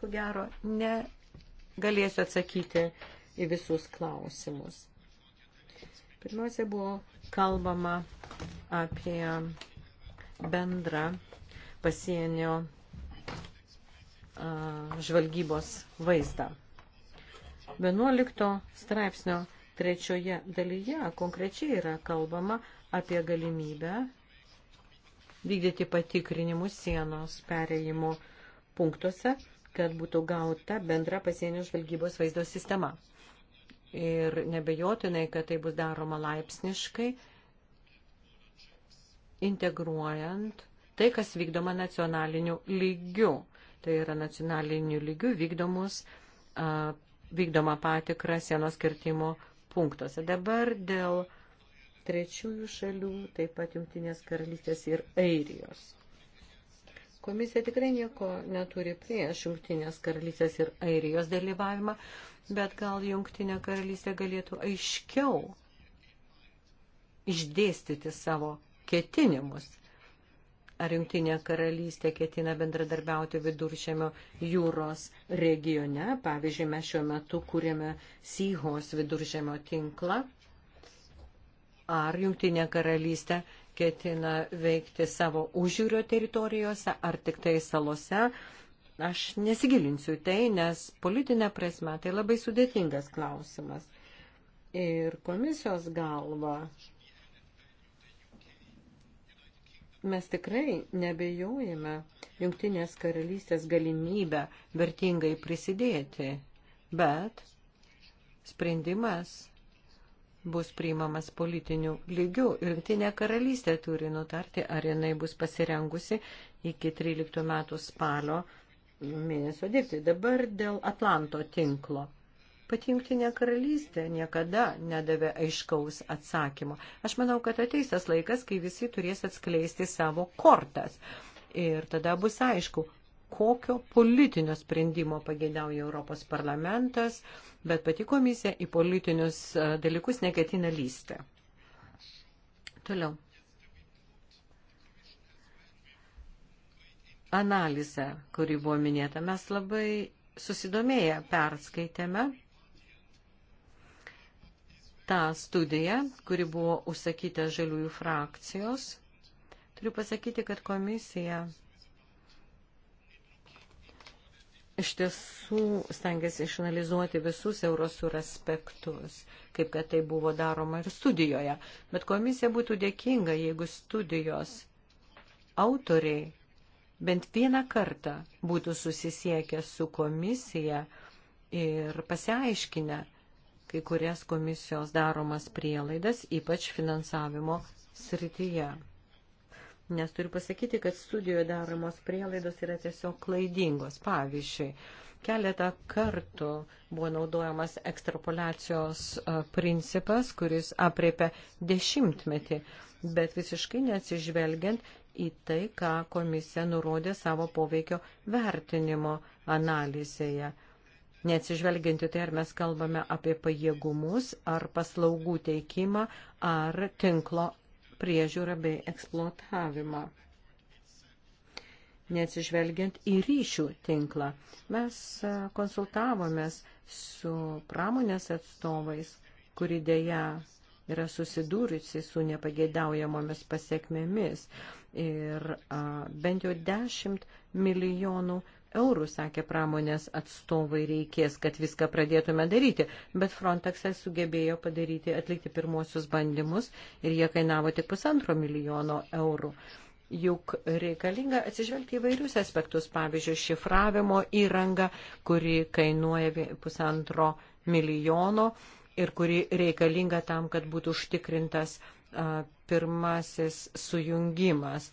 ko gero, negalėsiu atsakyti į visus klausimus. Pirmiausia, buvo kalbama apie bendrą pasienio žvalgybos vaizdą. 11 straipsnio trečioje dalyje konkrečiai yra kalbama apie galimybę vykdyti patikrinimus sienos perėjimo punktuose, kad būtų gauta bendra pasienio žvalgybos vaizdo sistema ir nebejotinai, kad tai bus daroma laipsniškai, integruojant tai, kas vykdoma nacionaliniu lygiu. Tai yra nacionaliniu lygiu vykdomus, vykdoma patikra sienos kirtimo punktuose. Dabar dėl trečiųjų šalių, taip pat Jungtinės karalystės ir Airijos. Komisija tikrai nieko neturi prieš Jungtinės karalystės ir Airijos dalyvavimą, bet gal jungtinė karalystė galėtų aiškiau išdėstyti savo ketinimus. Ar jungtinė karalystė ketina bendradarbiauti viduršėmio jūros regione? Pavyzdžiui, mes šiuo metu kūrėme Syhos viduršėmio tinklą. Ar jungtinė karalystė ketina veikti savo užjūrio teritorijose, ar tik tai salose? Aš nesigilinsiu tai, nes politinė prasme tai labai sudėtingas klausimas. Ir komisijos galva mes tikrai nebejojame Junktinės karalystės galimybę vertingai prisidėti, bet sprendimas bus priimamas politiniu lygiu. Junktinė karalystė turi nutarti, ar jinai bus pasirengusi iki 13 metų spalio mėnesio dirbti. Dabar dėl Atlanto tinklo. Pati jungtinė karalystė niekada nedavė aiškaus atsakymo. Aš manau, kad ateis tas laikas, kai visi turės atskleisti savo kortas. Ir tada bus aišku, kokio politinio sprendimo pageidauja Europos parlamentas, bet pati komisija į politinius dalykus neketina lysti. Toliau. analizę, kuri buvo minėta. Mes labai susidomėję perskaitėme tą studiją, kuri buvo užsakyta žaliųjų frakcijos. Turiu pasakyti, kad komisija iš tiesų stengiasi išanalizuoti visus Eurosur aspektus, kaip kad tai buvo daroma ir studijoje. Bet komisija būtų dėkinga, jeigu studijos autoriai bent vieną kartą būtų susisiekę su komisija ir pasiaiškinę kai kurias komisijos daromas prielaidas, ypač finansavimo srityje. Nes turiu pasakyti, kad studijoje daromos prielaidos yra tiesiog klaidingos. Pavyzdžiui, keletą kartų buvo naudojamas ekstrapolacijos e, principas, kuris apriepia dešimtmetį, bet visiškai neatsižvelgiant į tai, ką komisija nurodė savo poveikio vertinimo analizėje. Neatsižvelginti tai, ar mes kalbame apie pajėgumus, ar paslaugų teikimą, ar tinklo priežiūrą bei eksploatavimą. Neatsižvelgiant į ryšių tinklą. Mes konsultavomės su pramonės atstovais, kuri dėja yra susidūrusi su nepageidaujamomis pasiekmėmis. Ir a, bent jau 10 milijonų eurų, sakė pramonės atstovai, reikės, kad viską pradėtume daryti. Bet Frontexas sugebėjo padaryti, atlikti pirmosius bandymus ir jie kainavo tik pusantro milijono eurų. Juk reikalinga atsižvelgti įvairius aspektus, pavyzdžiui, šifravimo įranga, kuri kainuoja pusantro milijono eurų ir kuri reikalinga tam, kad būtų užtikrintas pirmasis sujungimas.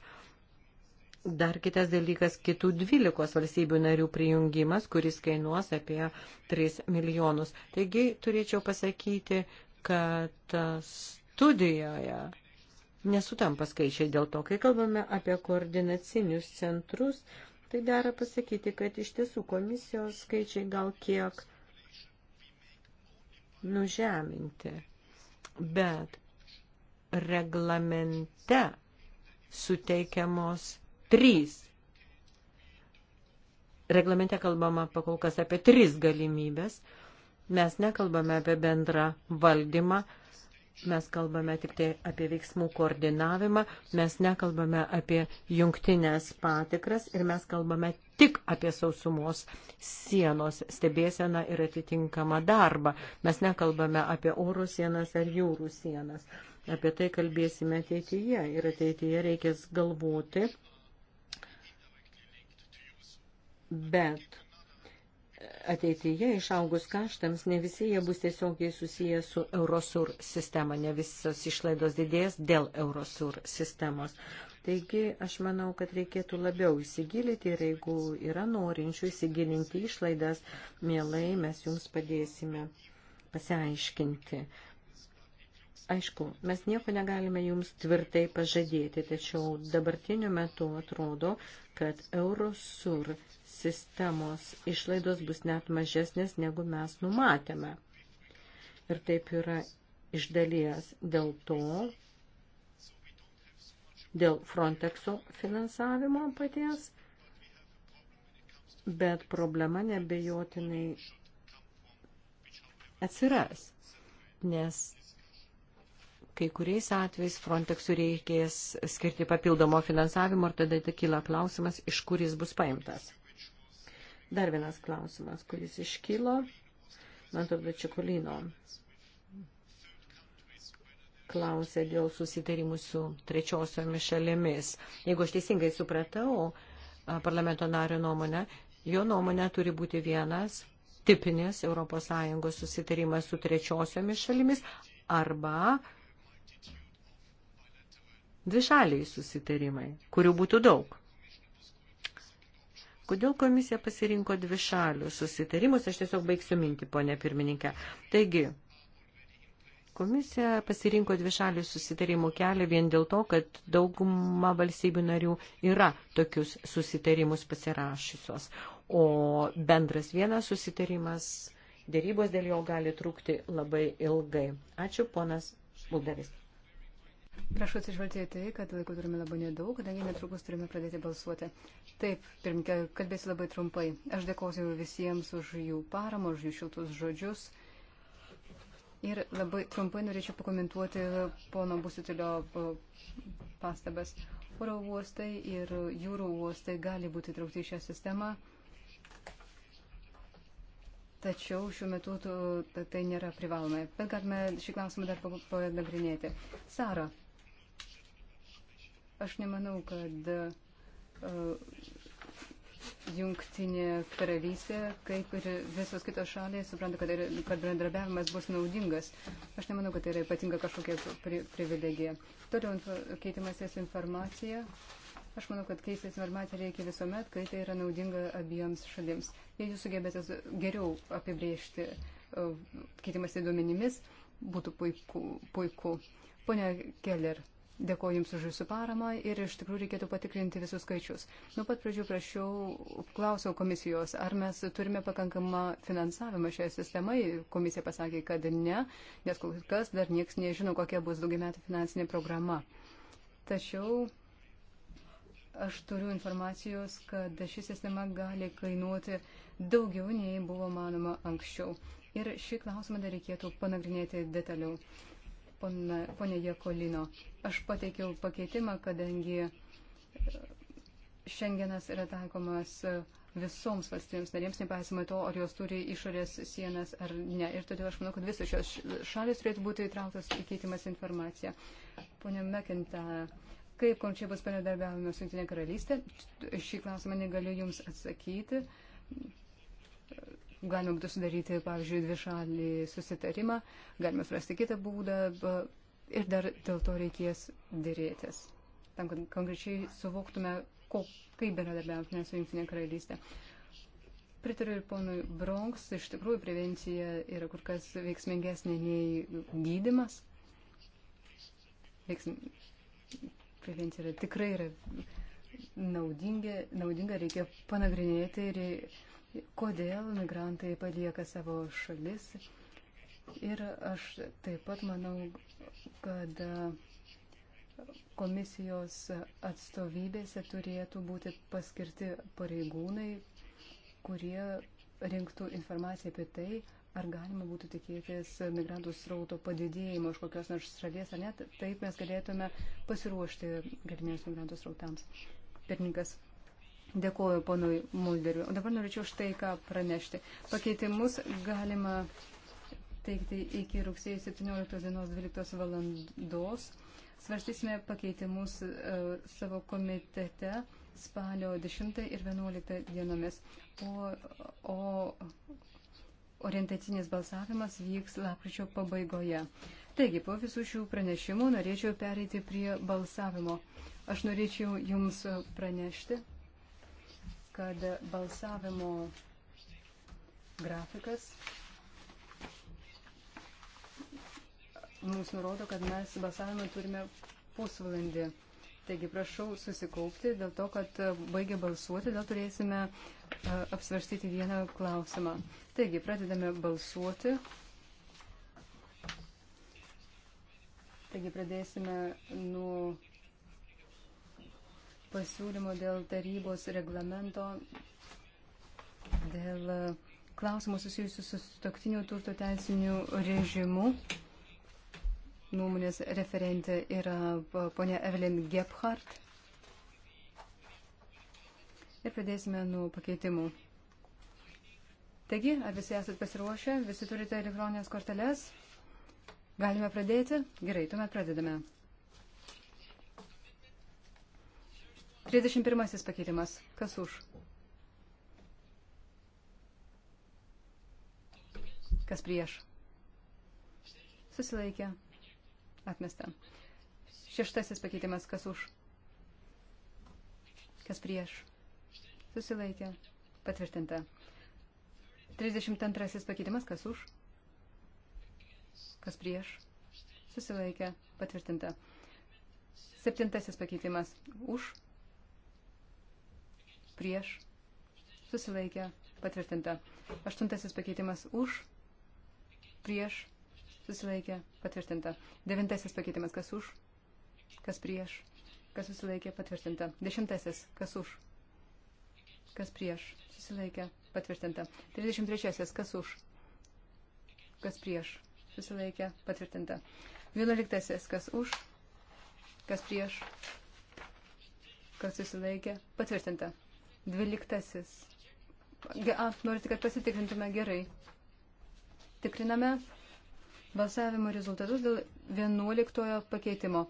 Dar kitas dalykas - kitų 12 valstybių narių prijungimas, kuris kainuos apie 3 milijonus. Taigi turėčiau pasakyti, kad studijoje nesutampa skaičiai dėl to, kai kalbame apie koordinacinius centrus, tai dera pasakyti, kad iš tiesų komisijos skaičiai gal kiek nužeminti. Bet reglamente suteikiamos trys. Reglamente kalbama pakol kas apie tris galimybės. Mes nekalbame apie bendrą valdymą, mes kalbame tik tai apie veiksmų koordinavimą, mes nekalbame apie jungtinės patikras ir mes kalbame tik apie sausumos sienos stebėseną ir atitinkamą darbą. Mes nekalbame apie oro sienas ar jūrų sienas. Apie tai kalbėsime ateityje ir ateityje reikės galvoti. Bet ateityje išaugus kaštams, ne visi jie bus tiesiogiai susiję su Eurosur sistema, ne visos išlaidos didės dėl Eurosur sistemos. Taigi, aš manau, kad reikėtų labiau įsigilinti ir jeigu yra norinčių įsigilinti išlaidas, mielai mes jums padėsime pasiaiškinti. Aišku, mes nieko negalime jums tvirtai pažadėti, tačiau dabartiniu metu atrodo, kad Eurosur sistemos išlaidos bus net mažesnės, negu mes numatėme. Ir taip yra iš dalies dėl to, dėl Frontexo finansavimo paties, bet problema nebejotinai atsiras, nes kai kuriais atvejais Frontexų reikės skirti papildomo finansavimo ir tada kyla klausimas, iš kur jis bus paimtas. Dar vienas klausimas, kuris iškilo, man atrodo, Čikulino klausė dėl susitarimų su trečiosiomis šalėmis. Jeigu aš teisingai supratau parlamento nario nuomonę, jo nuomonė turi būti vienas tipinis ES susitarimas su trečiosiomis šalimis arba dvišaliai susitarimai, kurių būtų daug. Kodėl komisija pasirinko dvi šalių susitarimus? Aš tiesiog baigsiu mintį, ponė pirmininkė. Taigi, komisija pasirinko dvi šalių susitarimų kelią vien dėl to, kad dauguma valstybių narių yra tokius susitarimus pasirašysios. O bendras vienas susitarimas dėrybos dėl jo gali trukti labai ilgai. Ačiū, ponas Buldaris. Prašau atsižvelgti į tai, kad laiko turime labai nedaug, kadangi netrukus turime pradėti balsuoti. Taip, pirmininkė, kalbėsiu labai trumpai. Aš dėkosiu visiems už jų paramą, už jų šiltus žodžius. Ir labai trumpai norėčiau pakomentuoti pono Busitilio pastabas. Oro uostai ir jūrų uostai gali būti traukti į šią sistemą. Tačiau šiuo metu tai nėra privaloma. Bet galime šį klausimą dar panagrinėti. Sara, Aš nemanau, kad e, Jungtinė karalystė, kaip ir visos kitos šalės, supranta, kad, yra, kad bendradarbiavimas bus naudingas. Aš nemanau, kad tai yra ypatinga kažkokia pri, privilegija. Toliau inf keitimasis informacija. Aš manau, kad keistis informaciją reikia visuomet, kai tai yra naudinga abiems šalims. Jei jūs sugebėte geriau apibriežti e, keitimąsi duomenimis, būtų puiku. puiku. Pone Keller, Dėkoju Jums už Jūsų paramą ir iš tikrųjų reikėtų patikrinti visus skaičius. Nuo pat pradžių prašiau, klausiau komisijos, ar mes turime pakankamą finansavimą šiai sistemai. Komisija pasakė, kad ne, nes kol kas dar niekas nežino, kokia bus daugiametė finansinė programa. Tačiau aš turiu informacijos, kad ši sistema gali kainuoti daugiau nei buvo manoma anksčiau. Ir šį klausimą dar reikėtų panagrinėti detaliau ponė Jekolino. Aš pateikiau pakeitimą, kadangi šiandienas e, yra taikomas e, visoms valstybėms narėms, nepaisama to, ar jos turi išorės sienas ar ne. Ir todėl aš manau, kad visos šios šalis turėtų būti įtrauktos į keitimas informaciją. Pone Mekinta, kaip konkrečiai bus bendradarbiavime su Junktinė karalystė, šį klausimą negaliu Jums atsakyti. Galima būtų sudaryti, pavyzdžiui, dvišalį susitarimą, galima surasti kitą būdą ir dar dėl to reikės dėrėtis, tam, kad konkrečiai suvoktume, ko, kaip bendradarbiautume su Junktinė karalystė. Pritariu ir ponui Bronks, iš tikrųjų prevencija yra kur kas veiksmingesnė nei gydimas. Veiksm... Prevencija yra tikrai yra naudinga, naudinga reikia panagrinėti ir kodėl migrantai palieka savo šalis. Ir aš taip pat manau, kad komisijos atstovybėse turėtų būti paskirti pareigūnai, kurie rinktų informaciją apie tai, ar galima būtų tikėtis migrantų srauto padidėjimo iš kokios nors šalies, ar net taip mes galėtume pasiruošti galimiems migrantų srautams. Pirmininkas. Dėkuoju ponui Mulderiu. O dabar norėčiau štai ką pranešti. Pakeitimus galima teikti iki rugsėjo 17 dienos 12 valandos. Svarstysime pakeitimus uh, savo komitete spalio 10 ir 11 dienomis. O, o orientacinis balsavimas vyks lapkričio pabaigoje. Taigi, po visų šių pranešimų norėčiau pereiti prie balsavimo. Aš norėčiau Jums pranešti kad balsavimo grafikas mums nurodo, kad mes balsavimą turime pusvalandį. Taigi prašau susikaupti dėl to, kad baigę balsuoti, dėl turėsime e, apsvarstyti vieną klausimą. Taigi pradedame balsuoti. Taigi pradėsime nuo pasiūlymo dėl tarybos reglamento, dėl klausimų susijusių su sutoktinių turto teisinių režimu. Nuomonės referentė yra ponia Evelyn Gebhardt. Ir pradėsime nuo pakeitimų. Taigi, ar visi esat pasiruošę, visi turite elektroninės korteles? Galime pradėti? Gerai, tuomet pradedame. 31 pakeitimas. Kas už? Kas prieš? Susilaikė. Atmesta. Šeštasis pakeitimas. Kas už? Kas prieš? Susilaikė. Patvirtinta. 32 pakeitimas. Kas už? Kas prieš? Susilaikė. Patvirtinta. Septintasis pakeitimas. Už? prieš, susilaikė, patvirtinta. Aštuntasis pakeitimas už, prieš, susilaikė, patvirtinta. Devintasis pakeitimas kas už, kas prieš, kas susilaikė, patvirtinta. Dešimtasis kas už, kas prieš, susilaikė, patvirtinta. Trisdešimt trečiasis kas už, kas prieš, susilaikė, patvirtinta. Vienuoliktasis kas už, kas prieš, kas susilaikė, patvirtinta. Dvyliktasis. A, norite, kad pasitikrintume gerai. Tikriname balsavimo rezultatus dėl 11 pakeitimo.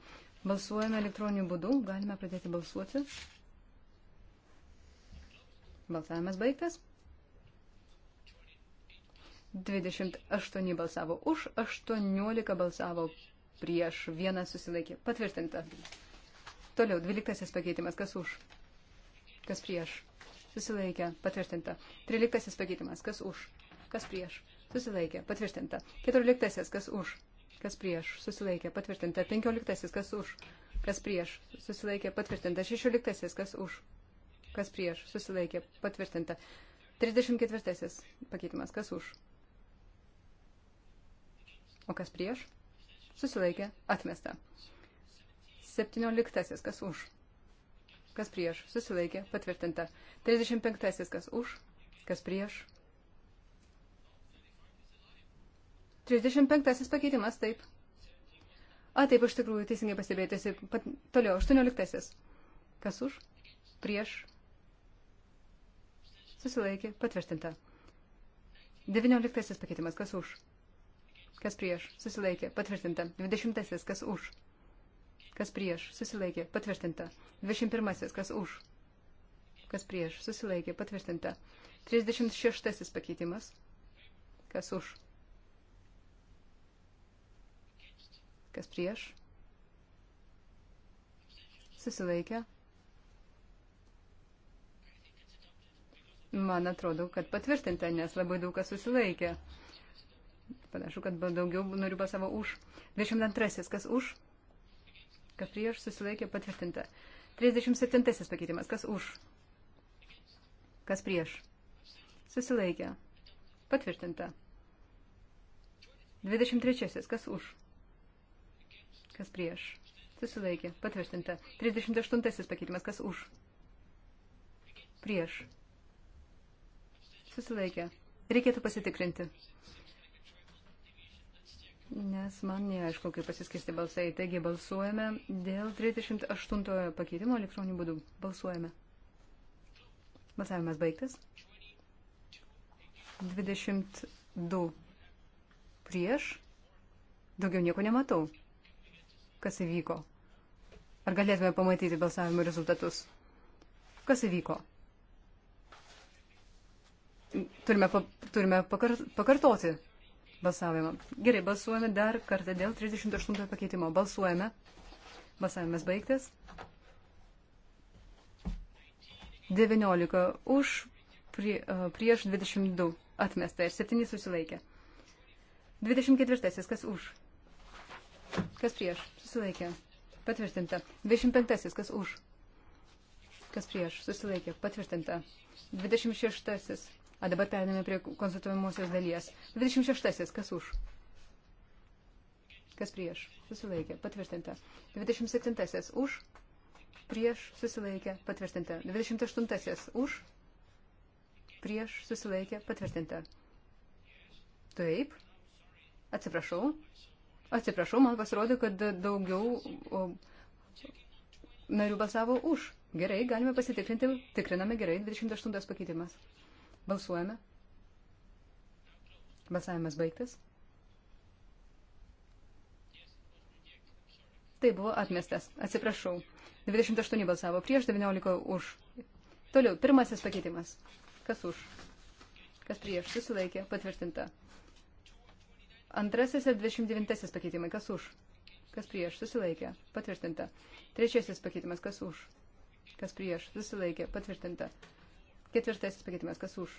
Balsuojame elektroniniu būdu. Galime pradėti balsuoti. Balsavimas baigtas. 28 balsavo už, 18 balsavo prieš, vienas susilaikė. Patvirtinta. Toliau, 12 pakeitimas. Kas už? Kas prieš? susilaikė, patvirtinta. 13 pakeitimas, kas už, kas prieš, susilaikė, patvirtinta. 14 kas už, kas prieš, susilaikė, patvirtinta. 15 kas už, kas prieš, susilaikė, patvirtinta. 16 kas už, kas prieš, susilaikė, patvirtinta. 34 pakeitimas, kas už, O kas prieš? Susilaikė, atmesta. Septynioliktasis, kas už? kas prieš, susilaikė, patvirtinta. 35. kas už, kas prieš. 35. pakeitimas, taip. A, taip, iš tikrųjų, teisingai pastebėjote. Pat, toliau, 18. Kas už, prieš, susilaikė, patvirtinta. 19. pakeitimas, kas už, kas prieš, susilaikė, patvirtinta. 20. kas už, Kas prieš? Susilaikė. Patvirtinta. 21. Kas už? Kas prieš? Susilaikė. Patvirtinta. 36. pakeitimas. Kas už? Kas prieš? Susilaikė. Man atrodo, kad patvirtinta, nes labai daug kas susilaikė. Panašu, kad daugiau noriu balsavo už. 22. Kas už? kad prieš susilaikė patvirtinta. 37 pakeitimas, kas už, kas prieš, susilaikė patvirtinta. 23 kas už, kas prieš, susilaikė patvirtinta. 38 pakeitimas, kas už, prieš, susilaikė. Reikėtų pasitikrinti nes man neaišku, kaip pasiskirsti balsai. Taigi balsuojame dėl 38 pakeitimo elektroniniu būdu. Balsuojame. Balsavimas baigtas. 22 prieš. Daugiau nieko nematau. Kas įvyko? Ar galėtume pamatyti balsavimo rezultatus? Kas įvyko? Turime, pa, turime pakar, pakartoti balsavimą. Gerai, balsuojame dar kartą dėl 38 pakeitimo. Balsuojame. Balsavimas baigtas. 19 už, prie, prieš 22 atmesta ir 7 susilaikė. 24 kas už? Kas prieš? Susilaikė. Patvirtinta. 25 kas už? Kas prieš? Susilaikė. Patvirtinta. 26 A dabar perėmėme prie konstatuojamosios dalies. 26. Kas už? Kas prieš? Susilaikė. Patvirtinta. 27. Už? Prieš? Susilaikė. Patvirtinta. 28. Už? Prieš? Susilaikė. Patvirtinta. Taip. Atsiprašau. Atsiprašau, man pasirodė, kad daugiau o, narių balsavo už. Gerai, galime pasitikrinti. Tikriname gerai. 28 pakeitimas. Balsuojame. Balsavimas baigtas. Tai buvo atmestas. Atsiprašau. 28 balsavo prieš, 19 už. Toliau, pirmasis pakeitimas. Kas už? Kas prieš? Susilaikė. Patvirtinta. Antrasis ir 29 pakeitimai. Kas už? Kas prieš? Susilaikė. Patvirtinta. Trečiasis pakeitimas. Kas už? Kas prieš? Susilaikė. Patvirtinta. Ketvirtasis pakeitimas, kas už?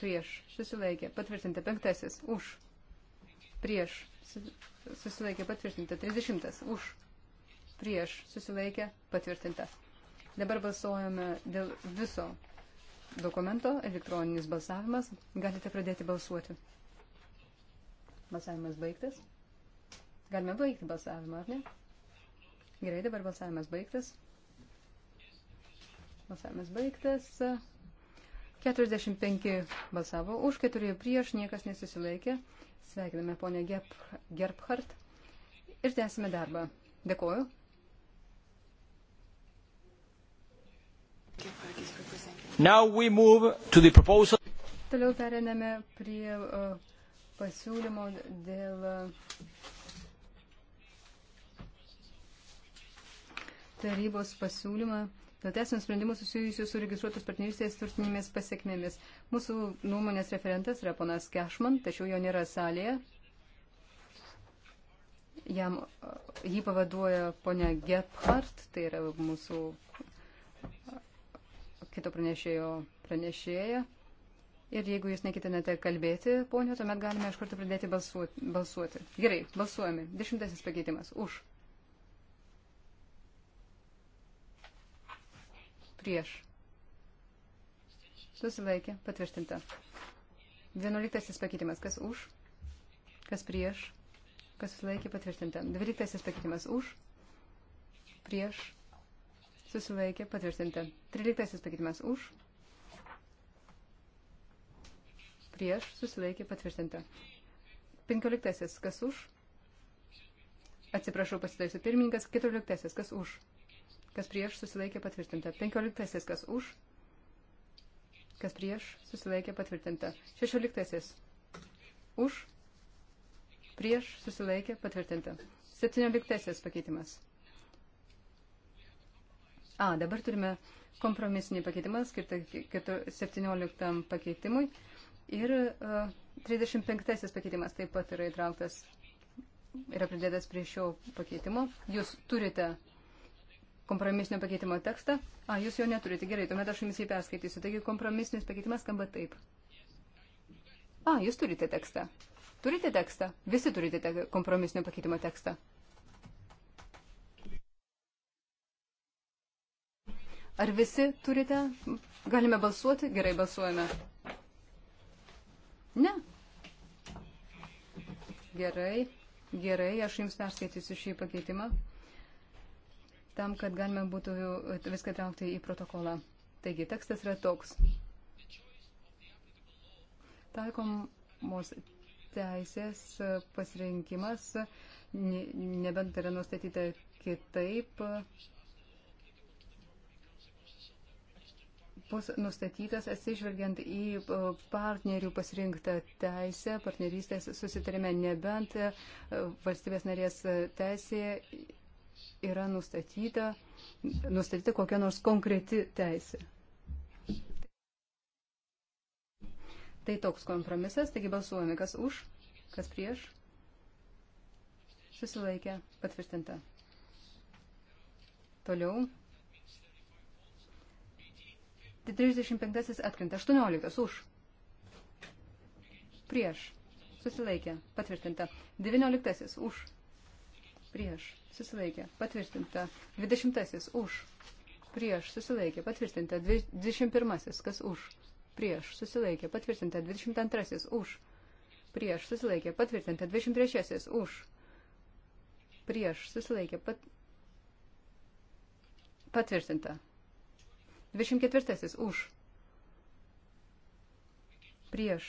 Prieš. Susilaikė. Patvirtinta. Penktasis. Už. Prieš. Susilaikė. Patvirtinta. Trisdešimtas. Už. Prieš. Susilaikė. Patvirtinta. Dabar balsuojame dėl viso dokumento. Elektroninis balsavimas. Galite pradėti balsuoti. Balsavimas baigtas. Galime baigti balsavimą, ar ne? Gerai, dabar balsavimas baigtas. Balsavimas baigtas. 45 balsavo už, 4 prieš, niekas nesusilaikė. Sveikiname ponę Gerbhardt ir tęsime darbą. Dėkuoju. Toliau perėmėme prie uh, pasiūlymo dėl. Uh, tarybos pasiūlymą dėl tesnių sprendimų susijusių su registruotos partnerystės turtinėmis pasiekmėmis. Mūsų nuomonės referentas yra ponas Kešman, tačiau jo nėra salėje. Jam, jį pavaduoja ponia Gephardt, tai yra mūsų kito pranešėjo pranešėja. Ir jeigu jūs nekitinate kalbėti, ponio, tuomet galime iš karto pradėti balsuoti. balsuoti. Gerai, balsuojame. Dešimtasis pakeitimas. Už. prieš. Susilaikė, patvirtinta. Vienuoliktasis pakeitimas, kas už, kas prieš, kas susilaikė, patvirtinta. Dvyliktasis pakeitimas už, prieš, susilaikė, patvirtinta. Tryliktasis pakeitimas už, prieš, susilaikė, patvirtinta. Penkioliktasis, kas už, atsiprašau, pasitaisiu pirmininkas, keturioliktasis, kas už kas prieš susilaikė patvirtinta. 15. kas už, kas prieš susilaikė patvirtinta. 16. už, prieš susilaikė patvirtinta. 17. pakeitimas. A, dabar turime kompromisinį pakeitimą skirtą 17 pakeitimui ir uh, e, 35 pakeitimas taip pat yra įtrauktas, yra pridėtas prie šio pakeitimo. Jūs turite kompromisinio pakeitimo tekstą. A, jūs jo neturite. Gerai, tuomet aš jums jį perskaitysiu. Taigi kompromisinis pakeitimas skamba taip. A, jūs turite tekstą. Turite tekstą. Visi turite te kompromisinio pakeitimo tekstą. Ar visi turite? Galime balsuoti? Gerai, balsuojame. Ne. Gerai, gerai, aš jums perskaitysiu šį pakeitimą tam, kad galima būtų viską traukti į protokolą. Taigi, tekstas yra toks. Taikomos teisės pasirinkimas, nebent yra nustatyta kitaip, bus nustatytas atsižvelgiant į partnerių pasirinktą teisę partnerystės susitarime, nebent valstybės narės teisėje yra nustatyta, nustatyta kokia nors konkreti teisė. Tai toks kompromisas, taigi balsuojame, kas už, kas prieš. Susilaikė, patvirtinta. Toliau. 35 atkrinta, 18 už. Prieš. Susilaikė, patvirtinta. 19 už prieš, susilaikė, patvirtinta. 20 už, prieš, susilaikė, patvirtinta. 21 kas už, prieš, susilaikė, patvirtinta. 22 už, prieš, susilaikė, patvirtinta. 23 už, prieš, susilaikė, pat... patvirtinta. 24 už, prieš,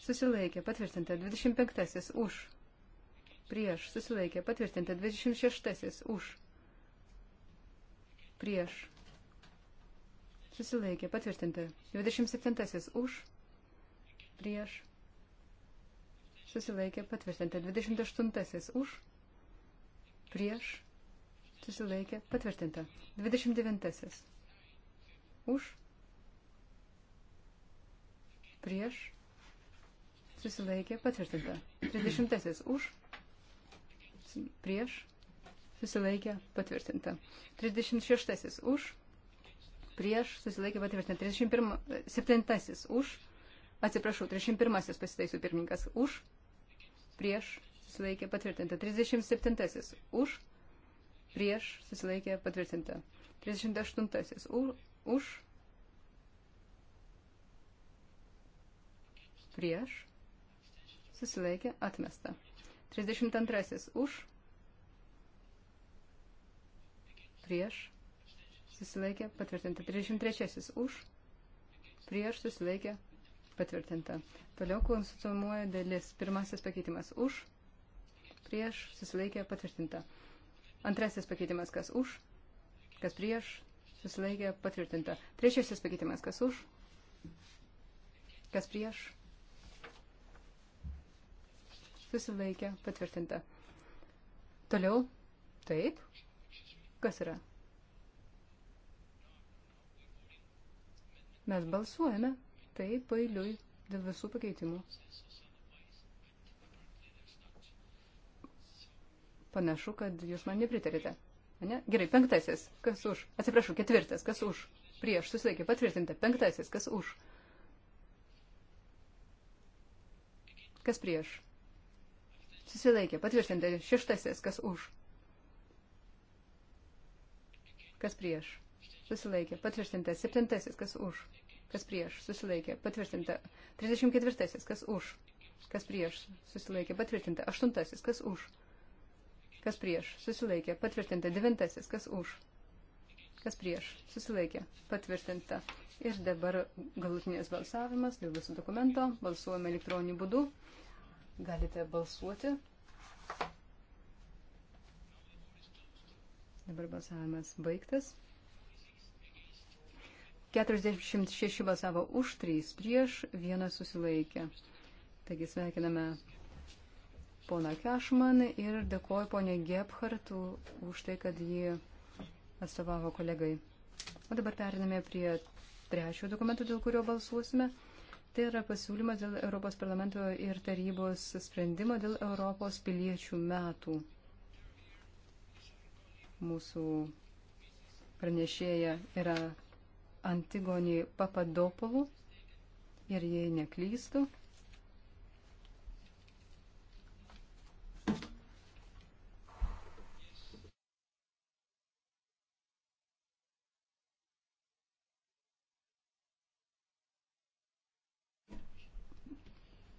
susilaikė, patvirtinta. 25 už prieš, susilaikė, patvirtinta. 26 už, prieš, susilaikė, patvirtinta. 27 už, prieš, susilaikė, patvirtinta. 28 už, prieš, susilaikė, patvirtinta. 29 už, prieš, susilaikė, patvirtinta. 30 už, prieš prieš, susilaikė patvirtinta. 36 už, prieš, susilaikė patvirtinta. 31, 7 už, atsiprašau, 31 pasitaisų pirmininkas už, prieš, susilaikė patvirtinta. 37 už, prieš, susilaikė patvirtinta. 38 už, už prieš, susilaikė atmesta. 32 už, prieš, susilaikė, patvirtinta. 33 už, prieš, susilaikė, patvirtinta. Toliau konsultuojamoji dalis. Pirmasis pakeitimas už, prieš, susilaikė, patvirtinta. Antrasis pakeitimas kas už, kas prieš, susilaikė, patvirtinta. Trečiasis pakeitimas kas už, kas prieš, susilaikė, patvirtinta. Toliau, taip, kas yra? Mes balsuojame, taip, pailiui, dėl visų pakeitimų. Panašu, kad jūs man nepritarite. Ne? Gerai, penktasis, kas už? Atsiprašau, ketvirtas, kas už? Prieš, susilaikė, patvirtinta, penktasis, kas už? Kas prieš? Susilaikė. Patvirtinta. Šeštasis. Kas už? Kas prieš? Susilaikė. Patvirtinta. Septintasis. Kas už? Kas prieš? Susilaikė. Patvirtinta. Trisdešimt ketvirtasis. Kas už? Kas prieš? Susilaikė. Patvirtinta. Aštuntasis. Kas už? Kas prieš? Susilaikė. Patvirtinta. Devintasis. Kas už? Kas prieš? Susilaikė. Patvirtinta. Ir dabar galutinės balsavimas dėl viso dokumento. Balsuojame elektroniniu būdu. Galite balsuoti. Dabar balsavimas baigtas. 46 balsavo už, 3 prieš, 1 susilaikė. Taigi sveikiname poną Kešmaną ir dėkoju ponė Gebhartų už tai, kad jį atstovavo kolegai. O dabar periname prie trečiojo dokumento, dėl kurio balsuosime. Tai yra pasiūlymas dėl Europos parlamento ir tarybos sprendimo dėl Europos piliečių metų. Mūsų pranešėja yra Antigonė Papadopolų ir jei neklystu,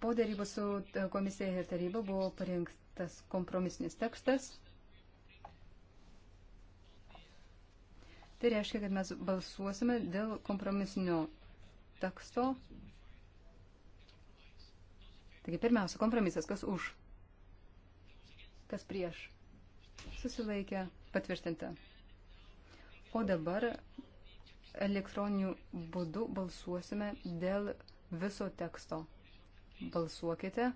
po dėrybų su e, komisija ir taryba buvo parinktas kompromisinis tekstas. Tai reiškia, kad mes balsuosime dėl kompromisinio teksto. Taigi, pirmiausia, kompromisas, kas už, kas prieš. Susilaikė patvirtinta. O dabar elektroniniu būdu balsuosime dėl viso teksto. Balsuokite.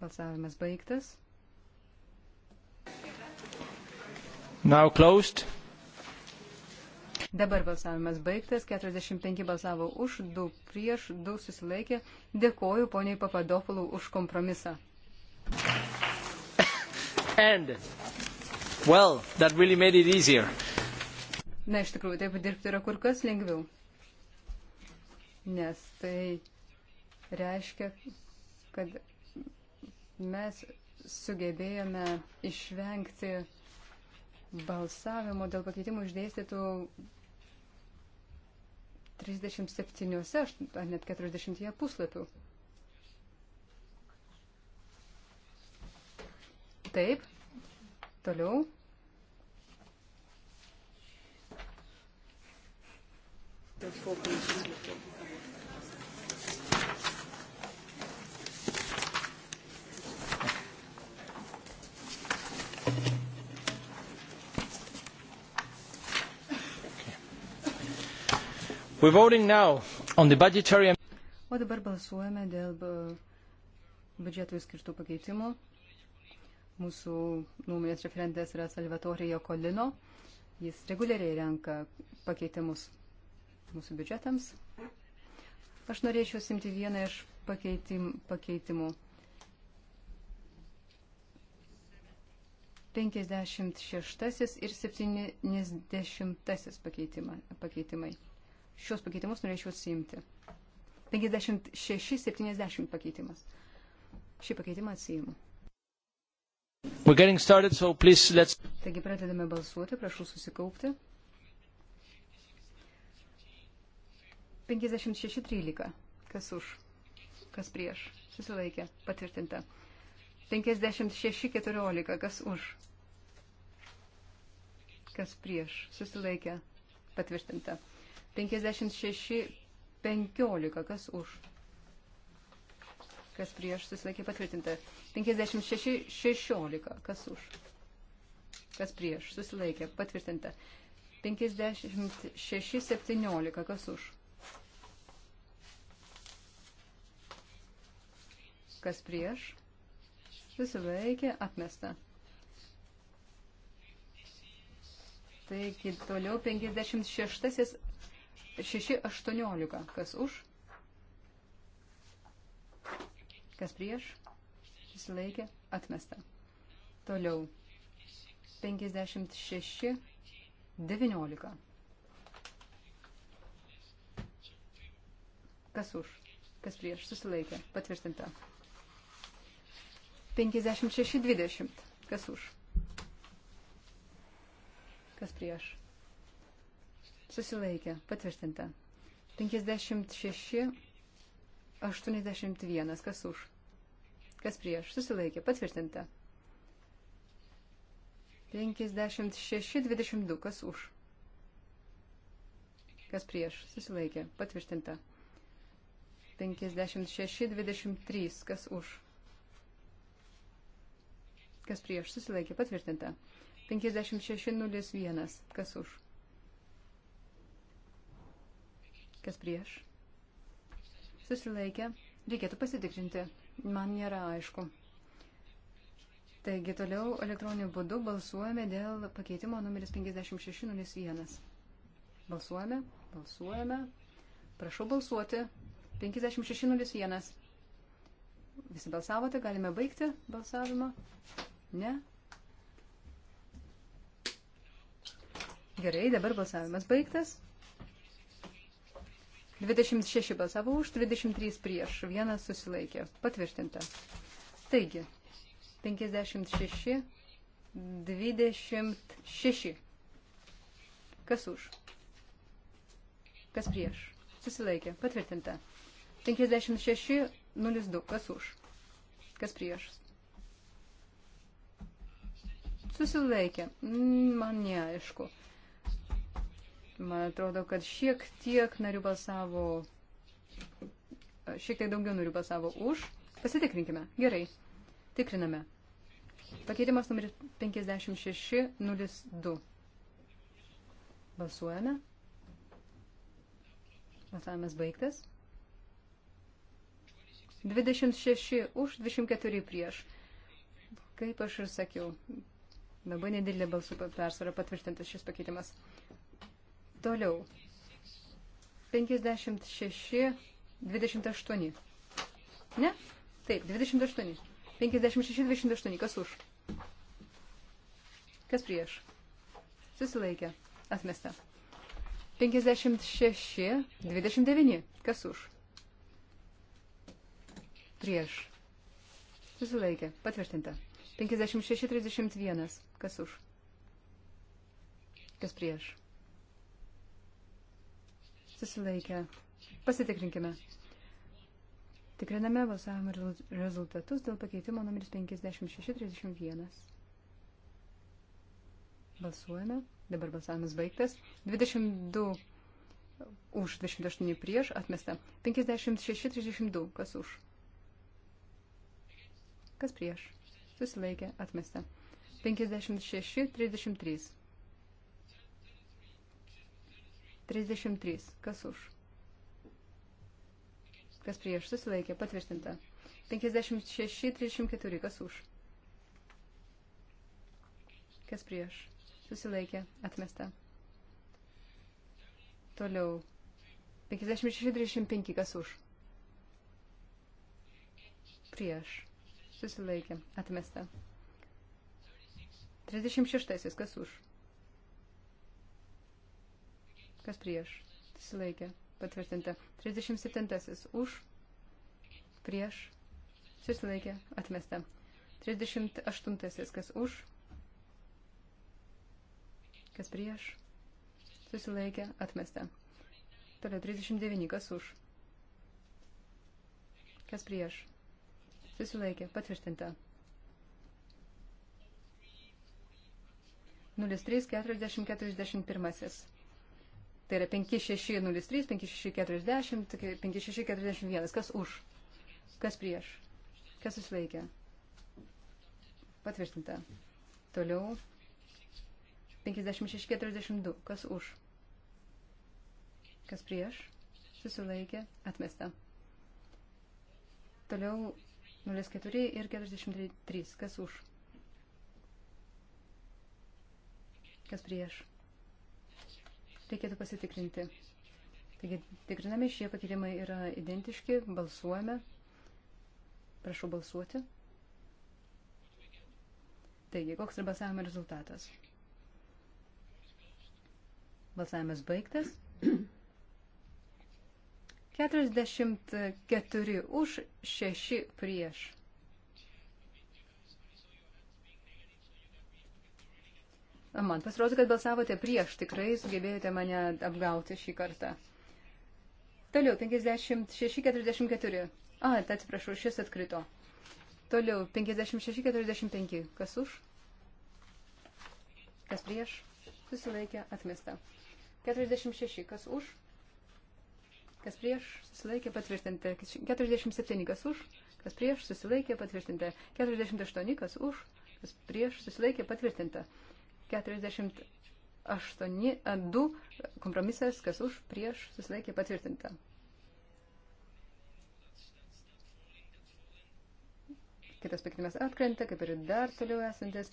Balsavimas baigtas. Now closed. Dabar balsavimas baigtas, 45 balsavo už, 2 prieš, 2 susilaikė. Dėkoju poniai Papadopulų už kompromisą. And, well, that really made it easier. Na, iš tikrųjų, taip dirbti yra kur kas lengviau nes tai reiškia, kad mes sugebėjome išvengti balsavimo dėl pakeitimų išdėstytų 37 ar net 40 puslapių. Taip, toliau. The four pages looking. Budgetary... O dabar balsuojame dėl biudžetų skirtų pakeitimų. Mūsų nuomonės referentas yra Salvatore Jokolino. Jis reguliariai renka pakeitimus mūsų biudžetams. Aš norėčiau simti vieną iš pakeitim, pakeitimų. 56 ir 70 pakeitimai šios pakeitimus norėčiau atsiimti. 56-70 pakeitimas. Šį pakeitimą atsiimu. Started, so please, let's... Taigi pradedame balsuoti, prašau susikaupti. 56-13. Kas už? Kas prieš? Susilaikė. Patvirtinta. 56-14. Kas už? Kas prieš? Susilaikė. Patvirtinta. 56, 15, kas už, kas prieš, susilaikė patvirtinta. 56, 16, kas už, kas prieš, susilaikė patvirtinta. 56, 17, kas už. Kas prieš? Susilaikė atmesta. Taigi toliau 56 6.18. Kas už? Kas prieš? Susilaikė. Atmesta. Toliau. 56. 19. Kas už? Kas prieš? Susilaikė. Patvirtinta. 56.20. Kas už? Kas prieš? Susilaikė. Patvirtinta. 56, 81. Kas už? Kas prieš? Susilaikė. Patvirtinta. 56, 22. Kas už? Kas prieš? Susilaikė. Patvirtinta. 56, 23. Kas už? Kas prieš? Susilaikė. Patvirtinta. 56, 01. Kas už? kas prieš, susilaikė, reikėtų pasitikrinti, man nėra aišku. Taigi toliau elektroniniu būdu balsuojame dėl pakeitimo numeris 5601. Balsuojame, balsuojame, prašau balsuoti, 5601. Visi balsavote, galime baigti balsavimą? Ne? Gerai, dabar balsavimas baigtas. 26 balsavo už, 23 prieš, vienas susilaikė. Patvirtinta. Taigi, 56, 26. Kas už? Kas prieš? Susilaikė. Patvirtinta. 56, 02. Kas už? Kas prieš? Susilaikė. Mm, man neaišku. Man atrodo, kad šiek tiek narių balsavo, šiek tiek daugiau narių balsavo už. Pasitikrinkime. Gerai. Tikriname. Pakeitimas numeris 5602. Balsuojame. Balsavimas baigtas. 26 už, 24 prieš. Kaip aš ir sakiau, labai nedidelė balsų persvara patvirtintas šis pakeitimas. Toliau. 56, 28. Ne? Taip, 28. 56, 28. Kas už? Kas prieš? Susilaikė. Atmesta. 56, 29. Kas už? Prieš. Susilaikė. Patvirtinta. 56, 31. Kas už? Kas prieš? susilaikė. Pasitikrinkime. Tikriname balsavimo rezultatus dėl pakeitimo numeris 5631. Balsuojame. Dabar balsavimas baigtas. 22 už, 28 prieš, atmesta. 5632. Kas už? Kas prieš? Susilaikė, atmesta. 5633. 33. Kas už? Kas prieš? Susilaikė. Patvirtinta. 56, 34. Kas už? Kas prieš? Susilaikė. Atmesta. Toliau. 56, 35. Kas už? Prieš. Susilaikė. Atmesta. 36. Kas už? Kas prieš? Susilaikė. Patvirtinta. 37. Už. Prieš. Susilaikė. Atmesta. 38. Kas už. Kas prieš. Susilaikė. Atmesta. Toliau 39. Kas už. Kas prieš. Susilaikė. Patvirtinta. 03.40.41 Tai yra 5603, 5640, 5641. Kas už? Kas prieš? Kas susilaikė? Patvirtinta. Toliau 5642. Kas už? Kas prieš? Susilaikė. Atmesta. Toliau 04 ir 43. Kas už? Kas prieš? reikėtų pasitikrinti. Taigi tikriname, šie pakeitimai yra identiški, balsuojame. Prašau balsuoti. Taigi, koks yra balsavimo rezultatas? Balsavimas baigtas. 44 už 6 prieš. Man pasirodo, kad balsavote prieš, tikrai sugebėjote mane apgauti šį kartą. Toliau, 56-44. A, tai atsiprašau, šis atkrito. Toliau, 56-45. Kas už? Kas prieš? Susilaikė, atmesta. 46. Kas už? Kas prieš susilaikė patvirtinti. 47 kas už, kas prieš susilaikė patvirtinti. 48 kas už, kas prieš susilaikė patvirtinti. 48.2 kompromisas, kas už, prieš, susilaikė patvirtinta. Kitas pakeitimas atkrenta, kaip ir dar toliau esantis.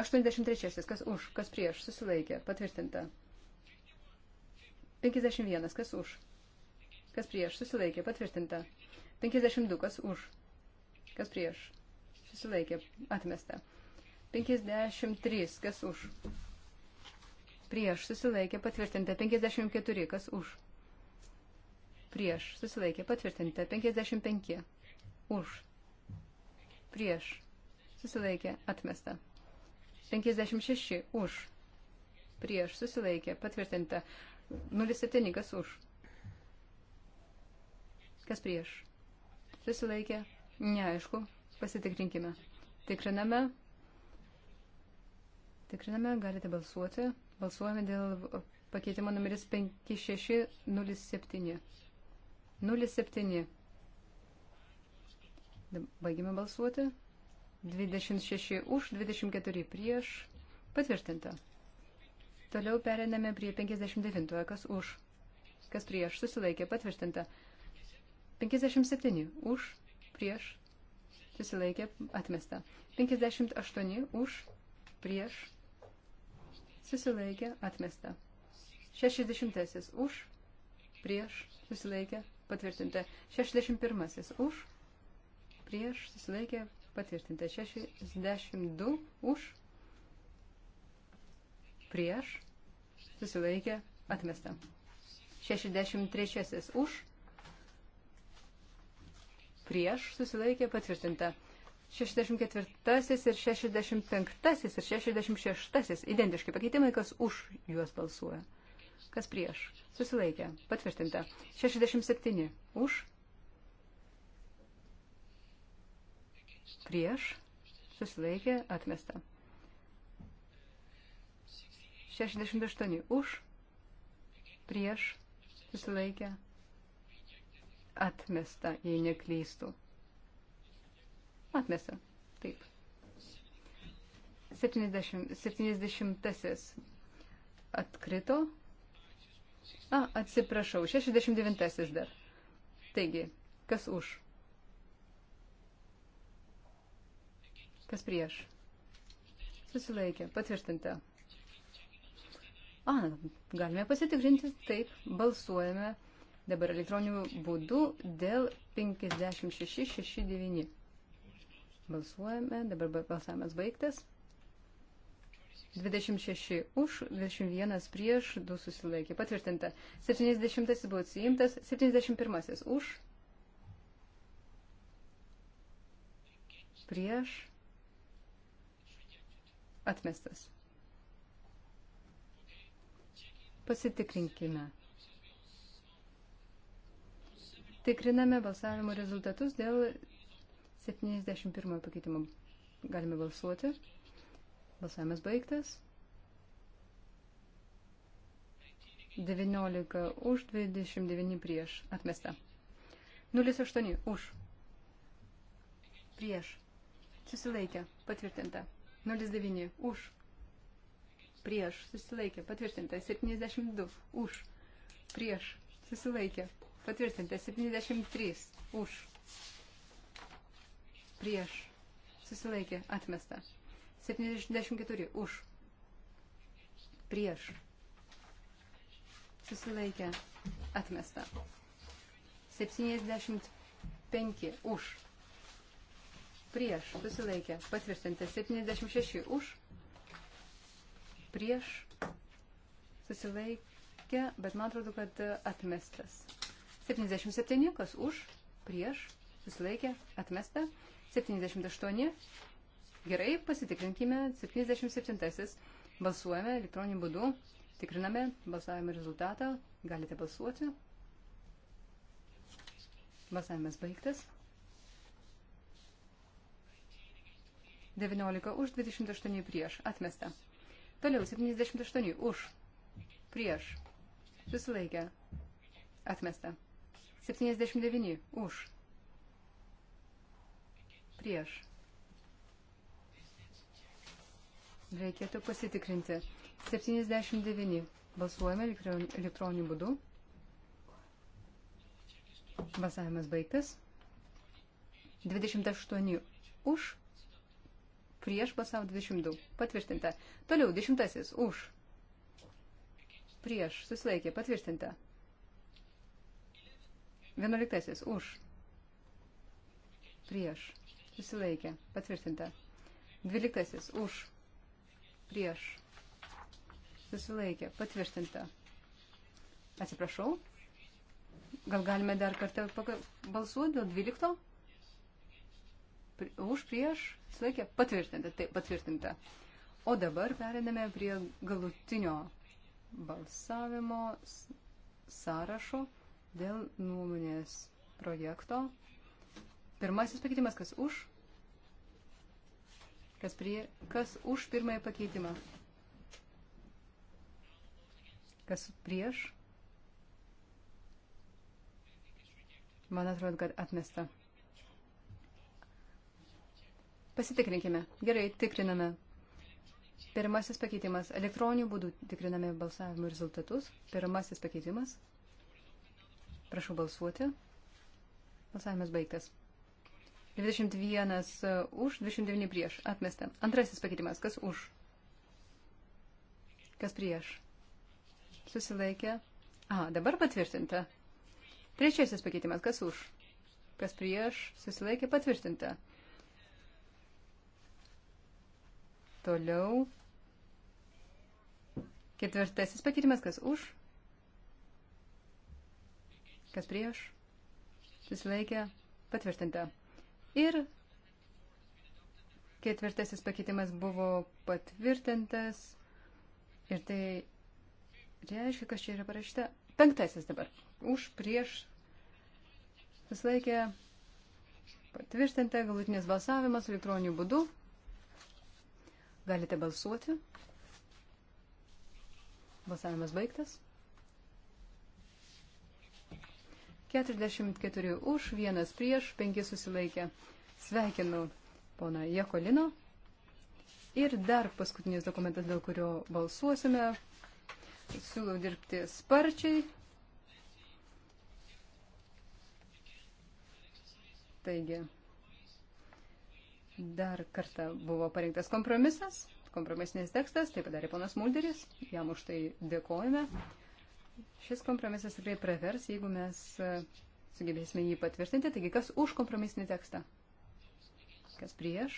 83. Kas už, kas prieš, susilaikė, patvirtinta. 51. Kas už, kas prieš, susilaikė, patvirtinta. 52. Kas už, kas prieš, susilaikė, atmesta. 53, kas už. Prieš susilaikė patvirtinta 54, kas už. Prieš susilaikė patvirtinta 55, už. Prieš susilaikė atmesta 56, už. Prieš susilaikė patvirtinta 07, kas už. Kas prieš? Susilaikė? Neaišku. Pasitikrinkime. Tikriname Tikriname, galite balsuoti. Balsuojame dėl uh, pakeitimo numeris 5607. 07. Baigime balsuoti. 26 už, 24 prieš. Patvirtinta. Toliau periname prie 59. Kas už? Kas prieš? Susilaikė. Patvirtinta. 57. Už, prieš. Susilaikė. Atmesta. 58. Už, prieš susilaikė atmesta. 60 už, prieš, susilaikė patvirtinta. 61 už, prieš, susilaikė patvirtinta. 62 už, prieš, susilaikė atmesta. 63 už, prieš, susilaikė patvirtinta. 64 ir 65 ir 66 identiški pakeitimai, kas už juos balsuoja. Kas prieš? Susilaikė. Patvirtinta. 67 už. Prieš. Susilaikė. Atmesta. 68 už. Prieš. Susilaikė. Atmesta, jei neklystų. Atmesta. Taip. 70, 70 atkrito. A, atsiprašau, 69 dar. Taigi, kas už? Kas prieš? Susilaikė, patvirtinta. A, galime pasitikrinti, taip, balsuojame dabar elektroniniu būdu dėl 5669. Balsuojame, dabar balsavimas baigtas. 26 už, 21 prieš, 2 susilaikė. Patvirtinta. 70 buvo atsiimtas, 71 už. Prieš. Atmestas. Pasitikrinkime. Tikriname balsavimo rezultatus dėl 71 pakeitimą galime balsuoti. Balsavimas baigtas. 19 už, 29 prieš. Atmesta. 08 už. Prieš. Susilaikė. Patvirtinta. 09 už. Prieš. Susilaikė. Patvirtinta. 72 už. Prieš. Susilaikė. Patvirtinta. 73 už prieš, susilaikė, atmesta. 74 už, prieš, susilaikė, atmesta. 75 už, prieš, susilaikė, patvirtinta. 76 už, prieš, susilaikė, bet man atrodo, kad atmestas. 77 kas už, prieš, susilaikė, atmesta. 78. Gerai, pasitikrinkime. 77. Balsuojame elektroniniu būdu. Tikriname balsavimo rezultatą. Galite balsuoti. Balsavimas baigtas. 19 už, 28 prieš. Atmesta. Toliau 78 už. Prieš. Susilaikė. Atmesta. 79 už prieš. Reikėtų pasitikrinti. 79. Balsuojame elektroniniu būdu. Balsavimas baigtas. 28 už. Prieš balsavo 22. Patvirtinta. Toliau 10. Už. Prieš. Susilaikė. Patvirtinta. 11. Už. Prieš susilaikė, patvirtinta. Dvyliktasis už, prieš, susilaikė, patvirtinta. Atsiprašau, gal galime dar kartą balsuoti dėl dvylikto? Už, prieš, susilaikė, patvirtinta, taip, patvirtinta. O dabar periname prie galutinio balsavimo sąrašo dėl nuomonės projekto Pirmasis pakeitimas, kas už, kas, prie, kas už pirmąjį pakeitimą, kas prieš. Man atrodo, kad atmesta. Pasitikrinkime. Gerai, tikriname. Pirmasis pakeitimas. Elektroniniu būdu tikriname balsavimo rezultatus. Pirmasis pakeitimas. Prašau balsuoti. Balsavimas baigtas. 21 uh, už, 29 prieš. Atmesta. Antrasis pakeitimas. Kas už? Kas prieš? Susilaikė. A, dabar patvirtinta. Trečiasis pakeitimas. Kas už? Kas prieš? Susilaikė patvirtinta. Toliau. Ketvirtasis pakeitimas. Kas už? Kas prieš? Susilaikė patvirtinta. Ir ketvirtasis pakeitimas buvo patvirtintas. Ir tai reiškia, kas čia yra parašyta. Penktasis dabar. Už prieš susilaikė patvirtinta galutinės balsavimas elektroniniu būdu. Galite balsuoti. Balsavimas baigtas. 44 už, vienas prieš, penki susilaikė. Sveikinu poną Jekolino. Ir dar paskutinis dokumentas, dėl kurio balsuosime. Siūlau dirbti sparčiai. Taigi, dar kartą buvo parinktas kompromisas, kompromisinis tekstas, tai padarė ponas Mulderis, jam už tai dėkojame. Šis kompromisas tikrai pravers, jeigu mes e, sugebėsime jį patvirtinti. Taigi, kas už kompromisinį tekstą? Kas prieš?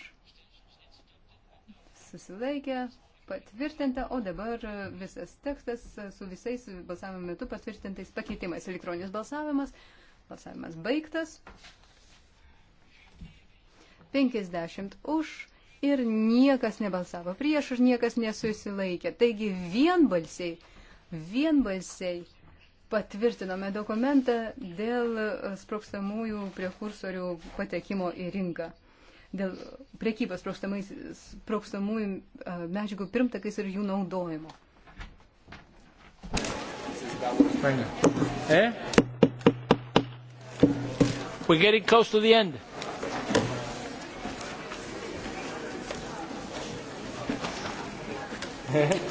Susilaikė, patvirtinta, o dabar visas tekstas e, su visais balsavimo metu patvirtintais pakeitimais. Elektroninis balsavimas, balsavimas baigtas. 50 už ir niekas nebalsavo prieš ir niekas nesusilaikė. Taigi vienbalsiai vienbalsiai patvirtinome dokumentą dėl sprokstamųjų prekursorių patekimo į rinką. Dėl priekybos sprokstamųjų medžiagų pirmtakais ir jų naudojimo. Eh? We're getting close to the end. Eh?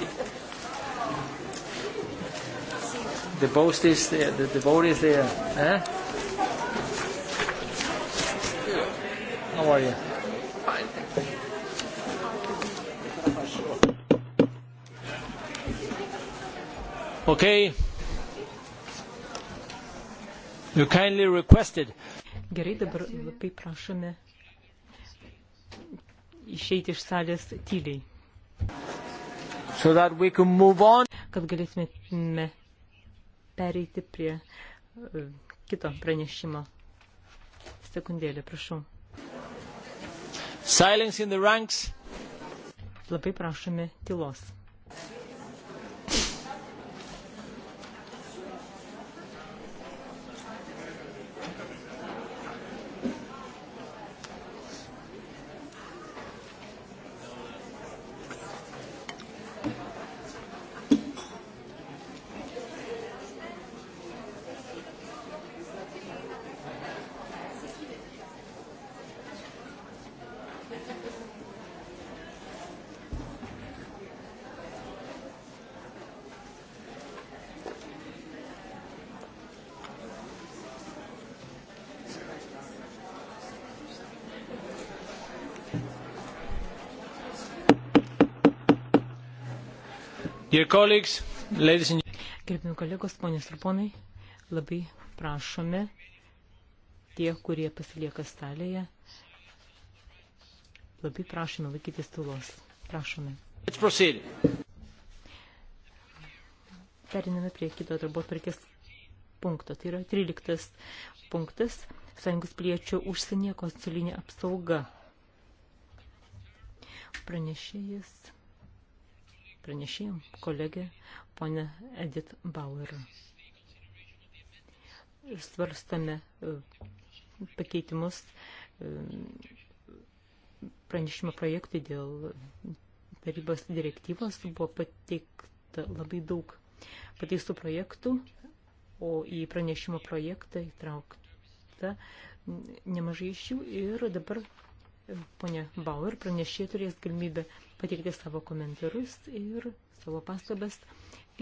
the boat is there. The, the boat is there. Eh? How are you? Fine, thank you. Okay. You kindly requested. Gerai, dabar labai prašome išeiti iš salės tyliai. So that we can move on. Kad galėsime pereiti prie e, kito pranešimo. Sekundėlė, prašau. Silence in the ranks. Labai prašome tylos. Gerbimi kolegos, ponės ir ponai, labai prašome tie, kurie pasilieka salėje, labai prašome laikytis tylos. Prašome. Periname prie kito darbo tvarkės punkto. Tai yra 13 punktas Sąjungos piliečio užsienio konsulinė apsauga. Pranešėjas pranešėjom, kolegė, ponė Edith Bauer. Svarstame e, pakeitimus e, pranešimo projektai dėl tarybos direktyvos buvo pateikta labai daug pateistų projektų, o į pranešimo projektą įtraukta nemažai iš jų ir dabar ponia Bauer pranešė turės galimybę pateikti savo komentarus ir savo pastabas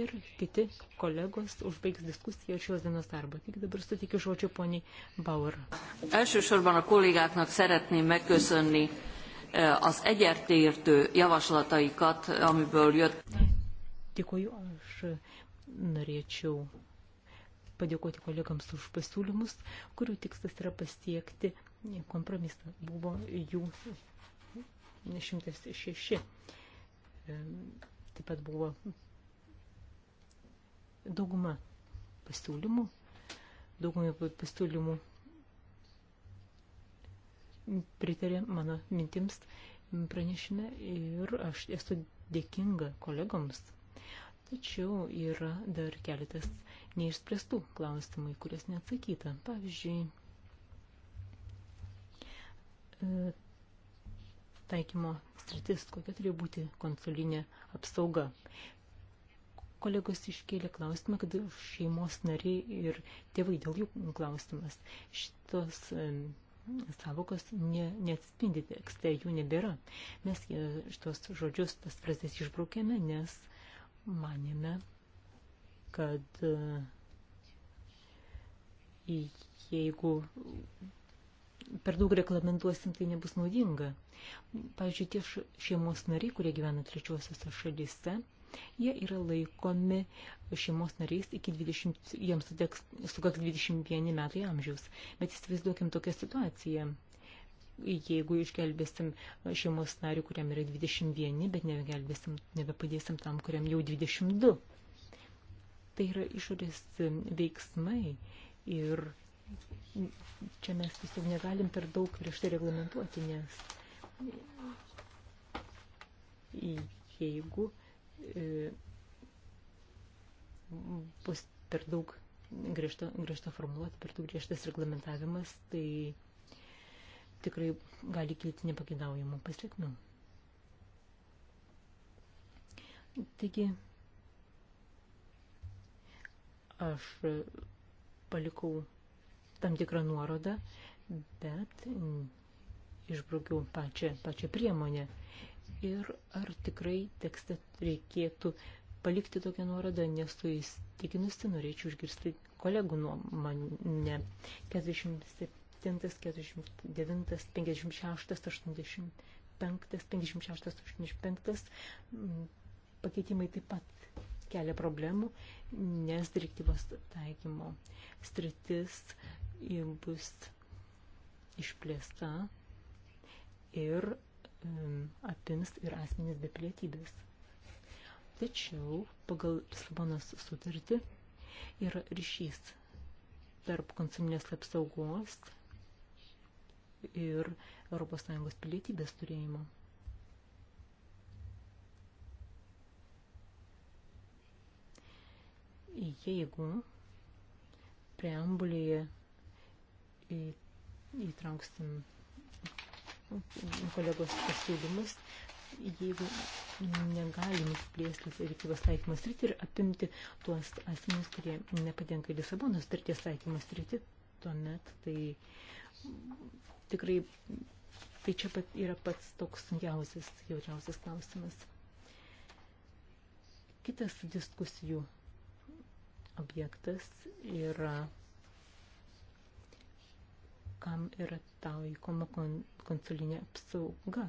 ir kiti kolegos užbaigs diskusiją šios dienos darbą. Tik dabar sutikiu žodžiu poniai Bauer. Elsősorban a kollégáknak szeretném megköszönni e, az egyertértő javaslataikat, amiből jött. Dėkuoju, aš norėčiau padėkoti kolegams už pasiūlymus, kurių tikslas yra pasiekti kompromisą. Buvo jų 106. Taip pat buvo dauguma pasiūlymų, daugumai pasiūlymų pritarė mano mintims pranešime ir aš esu dėkinga kolegoms. Tačiau yra dar keletas neišspręstų klausimų, į kurias neatsakyta. Pavyzdžiui, taikymo sritis, kokia turėjo būti konsulinė apsauga. Kolegos iškėlė klausimą, kad šeimos nariai ir tėvai dėl jų klausimas. Šitos savokos ne, neatspindi tekste, jų nebėra. Mes e, šitos žodžius, tas frazės išbraukėme, nes manėme, kad e, jeigu per daug reglamentuosim, tai nebus naudinga. Pavyzdžiui, tie šeimos nariai, kurie gyvena trečiosiuose šalyse, jie yra laikomi šeimos nariais iki 20, jiems sukaks 21 metai amžiaus. Bet įsivaizduokim tokią situaciją. Jeigu išgelbėsim šeimos narių, kuriam yra 21, bet nebegelbėsim, nebepadėsim tam, kuriam jau 22. Tai yra išorės veiksmai ir čia mes tiesiog negalim per daug griežtai reglamentuoti, nes jeigu e, bus per daug griežta, griežta formuluoti, per daug griežtas reglamentavimas, tai tikrai gali kilti nepagidaujamų pasiekmių. Taigi, aš palikau tam tikrą nuorodą, bet mm, išbraukiau pačią, pačią priemonę. Ir ar tikrai tekste reikėtų palikti tokią nuorodą, nes tu įstikinusi, norėčiau išgirsti kolegų nuomonę. 47, 49, 56, 85, 56, 85 pakeitimai taip pat kelia problemų, nes direktyvos taikymo stritis bus išplėsta ir apims ir asmenys be pilietybės. Tačiau pagal Lisabonos sutartį yra ryšys tarp konsuminės apsaugos ir ES pilietybės turėjimo. jeigu preambulėje įtrauksim kolegos pasiūlymus, jeigu negalim išplėsti direktyvos taikymo sritį ir apimti tuos asmenys, kurie nepatenka į Lisabono sutarties taikymo sritį, tuomet tai tikrai tai čia pat yra pats toks sunkiausias, jautriausias klausimas. Kitas diskusijų objektas yra kam yra taikoma konsulinė apsauga.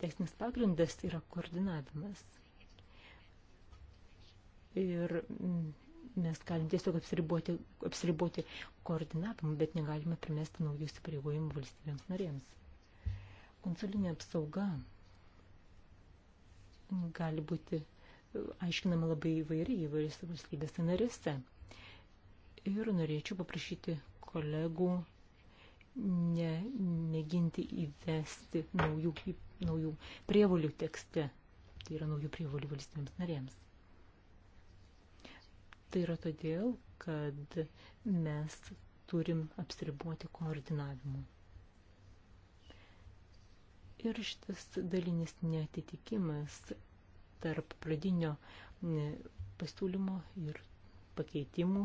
Teisinis pagrindas yra koordinavimas. Ir mes galim tiesiog apsiriboti, apsiriboti koordinavimu, bet negalime primesti naujų įsipareigojimų valstybėms narėms. Konsulinė apsauga gali būti aiškinama labai įvairiai įvairiose valstybėse narėse. Ir norėčiau paprašyti kolegų ne, mėginti įvesti naujų, naujų prievolių tekste. Tai yra naujų prievolių valstybėms narėms. Tai yra todėl, kad mes turim apsiriboti koordinavimu. Ir šitas dalinis netitikimas tarp pradinio pasiūlymo ir pakeitimų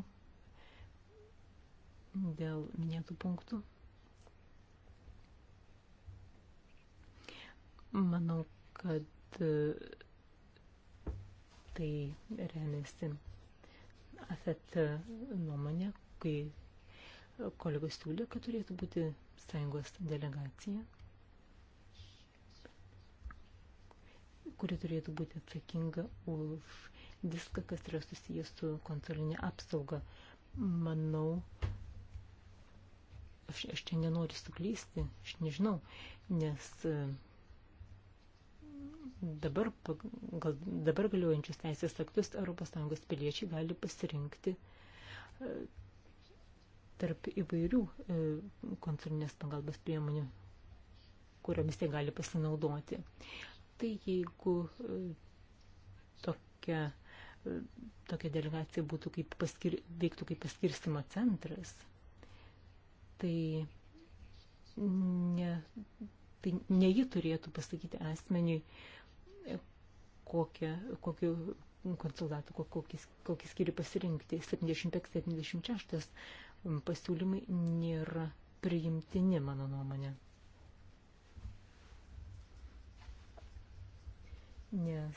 dėl minėtų punktų. Manau, kad e, tai remiasi AFET nuomonė, kai kolegos siūlė, kad turėtų būti sąjungos delegacija. kuri turėtų būti atsakinga už viską, kas yra susijęs su konsulinė apsauga. Manau, aš, aš čia nenoriu suklysti, aš nežinau, nes e, dabar, gal, dabar galiojančius teisės aktus ES piliečiai gali pasirinkti e, tarp įvairių e, konsulinės pagalbos priemonių kuriomis jie gali pasinaudoti tai jeigu e, tokia, e, tokia delegacija būtų kaip paskir, veiktų kaip paskirstimo centras, tai ne, tai ne ji turėtų pasakyti asmeniui, e, kokią, kokiu konsultatu, kokį, kokį skyrių pasirinkti. 75-76 pasiūlymai nėra priimtini, mano nuomonė. nes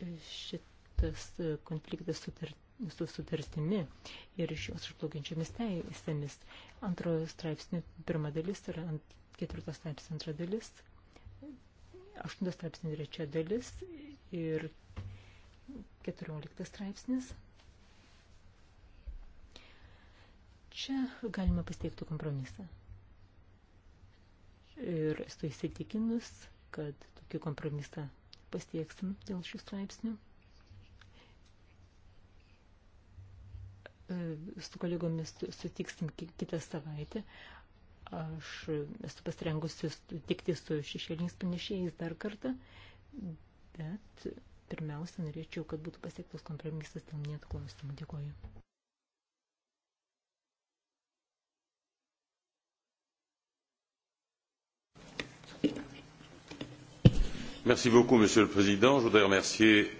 e, šitas e, konfliktas sutartis su sutartimi ir iš jos išplaukiančiomis teisėmis. Antrojo straipsnio pirma dalis yra ant ketvirtos straipsnio antra dalis, aštuntas straipsnio trečia dalis ir keturioliktas straipsnis. Čia galima pasteikti kompromisą ir esu įsitikinus, kad tokį kompromisą pasieksim dėl šių straipsnių. E, su kolegomis sutiksim kitą savaitę. Aš esu pasirengusi sutikti su šešėliniais panešėjais dar kartą, bet pirmiausia, norėčiau, kad būtų pasiektas kompromisas dėl minėtų klausimų. Dėkuoju. Merci beaucoup, Monsieur le Président. Je voudrais remercier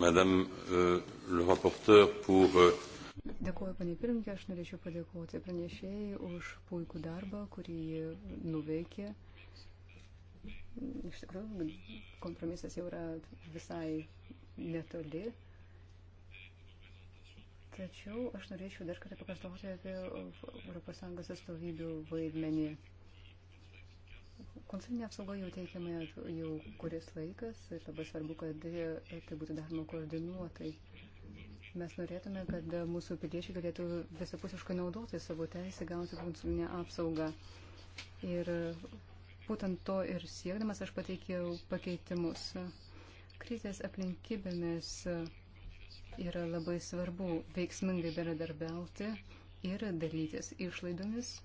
Madame euh, le rapporteur pour. Euh... Dėkuoju, panė pirmininkė, aš norėčiau padėkoti pranešėjai už puikų darbą, kurį nuveikė. Iš tikrųjų, kompromisas jau yra visai netoli. Tačiau aš norėčiau dar kartą pakartoti apie ES atstovybių vaidmenį. Konsulinė apsauga jau teikiama jau kuris laikas ir labai svarbu, kad tai būtų daroma koordinuotai. Mes norėtume, kad mūsų piliečiai galėtų visapusiškai naudoti savo teisę gauti konsulinę apsaugą. Ir būtent to ir siekdamas aš pateikiau pakeitimus. Krizės aplinkybėmis yra labai svarbu veiksmingai bendradarbiauti ir dalytis išlaidomis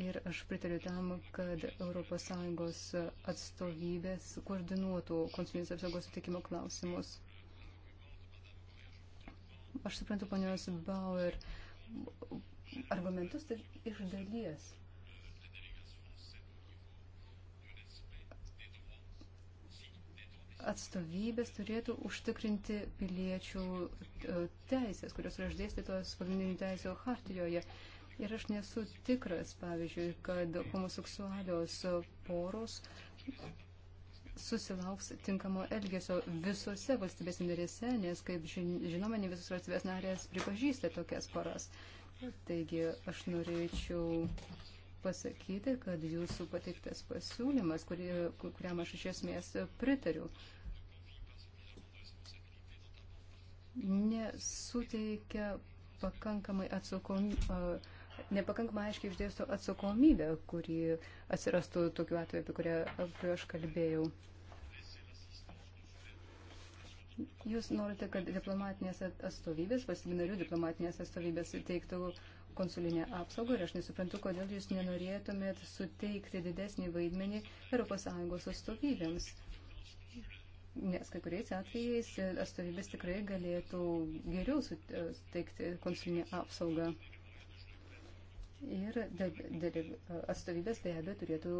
Ir aš pritariu tam, kad ES atstovybės koordinuotų konsulinės apsaugos sutikimo klausimus. Aš suprantu ponios Bauer argumentus tai iš dalies. Atstovybės turėtų užtikrinti piliečių e, teisės, kurios yra išdėstytos pagrindinių teisų hartijoje. Uh, Ir aš nesu tikras, pavyzdžiui, kad homoseksualios poros susilauks tinkamo elgesio visose valstybės narėse, nes, kaip žinoma, ne visos valstybės narės pripažįsta tokias paras. Taigi aš norėčiau pasakyti, kad jūsų pateiktas pasiūlymas, kurį, kuriam aš iš esmės pritariu, nesuteikia pakankamai atsakomybės nepakankamai aiškiai išdėsto atsakomybę, kuri atsirastų tokiu atveju, apie kurią prieš kalbėjau. Jūs norite, kad diplomatinės atstovybės, valstybinarių diplomatinės atstovybės teiktų konsulinę apsaugą ir aš nesuprantu, kodėl jūs nenorėtumėt suteikti didesnį vaidmenį ES atstovybėms. Nes kai kuriais atvejais atstovybės tikrai galėtų geriau suteikti konsulinę apsaugą. Ir atstovybės be abejo turėtų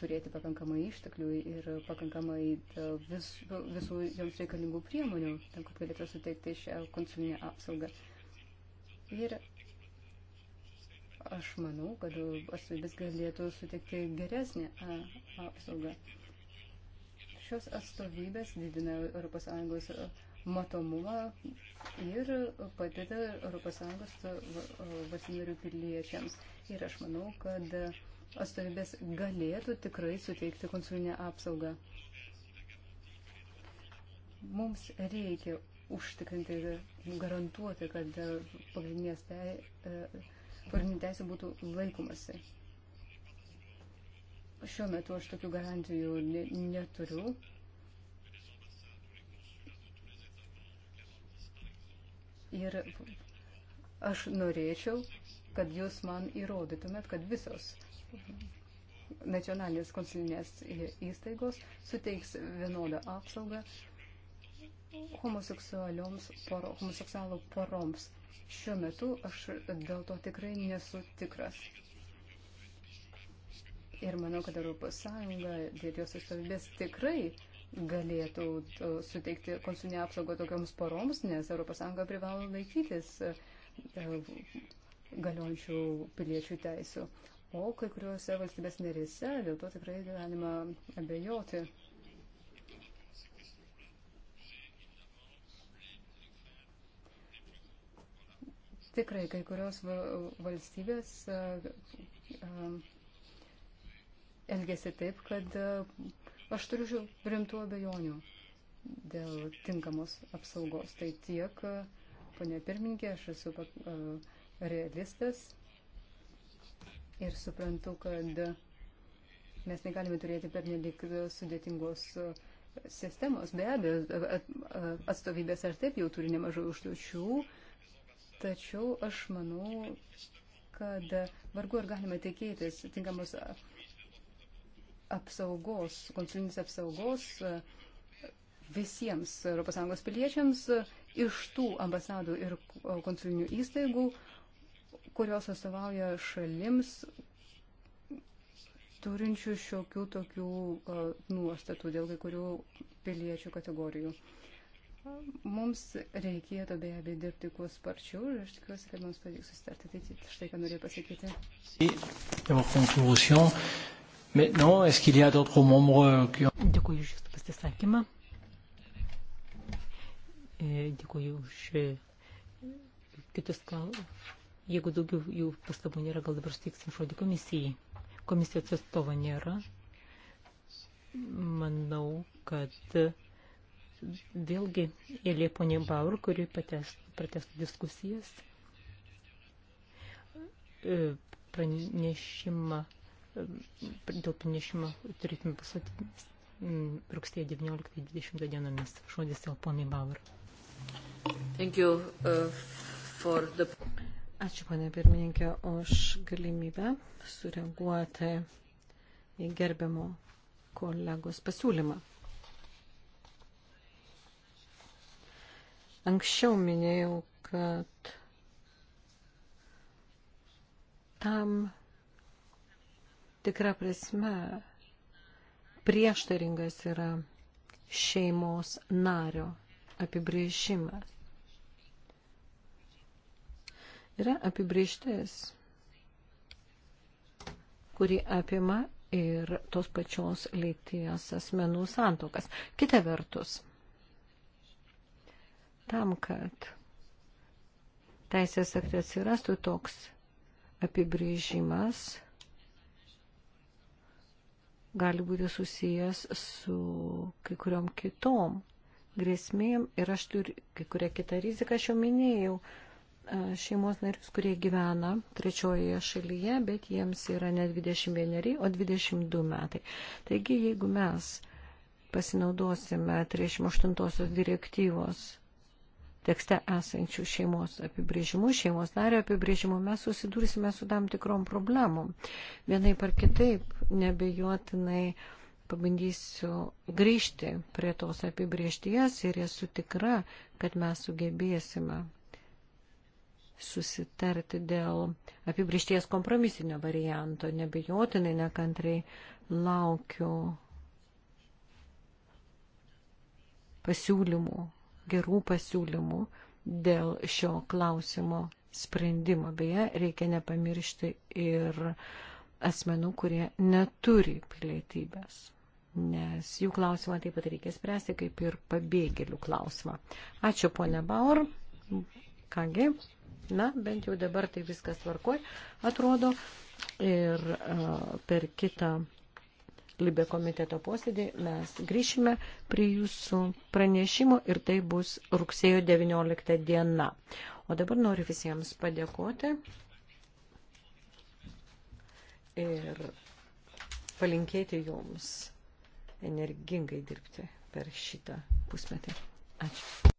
turėti pakankamai išteklių ir pakankamai e, vis, visų joms reikalingų priemonių, tam, kad galėtų suteikti šią konsulinę apsaugą. Ir aš manau, kad atstovybės galėtų suteikti geresnį apsaugą. Šios atstovybės didina ES matomumą ir padeda ES valstybių piliečiams. Ir aš manau, kad atstovybės galėtų tikrai suteikti konsulinę apsaugą. Mums reikia užtikrinti ir garantuoti, kad pagrindinės e, teisė būtų laikomasi. Šiuo metu aš tokių garantijų neturiu. Ir aš norėčiau, kad jūs man įrodytumėt, kad visos nacionalinės konsulinės įstaigos suteiks vienodą apsaugą homoseksualioms poro, homoseksualų poroms. Šiuo metu aš dėl to tikrai nesu tikras. Ir manau, kad Europos Sąjunga ir jos atstovybės tikrai uh, galėtų suteikti konsulinę apsaugą tokioms poroms, nes ES privalo laikytis e, e, galiojančių piliečių teisų. O kai kuriuose valstybės narėse dėl to tikrai galima abejoti. Tikrai kai kurios valstybės e, elgesi taip, kad Aš turiu rimtų abejonių dėl tinkamos apsaugos. Tai tiek, ponė pirmininkė, aš esu realistas ir suprantu, kad mes negalime turėti pernelik sudėtingos sistemos. Be abejo, atstovybės ar taip jau turi nemažai užduočių, tačiau aš manau, kad vargu ar galima tikėtis tinkamos apsaugos, konsulinės apsaugos e, visiems ES piliečiams e, iš tų ambasadų ir e, konsulinių įstaigų, kurios atstovauja šalims turinčių šiokių tokių nuostatų dėl kai kurių piliečių kategorijų. Mums reikėtų be abejo dirbti kuo sparčiau ir aš tikiuosi, kad mums pavyks susitarti. Tai štai ką norėjau pasakyti. Maintenant, est-ce qu'il y a d'autres membres qui ont... Dėkuoju už Jūsų pasisakymą. E, Dėkuoju už e, kitus klausimus. Jeigu daugiau jų pastabų nėra, gal dabar suteiksim žodį komisijai. Komisijos atstovo nėra. Manau, kad vėlgi Elė ponė Baur, kuri pratestų diskusijas, e, pranešimą dėl pranešimo turėtume pasakyti mm, rugsėjo 19-20 dienomis. Žodis dėl ponai Bauer. Thank you uh, for the... Ačiū, ponė pirmininkė, už galimybę sureaguoti į gerbiamo kolegos pasiūlymą. Anksčiau minėjau, kad tam tikrą prasme prieštaringas yra šeimos nario apibrėžimas. Yra apibrėžtis, kuri apima ir tos pačios lyties asmenų santokas. Kita vertus, tam, kad teisės akte atsirastų toks apibrėžimas, gali būti susijęs su kai kuriom kitom grėsmėm ir aš turiu kai kurią kitą riziką, aš jau minėjau e, šeimos narius, kurie gyvena trečiojoje šalyje, bet jiems yra ne 21, o 22 metai. Taigi, jeigu mes pasinaudosime 38 direktyvos tekste esančių šeimos apibrėžimų, šeimos nario apibrėžimų, mes susidursime su tam tikrom problemom. Vienai par kitaip, nebejotinai pabandysiu grįžti prie tos apibrėžties ir esu tikra, kad mes sugebėsime susitarti dėl apibriešties kompromisinio varianto. Nebejotinai nekantrai laukiu pasiūlymų gerų pasiūlymų dėl šio klausimo sprendimo. Beje, reikia nepamiršti ir asmenų, kurie neturi pilietybės, nes jų klausimą taip pat reikia spręsti kaip ir pabėgėlių klausimą. Ačiū, ponia Baur. Kągi, na, bent jau dabar tai viskas tvarkoj, atrodo. Ir uh, per kitą Libė komiteto posėdį, mes grįšime prie jūsų pranešimo ir tai bus rugsėjo 19 diena. O dabar noriu visiems padėkoti ir palinkėti jums energingai dirbti per šitą pusmetį. Ačiū.